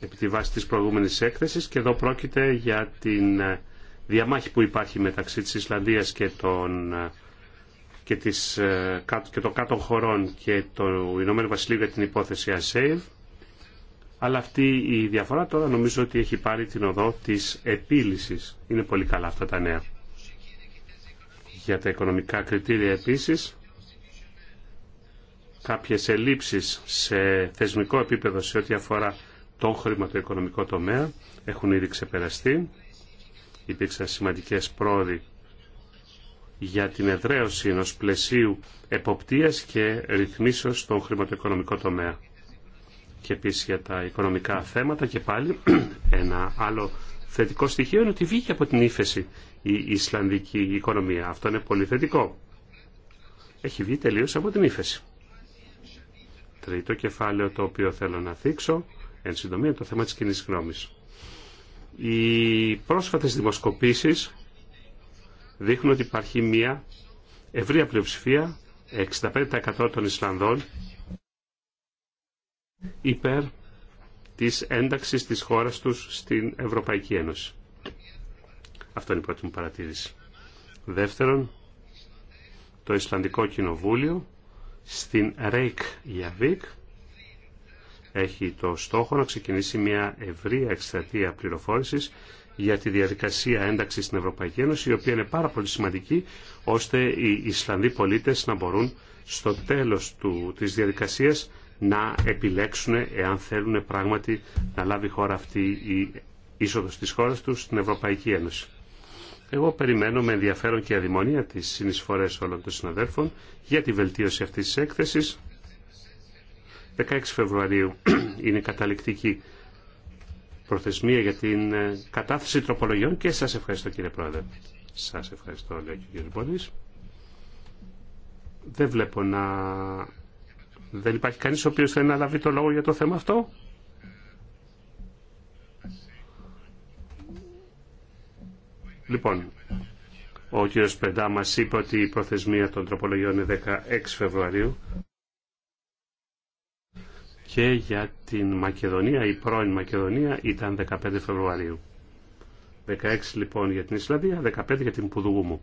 επί τη βάση της προηγούμενης έκθεσης και εδώ πρόκειται για την ε, διαμάχη που υπάρχει μεταξύ της Ισλανδίας και των ε, και, της, ε, και των κάτω χωρών και του Ηνωμένου Βασιλείου για την υπόθεση ΑΣΕΙΒ. Αλλά αυτή η διαφορά τώρα νομίζω ότι έχει πάρει την οδό της επίλυσης. Είναι πολύ καλά αυτά τα νέα. Για τα οικονομικά κριτήρια επίσης, κάποιες ελλείψεις σε θεσμικό επίπεδο σε ό,τι αφορά τον χρηματοοικονομικό τομέα έχουν ήδη ξεπεραστεί υπήρξαν σημαντικές πρόοδοι για την εδραίωση ενός πλαισίου εποπτείας και ρυθμίσεως στον χρηματοοικονομικό τομέα. Και επίσης για τα οικονομικά θέματα και πάλι [CLEARS THROAT] ένα άλλο θετικό στοιχείο είναι ότι βγήκε από την ύφεση η Ισλανδική οικονομία. Αυτό είναι πολύ θετικό. Έχει βγει τελείως από την ύφεση. Τρίτο κεφάλαιο το οποίο θέλω να θίξω, εν συντομία, το θέμα της κοινή γνώμης. Οι πρόσφατες δημοσκοπήσεις δείχνουν ότι υπάρχει μια ευρεία πλειοψηφία, 65% των Ισλανδών, υπέρ της ένταξης της χώρας τους στην Ευρωπαϊκή Ένωση. Αυτό είναι η πρώτη μου παρατήρηση. Δεύτερον, το Ισλανδικό Κοινοβούλιο στην Ρέικ Γιαβίκ έχει το στόχο να ξεκινήσει μια ευρεία εκστρατεία πληροφόρησης για τη διαδικασία ένταξης στην Ευρωπαϊκή Ένωση, η οποία είναι πάρα πολύ σημαντική, ώστε οι Ισλανδοί πολίτες να μπορούν στο τέλος του, της διαδικασίας να επιλέξουν εάν θέλουν πράγματι να λάβει χώρα αυτή η είσοδος της χώρας τους στην Ευρωπαϊκή Ένωση. Εγώ περιμένω με ενδιαφέρον και αδημονία τις συνεισφορές όλων των συναδέλφων για τη βελτίωση αυτής της έκθεσης 16 Φεβρουαρίου [CLEARS THROAT] είναι καταληκτική προθεσμία για την ε, κατάθεση τροπολογιών και σας ευχαριστώ κύριε Πρόεδρε. Σας ευχαριστώ λέει και ο κύριος Δεν βλέπω να... Δεν υπάρχει κανείς ο οποίος θέλει να λάβει το λόγο για το θέμα αυτό. Λοιπόν, ο κύριος Πεντά μας είπε ότι η προθεσμία των τροπολογιών είναι 16 Φεβρουαρίου και για την Μακεδονία, η πρώην Μακεδονία ήταν 15 Φεβρουαρίου. 16 λοιπόν για την Ισλανδία, 15 για την Πουδουγούμου.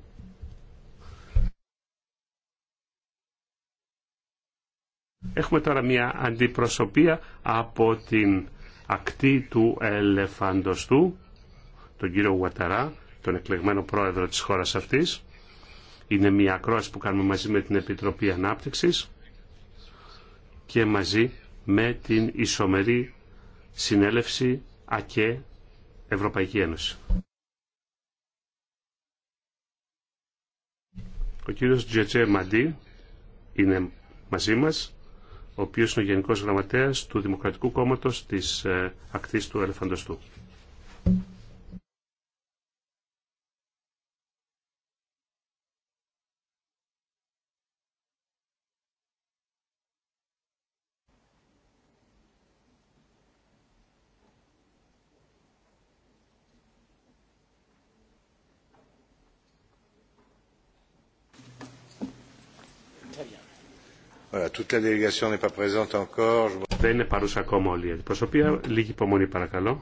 Έχουμε τώρα μια αντιπροσωπεία από την ακτή του Ελεφαντοστού, τον κύριο Γουαταρά, τον εκλεγμένο πρόεδρο της χώρας αυτής. Είναι μια ακρόαση που κάνουμε μαζί με την Επιτροπή Ανάπτυξης και μαζί με την ισομερή συνέλευση ΑΚΕ Ευρωπαϊκή Ένωση. Ο κύριος Τζετζέ Μαντί είναι μαζί μας, ο οποίος είναι ο Γενικός Γραμματέας του Δημοκρατικού Κόμματος της ε, Ακτής του Ελεφαντοστού. Δεν είναι παρούσα ακόμα όλη η αντιπροσωπεία. Λίγη υπομονή παρακαλώ.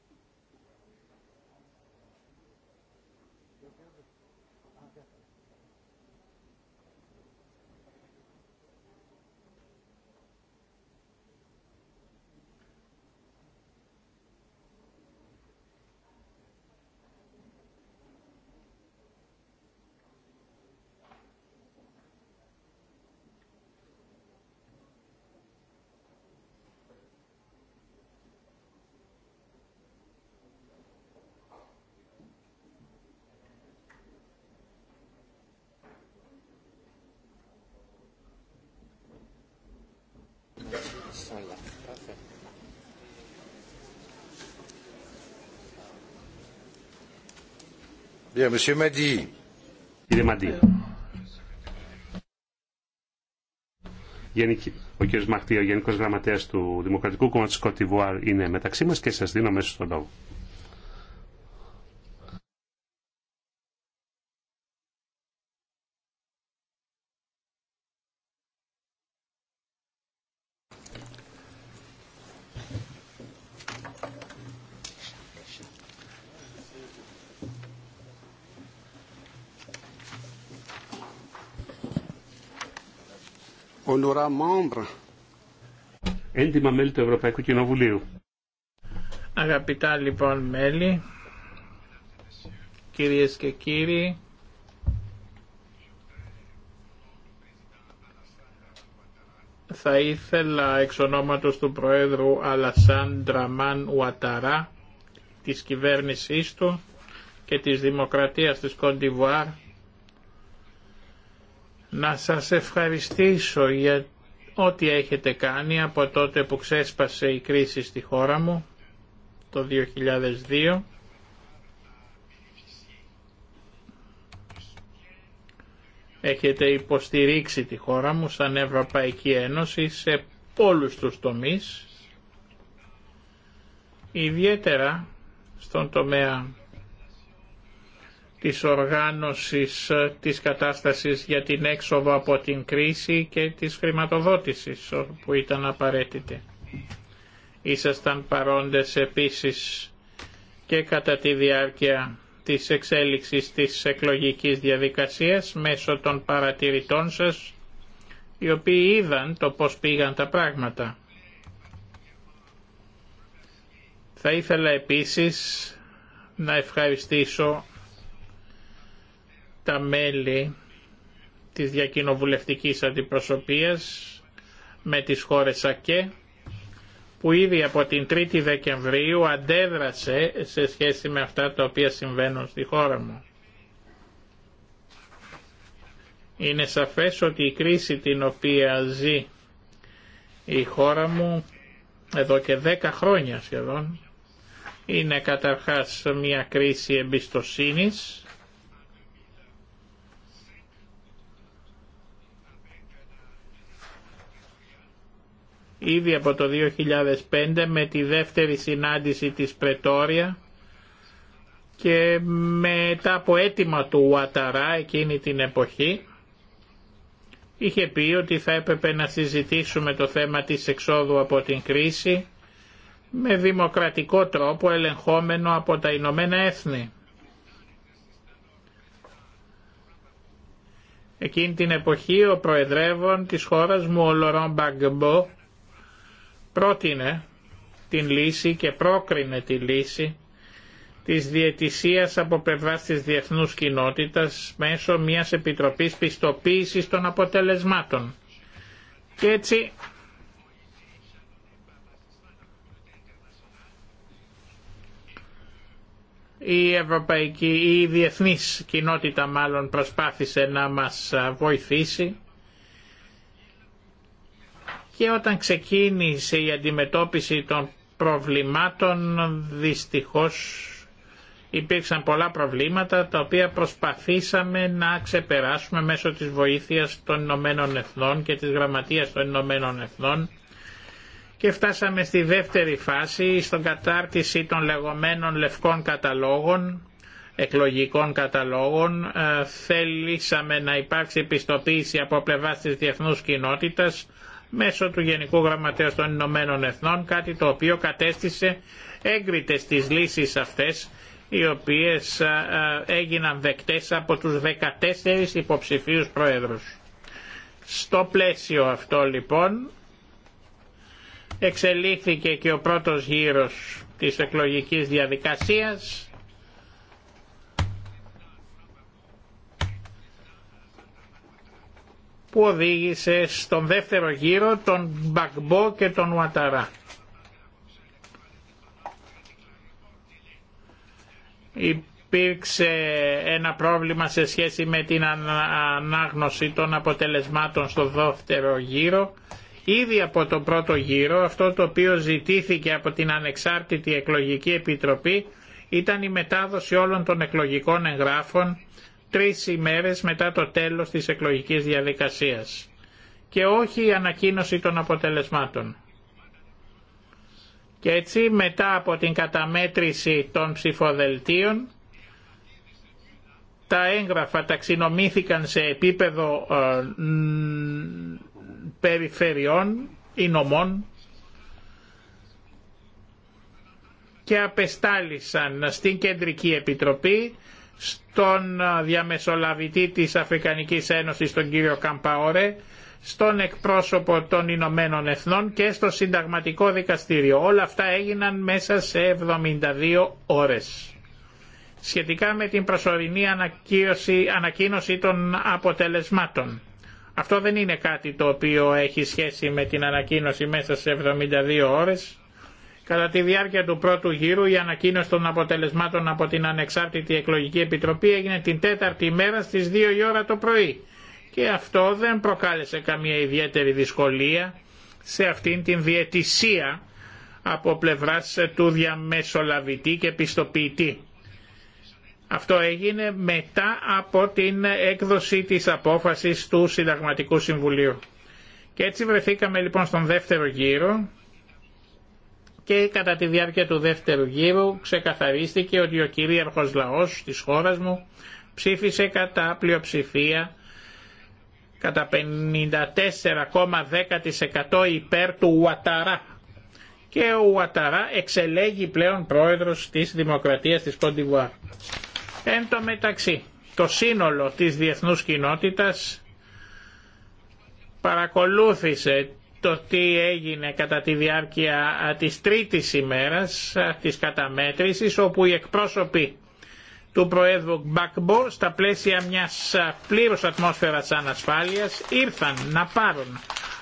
Ο κ. Μαχτή, ο Γενικός Γραμματέας του Δημοκρατικού Κόμματος Κωτιβουάρ είναι μεταξύ μας και σας δίνω μέσα στον λόγο. Έντιμα μέλη του Ευρωπαϊκού Κοινοβουλίου. Αγαπητά λοιπόν μέλη, κυρίες και κύριοι, θα ήθελα εξ ονόματος του Προέδρου Αλασάν Ντραμάν Ουαταρά, της κυβέρνησής του και της Δημοκρατίας της Κοντιβουάρ να σας ευχαριστήσω για ό,τι έχετε κάνει από τότε που ξέσπασε η κρίση στη χώρα μου το 2002 έχετε υποστηρίξει τη χώρα μου σαν Ευρωπαϊκή Ένωση σε όλους τους τομείς ιδιαίτερα στον τομέα της οργάνωσης ε, της κατάστασης για την έξοδο από την κρίση και της χρηματοδότησης που ήταν απαραίτητη. Ήσασταν παρόντες επίσης και κατά τη διάρκεια της εξέλιξης της εκλογικής διαδικασίας μέσω των παρατηρητών σας, οι οποίοι είδαν το πώς πήγαν τα πράγματα. Θα ήθελα επίσης να ευχαριστήσω τα μέλη της διακοινοβουλευτικής αντιπροσωπείας με τις χώρες ΑΚΕ που ήδη από την 3η Δεκεμβρίου αντέδρασε σε σχέση με αυτά τα οποία συμβαίνουν στη χώρα μου. Είναι σαφές ότι η κρίση την οποία ζει η χώρα μου εδώ και 10 χρόνια σχεδόν είναι καταρχάς μια κρίση εμπιστοσύνης Ήδη από το 2005 με τη δεύτερη συνάντηση της Πρετόρια και μετά από αίτημα του Ουαταρά εκείνη την εποχή είχε πει ότι θα έπρεπε να συζητήσουμε το θέμα της εξόδου από την κρίση με δημοκρατικό τρόπο ελεγχόμενο από τα Ηνωμένα Έθνη. Εκείνη την εποχή ο προεδρεύων της χώρας μου, ο Λορόν Μπαγκμπό, πρότεινε την λύση και πρόκρινε τη λύση της διαιτησίας από πλευρά της διεθνούς κοινότητας μέσω μιας επιτροπής πιστοποίησης των αποτελεσμάτων. Και έτσι η ευρωπαϊκή ή η διεθνής κοινότητα μάλλον προσπάθησε να μας βοηθήσει και όταν ξεκίνησε η αντιμετώπιση των προβλημάτων δυστυχώς υπήρξαν πολλά προβλήματα τα οποία προσπαθήσαμε να ξεπεράσουμε μέσω της βοήθειας των Ηνωμένων Εθνών και της Γραμματείας των Ηνωμένων Εθνών και φτάσαμε στη δεύτερη φάση στον κατάρτιση των λεγόμενων λευκών καταλόγων εκλογικών καταλόγων ε, θέλησαμε να υπάρξει επιστοποίηση από πλευράς της διεθνούς κοινότητας μέσω του Γενικού Γραμματέα των Ηνωμένων Εθνών, κάτι το οποίο κατέστησε έγκριτες τις λύσεις αυτές, οι οποίες έγιναν δεκτές από τους 14 υποψηφίους πρόεδρους. Στο πλαίσιο αυτό λοιπόν εξελίχθηκε και ο πρώτος γύρος της εκλογικής διαδικασίας που οδήγησε στον δεύτερο γύρο τον Μπαγμπό και τον Ουαταρά. Υπήρξε ένα πρόβλημα σε σχέση με την ανάγνωση των αποτελεσμάτων στο δεύτερο γύρο. Ήδη από τον πρώτο γύρο αυτό το οποίο ζητήθηκε από την Ανεξάρτητη Εκλογική Επιτροπή ήταν η μετάδοση όλων των εκλογικών εγγράφων τρεις ημέρες μετά το τέλος της εκλογικής διαδικασίας και όχι η ανακοίνωση των αποτελεσμάτων. Και έτσι μετά από την καταμέτρηση των ψηφοδελτίων τα έγγραφα ταξινομήθηκαν σε επίπεδο ε, περιφερειών ή νομών και απεστάλησαν στην Κεντρική Επιτροπή στον διαμεσολαβητή της Αφρικανικής Ένωσης, τον κύριο Καμπαόρε, στον εκπρόσωπο των Ηνωμένων Εθνών και στο Συνταγματικό Δικαστήριο. Όλα αυτά έγιναν μέσα σε 72 ώρες. Σχετικά με την προσωρινή ανακοίνωση των αποτελεσμάτων. Αυτό δεν είναι κάτι το οποίο έχει σχέση με την ανακοίνωση μέσα σε 72 ώρες. Κατά τη διάρκεια του πρώτου γύρου η ανακοίνωση των αποτελεσμάτων από την Ανεξάρτητη Εκλογική Επιτροπή έγινε την τέταρτη μέρα στις 2 η ώρα το πρωί και αυτό δεν προκάλεσε καμία ιδιαίτερη δυσκολία σε αυτήν την διαιτησία από πλευρά του διαμεσολαβητή και πιστοποιητή. Αυτό έγινε μετά από την έκδοση της απόφασης του Συνταγματικού Συμβουλίου. Και έτσι βρεθήκαμε λοιπόν στον δεύτερο γύρο και κατά τη διάρκεια του δεύτερου γύρου ξεκαθαρίστηκε ότι ο κυρίαρχος λαός της χώρας μου ψήφισε κατά πλειοψηφία κατά 54,10% υπέρ του Ουαταρά και ο Ουαταρά εξελέγει πλέον πρόεδρος της Δημοκρατίας της Κοντιβουά. Εν τω μεταξύ, το σύνολο της διεθνούς κοινότητας παρακολούθησε το τι έγινε κατά τη διάρκεια της τρίτης ημέρας της καταμέτρησης όπου οι εκπρόσωποι του Προέδρου Μπακμπο στα πλαίσια μιας πλήρους ατμόσφαιρας ανασφάλειας ήρθαν να πάρουν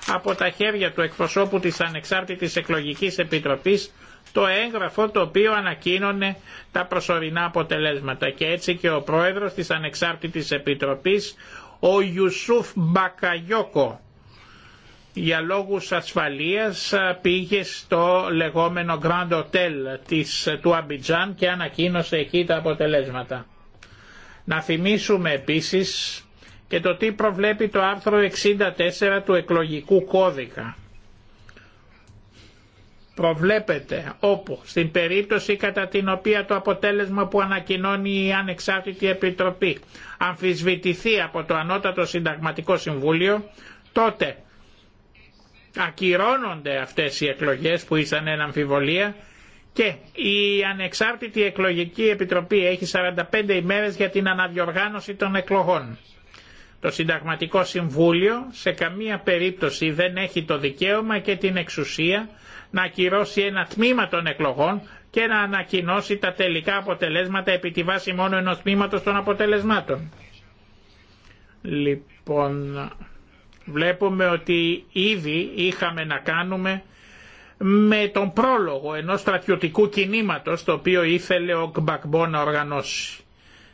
από τα χέρια του εκπροσώπου της Ανεξάρτητης Εκλογικής Επιτροπής το έγγραφο το οποίο ανακοίνωνε τα προσωρινά αποτελέσματα και έτσι και ο πρόεδρος της Ανεξάρτητης Επιτροπής ο Ιουσούφ Μπακαγιόκο για λόγους ασφαλείας πήγε στο λεγόμενο Grand Hotel της, του Αμπιτζάν και ανακοίνωσε εκεί τα αποτελέσματα. Να θυμίσουμε επίσης και το τι προβλέπει το άρθρο 64 του εκλογικού κώδικα. Προβλέπεται όπου στην περίπτωση κατά την οποία το αποτέλεσμα που ανακοινώνει η Ανεξάρτητη Επιτροπή αμφισβητηθεί από το Ανώτατο Συνταγματικό Συμβούλιο, τότε ακυρώνονται αυτές οι εκλογές που ήσαν εν αμφιβολία και η Ανεξάρτητη Εκλογική Επιτροπή έχει 45 ημέρες για την αναδιοργάνωση των εκλογών. Το Συνταγματικό Συμβούλιο σε καμία περίπτωση δεν έχει το δικαίωμα και την εξουσία να ακυρώσει ένα τμήμα των εκλογών και να ανακοινώσει τα τελικά αποτελέσματα επί τη βάση μόνο ενός τμήματος των αποτελεσμάτων. Λοιπόν, Βλέπουμε ότι ήδη είχαμε να κάνουμε με τον πρόλογο ενός στρατιωτικού κινήματος το οποίο ήθελε ο Κμπακμπό να οργανώσει.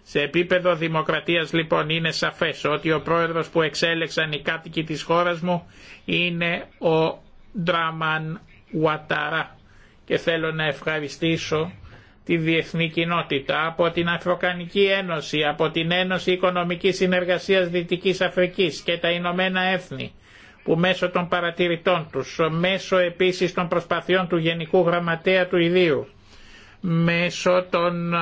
Σε επίπεδο δημοκρατίας λοιπόν είναι σαφές ότι ο πρόεδρος που εξέλεξαν οι κάτοικοι της χώρας μου είναι ο Ντραμαν Ουαταρά και θέλω να ευχαριστήσω τη διεθνή κοινότητα, από την Αφροκανική Ένωση, από την Ένωση Οικονομικής Συνεργασίας Δυτικής Αφρικής και τα Ηνωμένα Έθνη, που μέσω των παρατηρητών τους, μέσω επίσης των προσπαθειών του Γενικού Γραμματέα του Ιδίου, μέσω των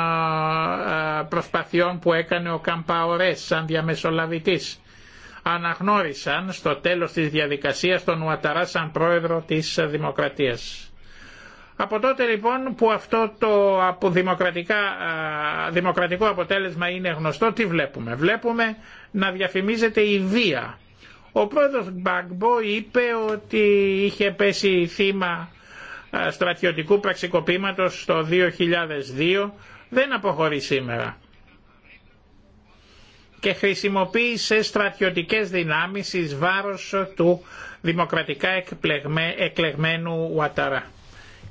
προσπαθειών που έκανε ο Καμπαορές σαν διαμεσολαβητής, αναγνώρισαν στο τέλος της διαδικασίας τον Ουαταρά σαν πρόεδρο της Δημοκρατίας. Από τότε λοιπόν που αυτό το δημοκρατικά, δημοκρατικό αποτέλεσμα είναι γνωστό, τι βλέπουμε. Βλέπουμε να διαφημίζεται η βία. Ο πρόεδρος Μπαγκμπο είπε ότι είχε πέσει θύμα στρατιωτικού πραξικοπήματος το 2002, δεν αποχωρεί σήμερα και χρησιμοποίησε στρατιωτικές δυνάμεις εις βάρος του δημοκρατικά εκλεγμένου Ουαταρά.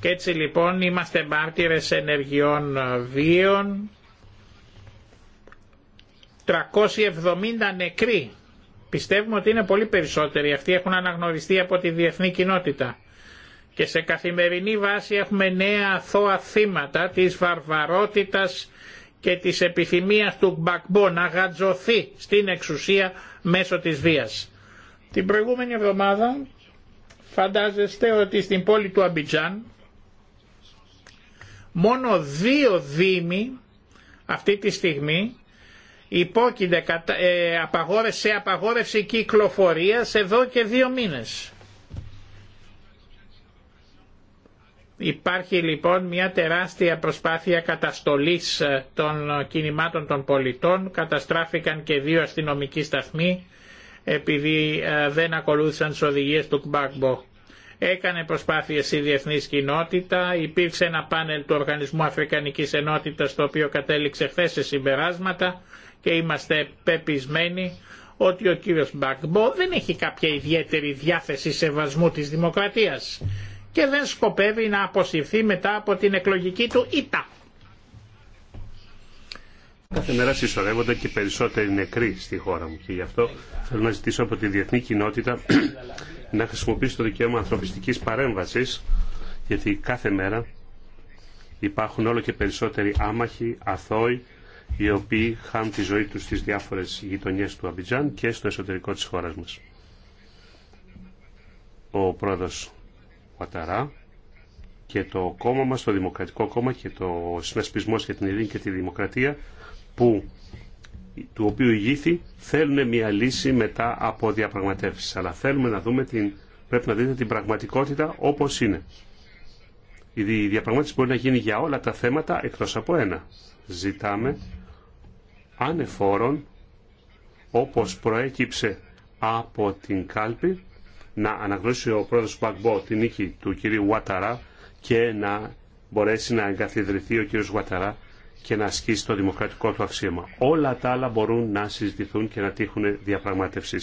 Έτσι λοιπόν είμαστε μάρτυρες ενεργειών βίων, 370 νεκροί. Πιστεύουμε ότι είναι πολύ περισσότεροι. Αυτοί έχουν αναγνωριστεί από τη διεθνή κοινότητα. Και σε καθημερινή βάση έχουμε νέα αθώα θύματα της βαρβαρότητας και της επιθυμίας του Μπακμπό να γατζωθεί στην εξουσία μέσω της βίας. Την προηγούμενη εβδομάδα φαντάζεστε ότι στην πόλη του Αμπιτζάν μόνο δύο δήμοι αυτή τη στιγμή υπόκεινται ε, σε απαγόρευση κυκλοφορίας εδώ και δύο μήνες. Υπάρχει λοιπόν μια τεράστια προσπάθεια καταστολής ε, των κινημάτων των πολιτών. Καταστράφηκαν και δύο αστυνομικοί σταθμοί επειδή ε, δεν ακολούθησαν τις οδηγίες του Κμπάγκμπο. Έκανε προσπάθειες η διεθνής κοινότητα, υπήρξε ένα πάνελ του Οργανισμού Αφρικανικής Ενότητας το οποίο κατέληξε χθε σε συμπεράσματα και είμαστε πεπισμένοι ότι ο κύριος Μπακμπό δεν έχει κάποια ιδιαίτερη διάθεση σεβασμού της δημοκρατίας και δεν σκοπεύει να αποσυρθεί μετά από την εκλογική του ήττα. Κάθε μέρα συσσωρεύονται και περισσότεροι νεκροί στη χώρα μου και γι' αυτό θέλω να ζητήσω από τη διεθνή κοινότητα να χρησιμοποιήσει το δικαίωμα ανθρωπιστικής παρέμβασης, γιατί κάθε μέρα υπάρχουν όλο και περισσότεροι άμαχοι, αθώοι, οι οποίοι χάνουν τη ζωή τους στις διάφορες γειτονιές του Αμπιτζάν και στο εσωτερικό της χώρας μας. Ο πρόεδρος Παταρά και το κόμμα μας, το Δημοκρατικό Κόμμα και το Συνασπισμός για την Ειρήνη και τη Δημοκρατία που του οποίου ηγήθη θέλουν μια λύση μετά από διαπραγματεύσεις. Αλλά θέλουμε να δούμε την, πρέπει να δείτε την πραγματικότητα όπως είναι. Η διαπραγμάτευση μπορεί να γίνει για όλα τα θέματα εκτός από ένα. Ζητάμε ανεφόρον όπως προέκυψε από την κάλπη να αναγνωρίσει ο πρόεδρος Μπαγμπό την νίκη του κυρίου Βαταρά και να μπορέσει να εγκαθιδρυθεί ο κύριος Βαταρά και να ασκήσει το δημοκρατικό του αξίωμα. Όλα τα άλλα μπορούν να συζητηθούν και να τύχουν διαπραγμάτευση.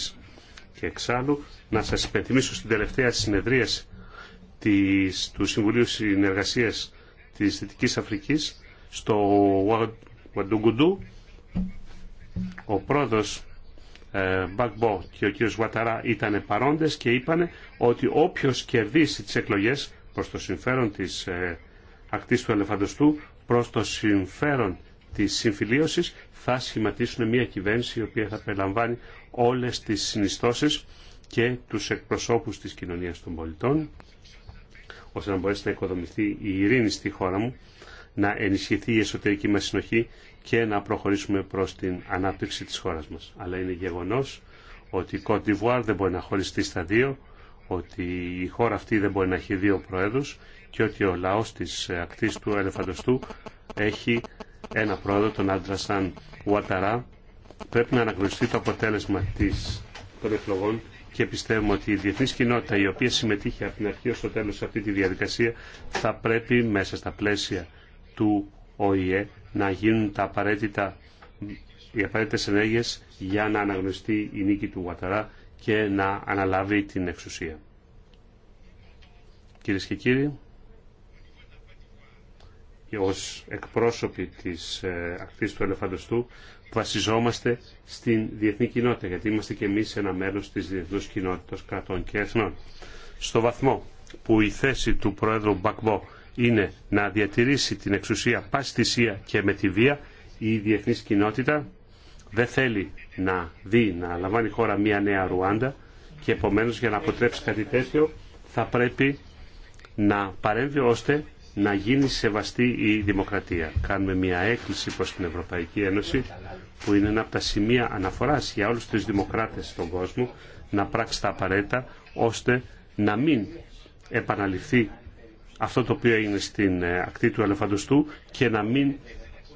Και εξάλλου, να σα υπενθυμίσω στην τελευταία συνεδρία του Συμβουλίου Συνεργασίας της Δυτική Αφρικής στο Ουαντουγκουντού, ο πρόεδρος ε, και ο κ. Βαταρά ήταν παρόντες και είπαν ότι όποιο κερδίσει τι εκλογέ προ το συμφέρον τη ε, του ελεφαντοστού προς το συμφέρον της συμφιλίωσης θα σχηματίσουν μια κυβέρνηση η οποία θα περιλαμβάνει όλες τις συνιστώσεις και τους εκπροσώπους της κοινωνίας των πολιτών ώστε να μπορέσει να οικοδομηθεί η ειρήνη στη χώρα μου, να ενισχυθεί η εσωτερική μας συνοχή και να προχωρήσουμε προς την ανάπτυξη της χώρας μας. Αλλά είναι γεγονός ότι η Κοντιβουάρ δεν μπορεί να χωριστεί στα δύο, ότι η χώρα αυτή δεν μπορεί να έχει δύο προέδρους και ότι ο λαός της ε, ακτής του Ελεφαντοστού έχει ένα πρόεδρο, τον Άντρασαν Ουαταρά. Πρέπει να αναγνωριστεί το αποτέλεσμα της, των εκλογών και πιστεύουμε ότι η διεθνή κοινότητα η οποία συμμετείχε από την αρχή ως το τέλος σε αυτή τη διαδικασία θα πρέπει μέσα στα πλαίσια του ΟΗΕ να γίνουν τα απαραίτητα, οι απαραίτητε ενέργειε για να αναγνωριστεί η νίκη του Ουαταρά και να αναλάβει την εξουσία. Κυρίε και κύριοι, ως εκπρόσωποι της ε, ακτής του ελεφαντοστού βασιζόμαστε στην διεθνή κοινότητα, γιατί είμαστε και εμείς ένα μέλος της διεθνούς κοινότητας κρατών και εθνών. Στο βαθμό που η θέση του Πρόεδρου Μπακμπό είναι να διατηρήσει την εξουσία πάση και με τη βία, η διεθνή κοινότητα δεν θέλει να δει να λαμβάνει χώρα μια νέα Ρουάντα και επομένως για να αποτρέψει κάτι τέτοιο θα πρέπει να παρέμβει ώστε να γίνει σεβαστή η δημοκρατία. Κάνουμε μια έκκληση προς την Ευρωπαϊκή Ένωση που είναι ένα από τα σημεία αναφοράς για όλους τους δημοκράτες στον κόσμο να πράξει τα απαραίτητα ώστε να μην επαναληφθεί αυτό το οποίο έγινε στην ε, ακτή του Αλεφαντοστού και να μην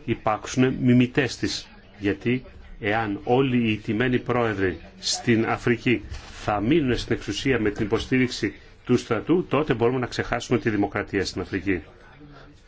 υπάρξουν μιμητές της. Γιατί εάν όλοι οι τιμένοι πρόεδροι στην Αφρική θα μείνουν στην εξουσία με την υποστήριξη του στρατού, τότε μπορούμε να ξεχάσουμε τη δημοκρατία στην Αφρική.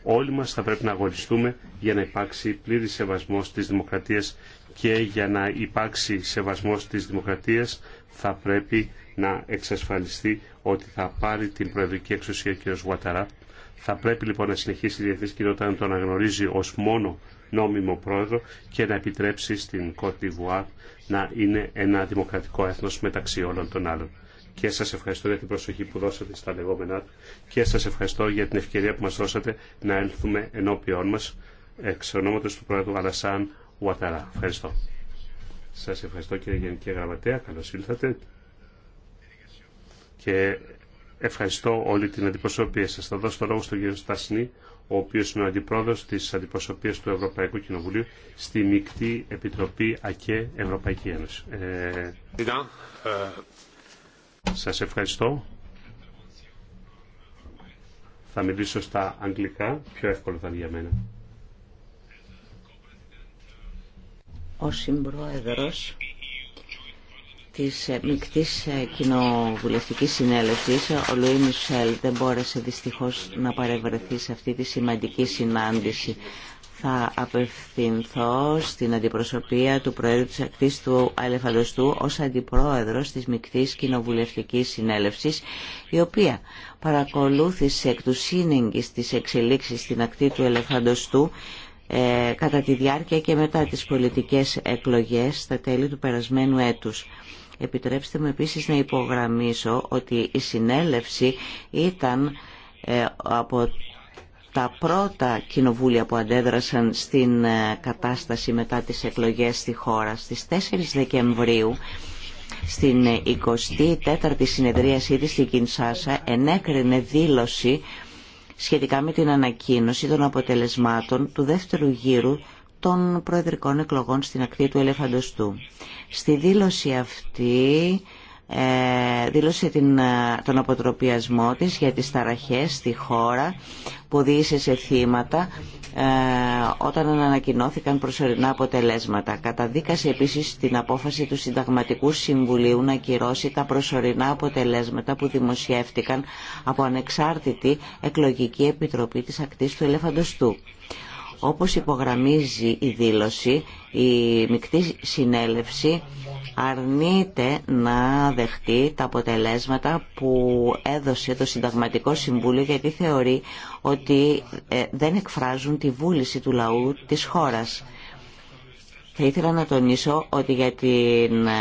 Όλοι μας θα πρέπει να αγωνιστούμε για να υπάρξει πλήρης σεβασμός της δημοκρατίας και για να υπάρξει σεβασμός της δημοκρατίας θα πρέπει να εξασφαλιστεί ότι θα πάρει την προεδρική εξουσία κ. Γουαταρά. Θα πρέπει λοιπόν να συνεχίσει η διεθνή κοινότητα να τον αναγνωρίζει ως μόνο νόμιμο πρόεδρο και να επιτρέψει στην Κορτιβουά να είναι ένα δημοκρατικό έθνος μεταξύ όλων των άλλων και σας ευχαριστώ για την προσοχή που δώσατε στα λεγόμενά του και σας ευχαριστώ για την ευκαιρία που μας δώσατε να έλθουμε ενώπιόν μας εξ ονόματος του Πρόεδρου Αλασάν Ουαταρά. Ευχαριστώ. Σας ευχαριστώ κύριε Γενική Γραμματέα, καλώς ήλθατε και ευχαριστώ όλη την αντιπροσωπεία σας. Θα δώσω το λόγο στον κύριο Στασνή, ο οποίος είναι ο αντιπρόεδρος της αντιπροσωπείας του Ευρωπαϊκού Κοινοβουλίου στη Μικτή Επιτροπή ΑΚΕ Ευρωπαϊκή Ένωση. Ε... Σας ευχαριστώ. Θα μιλήσω στα αγγλικά, πιο εύκολο θα είναι για μένα. Ο συμπρόεδρος της Μικτής Κοινοβουλευτικής Συνέλευσης, ο Λουί Μισελ, δεν μπόρεσε δυστυχώς να παρευρεθεί σε αυτή τη σημαντική συνάντηση θα απευθυνθώ στην αντιπροσωπεία του Προέδρου της Ακτής του Αλεφαντοστού ως αντιπρόεδρος της Μικτής Κοινοβουλευτικής Συνέλευσης, η οποία παρακολούθησε εκ του σύνεγγης της εξελίξεις στην ακτή του Αλεφαντοστού ε, κατά τη διάρκεια και μετά τις πολιτικές εκλογές στα τέλη του περασμένου έτους. Επιτρέψτε μου επίσης να υπογραμμίσω ότι η συνέλευση ήταν ε, από τα πρώτα κοινοβούλια που αντέδρασαν στην ε, κατάσταση μετά τις εκλογές στη χώρα στις 4 Δεκεμβρίου στην 24η ε, συνεδρίασή της στην Κινσάσα ενέκρινε δήλωση σχετικά με την ανακοίνωση των αποτελεσμάτων του δεύτερου γύρου των προεδρικών εκλογών στην ακτή του Ελεφαντοστού. Στη δήλωση αυτή ε, δήλωσε την, ε, τον αποτροπιασμό της για τις ταραχές στη χώρα που οδήγησε σε θύματα ε, όταν ανακοινώθηκαν προσωρινά αποτελέσματα. Καταδίκασε επίσης την απόφαση του Συνταγματικού Συμβουλίου να ακυρώσει τα προσωρινά αποτελέσματα που δημοσιεύτηκαν από ανεξάρτητη εκλογική επιτροπή της ακτής του Ελεφαντοστού. Όπως υπογραμμίζει η δήλωση, η μεικτή συνέλευση αρνείται να δεχτεί τα αποτελέσματα που έδωσε το Συνταγματικό Συμβούλιο γιατί θεωρεί ότι ε, δεν εκφράζουν τη βούληση του λαού της χώρας. Θα ήθελα να τονίσω ότι για την ε,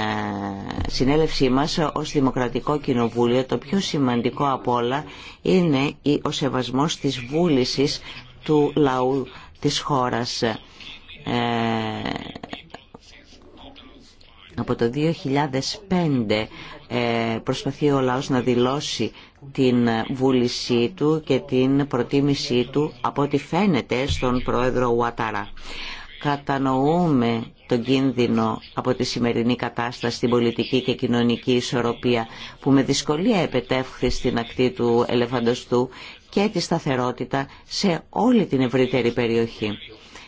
συνέλευσή μας ως Δημοκρατικό Κοινοβούλιο το πιο σημαντικό απ' όλα είναι ο σεβασμός της βούλησης του λαού της χώρας. Ε, από το 2005 ε, προσπαθεί ο λαός να δηλώσει την βούλησή του και την προτίμησή του από ό,τι φαίνεται στον πρόεδρο Ουατάρα. Κατανοούμε τον κίνδυνο από τη σημερινή κατάσταση στην πολιτική και κοινωνική ισορροπία που με δυσκολία επετεύχθη στην ακτή του ελεφαντοστού και τη σταθερότητα σε όλη την ευρύτερη περιοχή.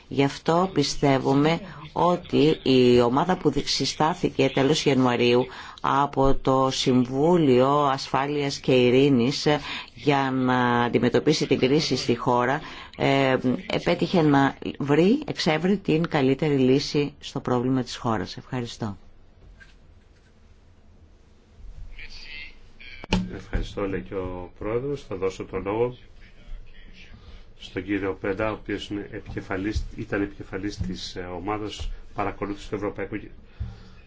Γι' αυτό πιστεύουμε ότι η ομάδα που συστάθηκε τέλος Ιανουαρίου από το Συμβούλιο Ασφάλειας και Ειρήνης ε, για να αντιμετωπίσει την κρίση στη χώρα ε, επέτυχε να βρει, εξεύρει την καλύτερη λύση στο πρόβλημα της χώρας. Ευχαριστώ. Ευχαριστώ λέει και ο Πρόεδρος. Θα δώσω το λόγο στον κύριο Πέντα, ο οποίος είναι επικεφαλής, ήταν επικεφαλής της ε, ομάδας παρακολούθησης του Ευρωπαϊκού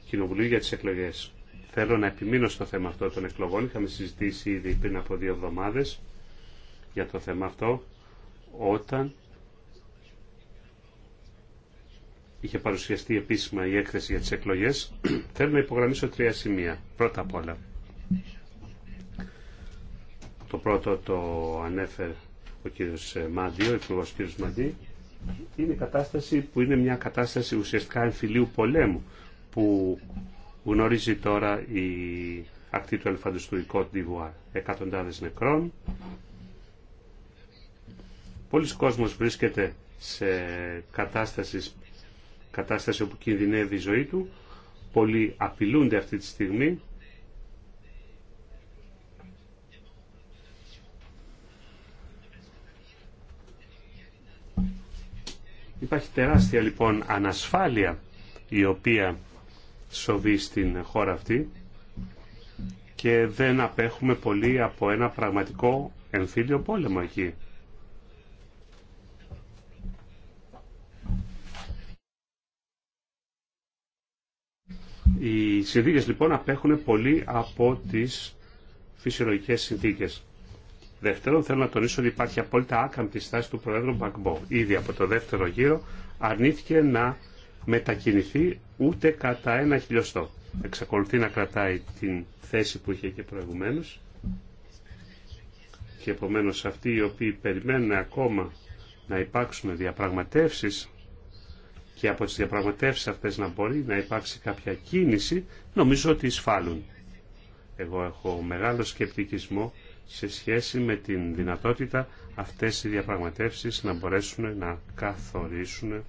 Κοινοβουλίου για τις εκλογές. Θέλω να επιμείνω στο θέμα αυτό των εκλογών. Είχαμε συζητήσει ήδη πριν από δύο εβδομάδες για το θέμα αυτό, όταν είχε παρουσιαστεί επίσημα η έκθεση για τις εκλογές. [CLEARS THROAT] Θέλω να υπογραμμίσω τρία σημεία. Πρώτα απ' όλα. Το πρώτο το ανέφερε ο κύριος ε, Μάντι, ο υπουργός κύριος Μάντι, είναι κατάσταση που είναι μια κατάσταση ουσιαστικά εμφυλίου πολέμου που γνωρίζει τώρα η ακτή του Κότ Ντιβουάρ. Εκατοντάδες νεκρών. Πολλοί κόσμος βρίσκεται σε κατάσταση, κατάσταση όπου κινδυνεύει η ζωή του. Πολλοί απειλούνται αυτή τη στιγμή Υπάρχει τεράστια λοιπόν ανασφάλεια η οποία σοβεί στην χώρα αυτή και δεν απέχουμε πολύ από ένα πραγματικό εμφύλιο πόλεμο εκεί. Οι συνθήκες λοιπόν απέχουν πολύ από τις φυσιολογικές συνθήκες. Δεύτερον, θέλω να τονίσω ότι υπάρχει απόλυτα άκαμπτη στάση του Προέδρου Μπαγκμπό. Ήδη από το δεύτερο γύρο αρνήθηκε να μετακινηθεί ούτε κατά ένα χιλιοστό. Εξακολουθεί να κρατάει την θέση που είχε και προηγουμένως και επομένως αυτοί οι οποίοι περιμένουν ακόμα να υπάρξουν διαπραγματεύσεις και από τις διαπραγματεύσεις αυτές να μπορεί να υπάρξει κάποια κίνηση, νομίζω ότι εισφάλουν. Εγώ έχω μεγάλο σκεπτικισμό σε σχέση με την δυνατότητα αυτές οι διαπραγματεύσεις να μπορέσουν να καθορίσουν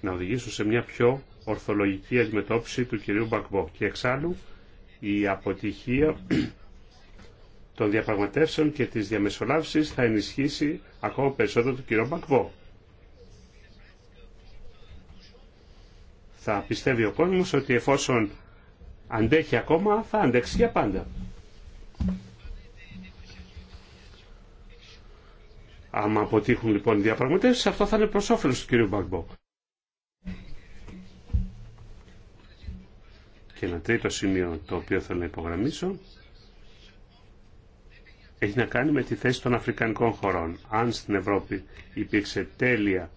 να οδηγήσουν σε μια πιο ορθολογική αντιμετώπιση του κυρίου Μπακμπό. Και εξάλλου η αποτυχία των διαπραγματεύσεων και της διαμεσολάβησης θα ενισχύσει ακόμα περισσότερο του κυρίου Μπακβό. Θα πιστεύει ο κόσμος ότι εφόσον αντέχει ακόμα, θα αντέξει για πάντα. Άμα αποτύχουν λοιπόν οι διαπραγματεύσεις, αυτό θα είναι προς όφελος του κ. Μπαγμπό. Και ένα τρίτο σημείο το οποίο θέλω να υπογραμμίσω έχει να κάνει με τη θέση των αφρικανικών χωρών. Αν στην Ευρώπη υπήρξε τέλεια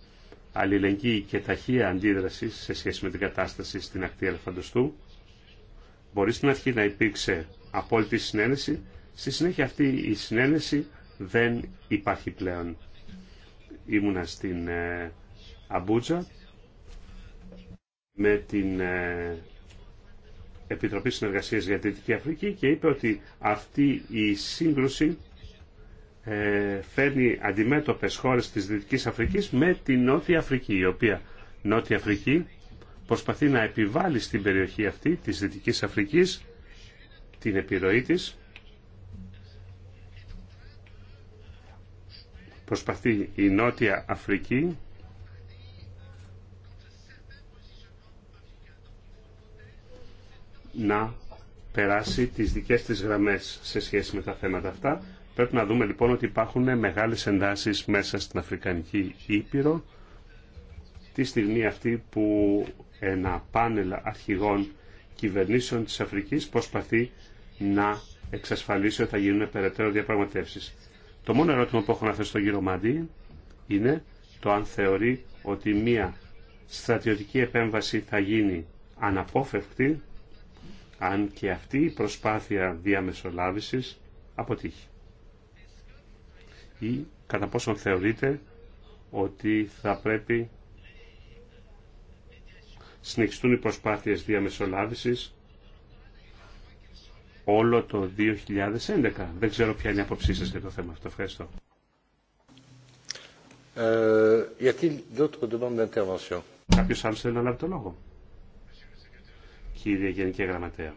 αλληλεγγύη και ταχεία αντίδραση σε σχέση με την κατάσταση στην ακτή Ελφαντοστού, Μπορεί στην αρχή να υπήρξε απόλυτη συνένεση, στη συνέχεια αυτή η συνένεση δεν υπάρχει πλέον. Ήμουνα στην ε, Αμπούτζα με την ε, Επιτροπή Συνεργασίας για τη Δυτική Αφρική και είπε ότι αυτή η σύγκρουση ε, φέρνει αντιμέτωπες χώρες της Δυτικής Αφρικής με την Νότια Αφρική, η οποία Νότια Αφρική προσπαθεί να επιβάλλει στην περιοχή αυτή της Δυτικής Αφρικής την επιρροή της. Προσπαθεί η Νότια Αφρική να περάσει τις δικές της γραμμές σε σχέση με τα θέματα αυτά. Πρέπει να δούμε λοιπόν ότι υπάρχουν μεγάλες εντάσεις μέσα στην Αφρικανική Ήπειρο τη στιγμή αυτή που ένα πάνελ αρχηγών κυβερνήσεων της Αφρικής προσπαθεί να εξασφαλίσει ότι θα γίνουν περαιτέρω διαπραγματεύσεις. Το μόνο ερώτημα που έχω να θέσω στον κύριο Μαντή είναι το αν θεωρεί ότι μία στρατιωτική επέμβαση θα γίνει αναπόφευκτη αν και αυτή η προσπάθεια διαμεσολάβησης αποτύχει. Ή κατά πόσον θεωρείται ότι θα πρέπει συνεχιστούν οι προσπάθειες διαμεσολάβησης όλο το 2011. Δεν ξέρω ποια είναι η άποψή σας για το θέμα αυτό. Ευχαριστώ. Ε, Κάποιο άλλο θέλει να λάβει το λόγο. Κύριε Γενική Γραμματέα.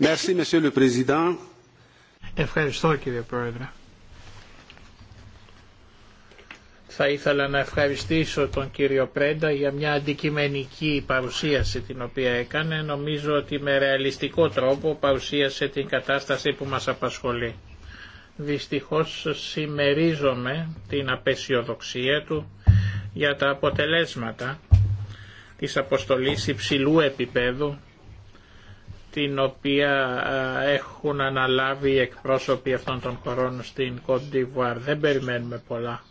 Merci, Monsieur le Président. Ευχαριστώ κύριε Πρόεδρε. Θα ήθελα να ευχαριστήσω τον κύριο Πρέντα για μια αντικειμενική παρουσίαση την οποία έκανε. Νομίζω ότι με ρεαλιστικό τρόπο παρουσίασε την κατάσταση που μας απασχολεί. Δυστυχώς συμμερίζομαι την απεσιοδοξία του για τα αποτελέσματα της αποστολής υψηλού επίπεδου την οποία έχουν αναλάβει οι εκπρόσωποι αυτών των χωρών στην Κοντιβουάρ. Δεν περιμένουμε πολλά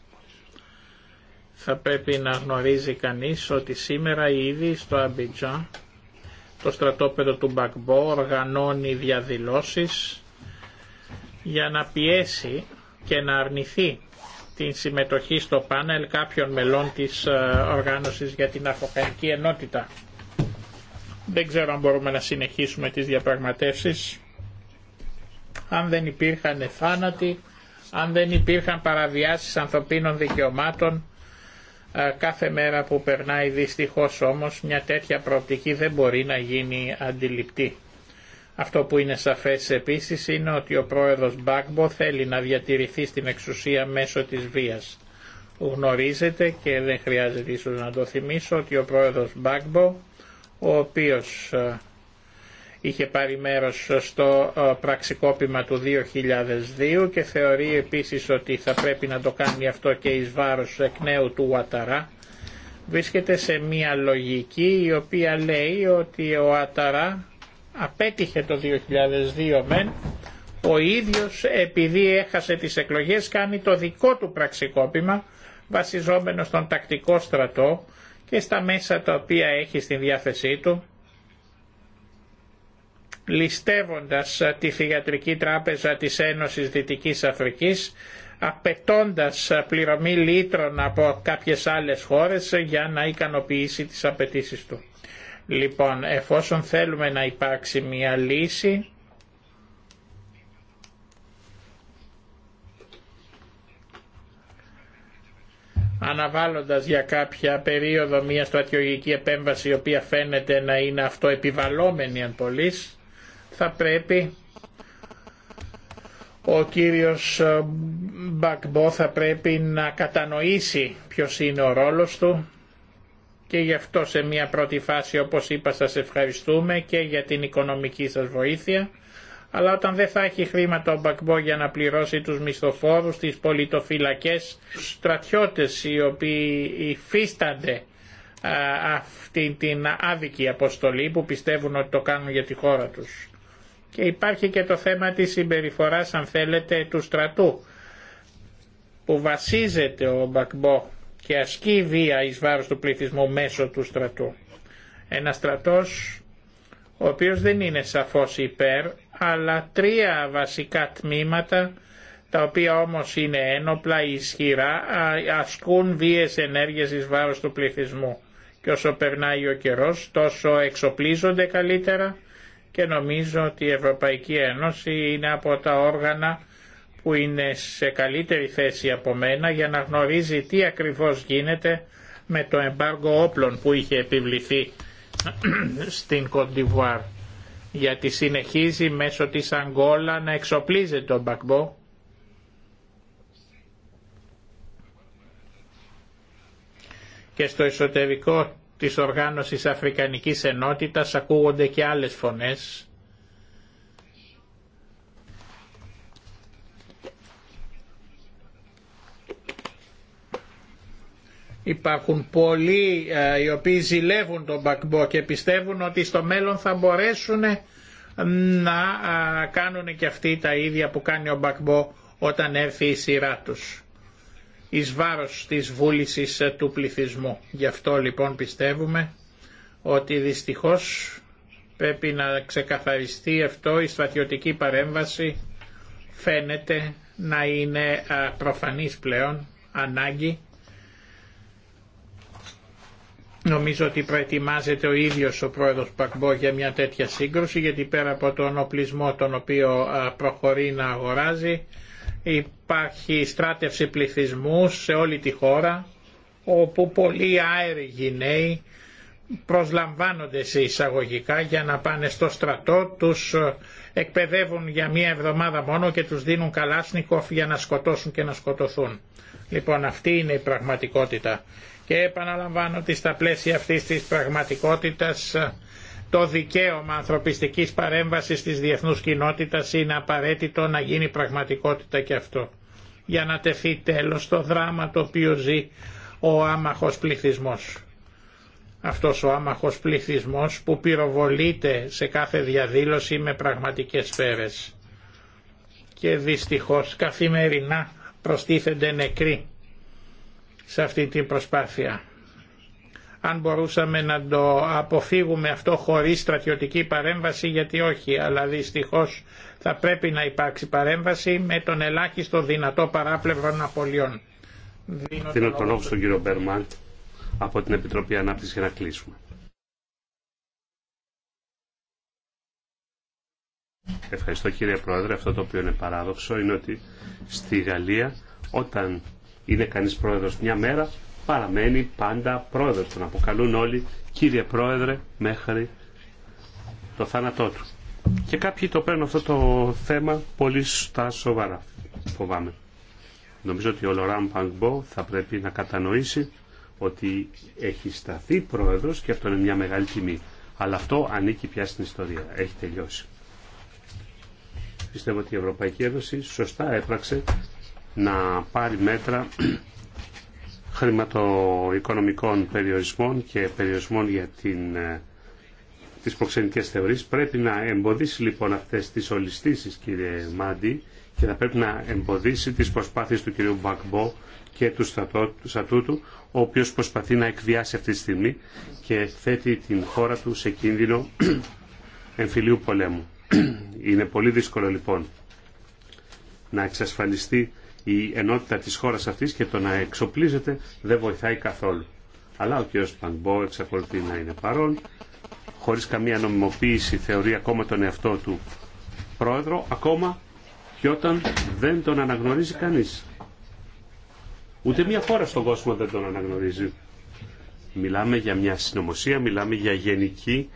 θα πρέπει να γνωρίζει κανείς ότι σήμερα ήδη στο Αμπιτζάν το στρατόπεδο του Μπακμπό οργανώνει διαδηλώσεις για να πιέσει και να αρνηθεί την συμμετοχή στο πάνελ κάποιων μελών της ε, οργάνωσης για την Αφροκανική Ενότητα. Δεν ξέρω αν μπορούμε να συνεχίσουμε τις διαπραγματεύσεις. Αν δεν υπήρχαν θάνατοι, αν δεν υπήρχαν παραβιάσεις ανθρωπίνων δικαιωμάτων, Κάθε μέρα που περνάει δυστυχώς όμως μια τέτοια προοπτική δεν μπορεί να γίνει αντιληπτή. Αυτό που είναι σαφές επίσης είναι ότι ο πρόεδρος Μπάκμπο θέλει να διατηρηθεί στην εξουσία μέσω της βίας. Γνωρίζετε και δεν χρειάζεται ίσως να το θυμίσω ότι ο πρόεδρος Μπάκμπο, ο οποίος είχε πάρει μέρος στο ε, πραξικόπημα του 2002 και θεωρεί επίσης ότι θα πρέπει να το κάνει αυτό και εις βάρος εκ νέου του Αταρά. Βρίσκεται σε μια λογική η οποία λέει ότι ο Αταρά απέτυχε το 2002 μεν, ο ίδιος επειδή έχασε τις εκλογές κάνει το δικό του πραξικόπημα βασιζόμενο στον τακτικό στρατό και στα μέσα τα οποία έχει στη διάθεσή του ληστεύοντας ε, τη Θηγατρική Τράπεζα της Ένωσης Δυτικής Αφρικής, απαιτώντας ε, πληρωμή λίτρων από κάποιες άλλες χώρες ε, για να ικανοποιήσει τις απαιτήσει του. Λοιπόν, εφόσον θέλουμε να υπάρξει μια λύση, αναβάλλοντας για κάποια περίοδο μια στρατιωτική επέμβαση η οποία φαίνεται να είναι αυτοεπιβαλόμενη αν πολλής, θα πρέπει ο κύριος Μπακμπό θα πρέπει να κατανοήσει ποιος είναι ο ρόλος του και γι' αυτό σε μια πρώτη φάση όπως είπα σας ευχαριστούμε και για την οικονομική σας βοήθεια αλλά όταν δεν θα έχει χρήματα ο Μπακμπό για να πληρώσει τους μισθοφόρους, τις πολιτοφυλακές, τους στρατιώτες οι οποίοι υφίστανται αυτή την άδικη αποστολή που πιστεύουν ότι το κάνουν για τη χώρα τους. Και υπάρχει και το θέμα της συμπεριφοράς, αν θέλετε, του στρατού, που βασίζεται ο Μπακμπό και ασκεί βία εις βάρος του πληθυσμού μέσω του στρατού. Ένα στρατός ο οποίος δεν είναι σαφώς υπέρ, αλλά τρία βασικά τμήματα, τα οποία όμως είναι ένοπλα, ισχυρά, ασκούν βίες ενέργειες εις βάρος του πληθυσμού. Και όσο περνάει ο καιρός, τόσο εξοπλίζονται καλύτερα, και νομίζω ότι η Ευρωπαϊκή Ένωση είναι από τα όργανα που είναι σε καλύτερη θέση από μένα για να γνωρίζει τι ακριβώς γίνεται με το εμπάργο όπλων που είχε επιβληθεί στην Κοντιβουάρ γιατί συνεχίζει μέσω της Αγγόλα να εξοπλίζει τον Μπακμπό και στο εσωτερικό της Οργάνωσης Αφρικανικής Ενότητας ακούγονται και άλλες φωνές. Υπάρχουν πολλοί ε, οι οποίοι ζηλεύουν τον Μπακμπό και πιστεύουν ότι στο μέλλον θα μπορέσουν να ε, κάνουν και αυτοί τα ίδια που κάνει ο Μπακμπό όταν έρθει η σειρά τους εις βάρος της βούλησης ε, του πληθυσμού. Γι' αυτό λοιπόν πιστεύουμε ότι δυστυχώς πρέπει να ξεκαθαριστεί αυτό η στρατιωτική παρέμβαση φαίνεται να είναι ε, προφανής πλέον ανάγκη. Νομίζω ότι προετοιμάζεται ο ίδιος ο πρόεδρος Πακμπό για μια τέτοια σύγκρουση γιατί πέρα από τον οπλισμό τον οποίο ε, προχωρεί να αγοράζει υπάρχει στράτευση πληθυσμού σε όλη τη χώρα όπου πολλοί άεροι γυναίοι προσλαμβάνονται σε εισαγωγικά για να πάνε στο στρατό, τους ε, εκπαιδεύουν για μία εβδομάδα μόνο και τους δίνουν καλάσνικοφ για να σκοτώσουν και να σκοτωθούν. Λοιπόν αυτή είναι η πραγματικότητα. Και επαναλαμβάνω ότι στα πλαίσια αυτής της πραγματικότητας ε, το δικαίωμα ανθρωπιστικής παρέμβασης της διεθνούς κοινότητας είναι απαραίτητο να γίνει πραγματικότητα και αυτό για να τεθεί τέλος στο δράμα το οποίο ζει ο άμαχος πληθυσμός. Αυτός ο άμαχος πληθυσμός που πυροβολείται σε κάθε διαδήλωση με πραγματικές σφαίρες και δυστυχώς καθημερινά προστίθενται νεκροί σε αυτή την προσπάθεια. Αν μπορούσαμε να το αποφύγουμε αυτό χωρίς στρατιωτική παρέμβαση γιατί όχι, αλλά δυστυχώς θα πρέπει να υπάρξει παρέμβαση με τον ελάχιστο δυνατό παράπλευρο απολειών. Δίνω το λόγο στον κύριο Μπερμαντ από την Επιτροπή Ανάπτυξη για να κλείσουμε. Ευχαριστώ κύριε Πρόεδρε. Αυτό το οποίο είναι παράδοξο είναι ότι στη Γαλλία όταν είναι κανείς πρόεδρος μια μέρα παραμένει πάντα πρόεδρος. Τον αποκαλούν όλοι κύριε Πρόεδρε μέχρι το θάνατό του. Και κάποιοι το παίρνουν αυτό το θέμα πολύ στα σοβαρά, φοβάμαι. Νομίζω ότι ο Λοράν Παγμπό θα πρέπει να κατανοήσει ότι έχει σταθεί πρόεδρος και αυτό είναι μια μεγάλη τιμή. Αλλά αυτό ανήκει πια στην ιστορία. Έχει τελειώσει. Πιστεύω ότι η Ευρωπαϊκή Ένωση σωστά έπραξε να πάρει μέτρα [CLEARS THROAT] χρηματοοικονομικών περιορισμών και περιορισμών για την ε, τι προξενικές θεωρίες. Πρέπει να εμποδίσει λοιπόν αυτές τις ολιστήσεις κύριε Μάντι και θα πρέπει να εμποδίσει τις προσπάθειες του κυρίου Μπακμπό και του του ο οποίος προσπαθεί να εκβιάσει αυτή τη στιγμή και θέτει την χώρα του σε κίνδυνο [CLEARS THROAT] εμφυλίου πολέμου. [CLEARS THROAT] Είναι πολύ δύσκολο λοιπόν να εξασφαλιστεί η ενότητα της χώρας αυτής και το να εξοπλίζεται δεν βοηθάει καθόλου. Αλλά ο κ. Παγκμπό εξακολουθεί να είναι παρόν χωρίς καμία νομιμοποίηση θεωρεί ακόμα τον εαυτό του πρόεδρο, ακόμα και όταν δεν τον αναγνωρίζει κανείς. Ούτε μια χώρα στον κόσμο δεν τον αναγνωρίζει. Μιλάμε για μια συνωμοσία, μιλάμε για γενική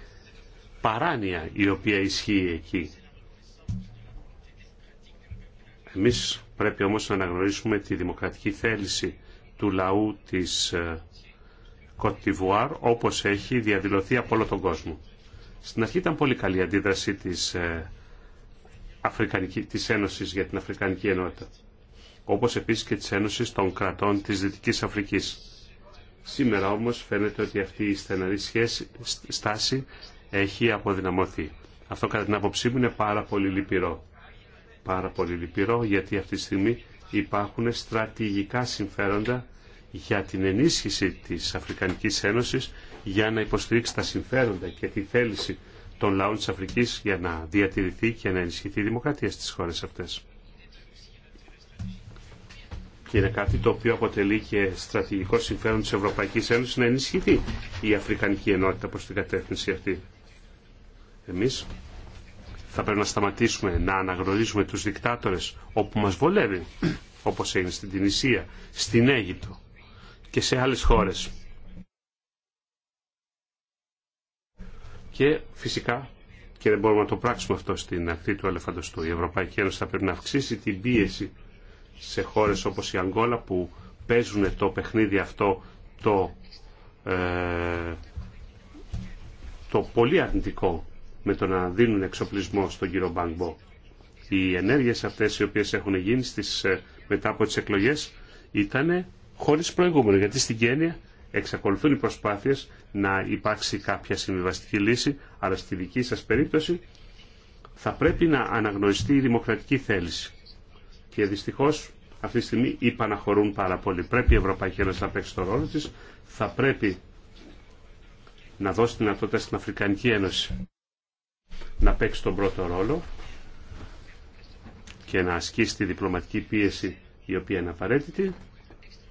παράνοια η οποία ισχύει εκεί. Εμείς πρέπει όμως να αναγνωρίσουμε τη δημοκρατική θέληση του λαού της ε, Κοντιβουάρ όπως έχει διαδηλωθεί από όλο τον κόσμο. Στην αρχή ήταν πολύ καλή η αντίδραση της, ε, Αφρικανική, της Ένωσης για την Αφρικανική Ενότητα, όπως επίσης και της Ένωσης των κρατών της Δυτικής Αφρικής. Σήμερα όμως φαίνεται ότι αυτή η στεναρή σχέση, στάση έχει αποδυναμωθεί. Αυτό κατά την άποψή μου είναι πάρα πολύ λυπηρό. Πάρα πολύ λυπηρό γιατί αυτή τη στιγμή υπάρχουν στρατηγικά συμφέροντα για την ενίσχυση της Αφρικανικής Ένωσης για να υποστηρίξει τα συμφέροντα και τη θέληση των λαών της Αφρικής για να διατηρηθεί και να ενισχυθεί η δημοκρατία στις χώρες αυτές. Και είναι κάτι το οποίο αποτελεί και στρατηγικό συμφέρον της Ευρωπαϊκής Ένωσης να ενισχυθεί η Αφρικανική Ενότητα προς την κατεύθυνση αυτή. Εμείς θα πρέπει να σταματήσουμε να αναγνωρίζουμε τους δικτάτορες όπου μας βολεύει, όπως έγινε στην Τινησία, στην Αίγυπτο, και σε άλλες χώρες. Και φυσικά, και δεν μπορούμε να το πράξουμε αυτό στην ακτή του αλεφαντοστού. η Ευρωπαϊκή Ένωση θα πρέπει να αυξήσει την πίεση σε χώρες όπως η Αγγόλα που παίζουν το παιχνίδι αυτό το, ε, το πολύ αρνητικό με το να δίνουν εξοπλισμό στον κύριο Μπάνγκμπο. Οι ενέργειες αυτές οι οποίες έχουν γίνει στις, ε, μετά από τις εκλογές ήταν Χωρί προηγούμενο, γιατί στην Κένια εξακολουθούν οι προσπάθειε να υπάρξει κάποια συμβιβαστική λύση, αλλά στη δική σα περίπτωση θα πρέπει να αναγνωριστεί η δημοκρατική θέληση. Και δυστυχώ, αυτή τη στιγμή υπαναχωρούν πάρα πολύ. Πρέπει η Ευρωπαϊκή Ένωση να παίξει τον ρόλο τη, θα πρέπει να δώσει δυνατότητα στην Αφρικανική Ένωση να παίξει τον πρώτο ρόλο και να ασκήσει τη διπλωματική πίεση η οποία είναι απαραίτητη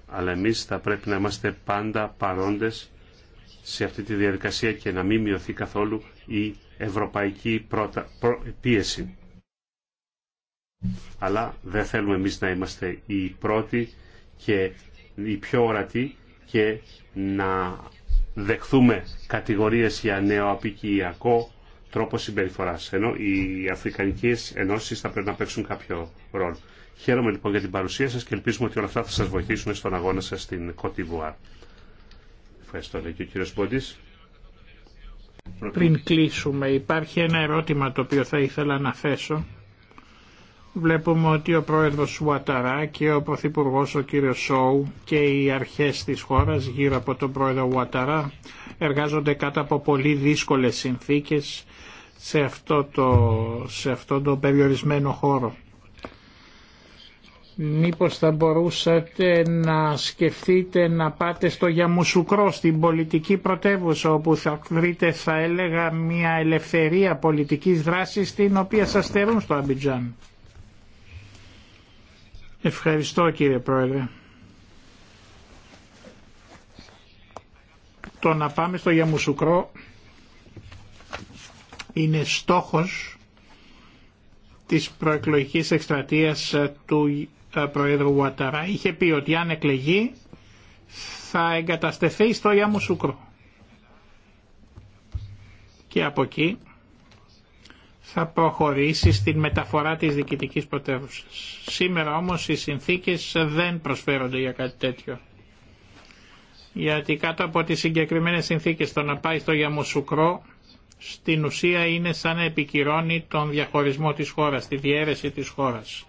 αλλά εμείς θα πρέπει να είμαστε πάντα παρόντες σε αυτή τη διαδικασία και να μην μειωθεί καθόλου η ευρωπαϊκή πίεση. Αλλά δεν θέλουμε εμείς να είμαστε οι πρώτοι και οι πιο ορατοί και να δεχθούμε κατηγορίες για νεοαπικιακό τρόπο συμπεριφοράς. Ενώ οι αφρικανικές ενώσεις θα πρέπει να παίξουν κάποιο ρόλο. Χαίρομαι λοιπόν για την παρουσία σας και ελπίζουμε ότι όλα αυτά θα σας βοηθήσουν στον αγώνα σας στην Κωτιβουάρ. Ευχαριστώ, λέει και ο κύριος Μπόντης. Πριν κλείσουμε, υπάρχει ένα ερώτημα το οποίο θα ήθελα να θέσω. Βλέπουμε ότι ο πρόεδρος Ουαταρά και ο Πρωθυπουργό ο κύριος Σόου και οι αρχές της χώρας γύρω από τον πρόεδρο Ουαταρά εργάζονται κάτω από πολύ δύσκολες συνθήκες σε αυτό το, το περιορισμένο χώρο. Μήπως θα μπορούσατε να σκεφτείτε να πάτε στο Γιαμουσουκρό, στην πολιτική πρωτεύουσα, όπου θα βρείτε θα έλεγα μια ελευθερία πολιτικής δράσης την οποία σας στερούν στο Αμπιτζάν. Ευχαριστώ κύριε Πρόεδρε. Το να πάμε στο Γιαμουσουκρό είναι στόχος της προεκλογικής εκστρατείας του Προέδρου Ουαταρά. Είχε πει ότι αν εκλεγεί θα εγκαταστεθεί στο Ιαμουσούκρο. Και από εκεί θα προχωρήσει στην μεταφορά της διοικητικής πρωτεύουσα. Σήμερα όμως οι συνθήκες δεν προσφέρονται για κάτι τέτοιο. Γιατί κάτω από τις συγκεκριμένες συνθήκες το να πάει στο Γιαμουσουκρό στην ουσία είναι σαν να επικυρώνει τον διαχωρισμό της χώρας, τη διαίρεση της χώρας.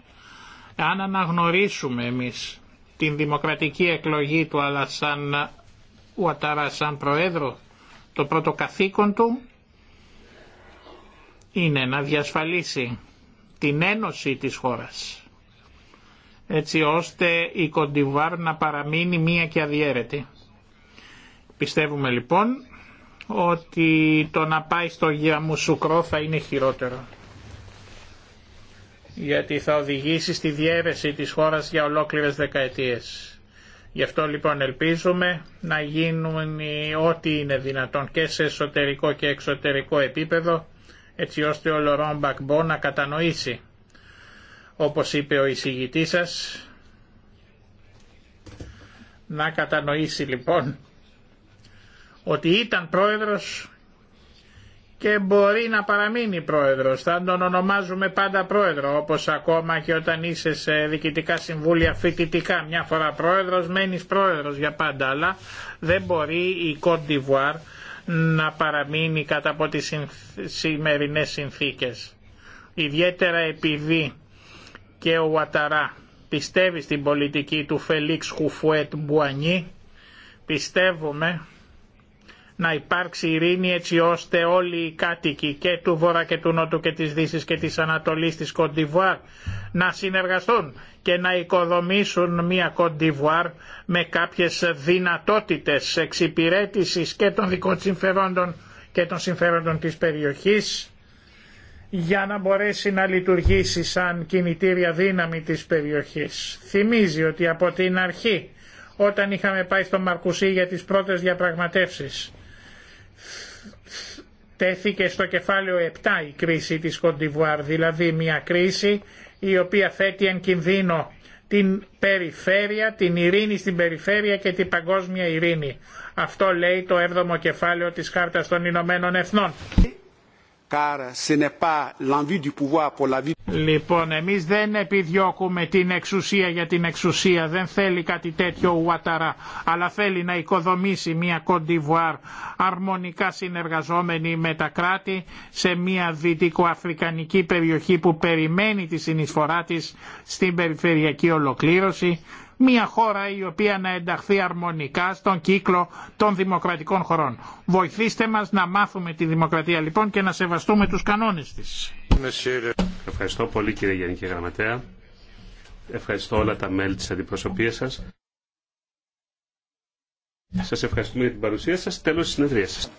Αν αναγνωρίσουμε εμείς την δημοκρατική εκλογή του αλλά σαν Ουατάρα σαν Προέδρο το πρώτο καθήκον του είναι να διασφαλίσει την ένωση της χώρας έτσι ώστε η Κοντιβάρ να παραμείνει μία και αδιέρετη. Πιστεύουμε λοιπόν ότι το να πάει στο Γιαμουσουκρό θα είναι χειρότερο γιατί θα οδηγήσει στη διέρεση της χώρας για ολόκληρες δεκαετίες. Γι' αυτό λοιπόν ελπίζουμε να γίνουν ό,τι είναι δυνατόν και σε εσωτερικό και εξωτερικό επίπεδο έτσι ώστε ο Λορόν Μπακμπό να κατανοήσει. Όπως είπε ο εισηγητής σας, να κατανοήσει λοιπόν ότι ήταν πρόεδρος και μπορεί να παραμείνει πρόεδρος. Θα τον ονομάζουμε πάντα πρόεδρο, όπως ακόμα και όταν είσαι σε διοικητικά συμβούλια φοιτητικά. Μια φορά πρόεδρος, μένεις πρόεδρος για πάντα, αλλά δεν μπορεί η Κοντιβουάρ να παραμείνει κατά από τις σημερινές συνθήκες. Ιδιαίτερα επειδή και ο Ουαταρά πιστεύει στην πολιτική του Φελίξ Χουφουέτ Μπουανί, πιστεύουμε να υπάρξει ειρήνη έτσι ώστε όλοι οι κάτοικοι και του Βόρα και του Νότου και της Δύσης και της Ανατολής της Κοντιβουάρ να συνεργαστούν και να οικοδομήσουν μια Κοντιβουάρ με κάποιες δυνατότητες εξυπηρέτησης και των δικών συμφερόντων και των συμφέροντων της περιοχής για να μπορέσει να λειτουργήσει σαν κινητήρια δύναμη της περιοχής. Θυμίζει ότι από την αρχή όταν είχαμε πάει στο Μαρκουσί για τις πρώτες διαπραγματεύσεις τέθηκε στο κεφάλαιο 7 η κρίση της Κοντιβουάρ, δηλαδή μια κρίση η οποία θέτει εν κινδύνο την περιφέρεια, την ειρήνη στην περιφέρεια και την παγκόσμια ειρήνη. Αυτό λέει το 7ο κεφάλαιο της Χάρτας των Ηνωμένων Εθνών. Λοιπόν, εμείς δεν επιδιώκουμε την εξουσία για την εξουσία, δεν θέλει κάτι τέτοιο ο Ουαταρά, αλλά θέλει να οικοδομήσει μια Κοντιβουάρ αρμονικά συνεργαζόμενη με τα κράτη σε μια δυτικοαφρικανική περιοχή που περιμένει τη συνεισφορά της στην περιφερειακή ολοκλήρωση μια χώρα η οποία να ενταχθεί αρμονικά στον κύκλο των δημοκρατικών χωρών. Βοηθήστε μας να μάθουμε τη δημοκρατία λοιπόν και να σεβαστούμε τους κανόνες της. Ευχαριστώ πολύ κύριε Γενική Γραμματέα. Ευχαριστώ όλα τα μέλη της αντιπροσωπείας σας. Σας ευχαριστούμε για την παρουσία σας. Τέλος της συνεδρίας σας.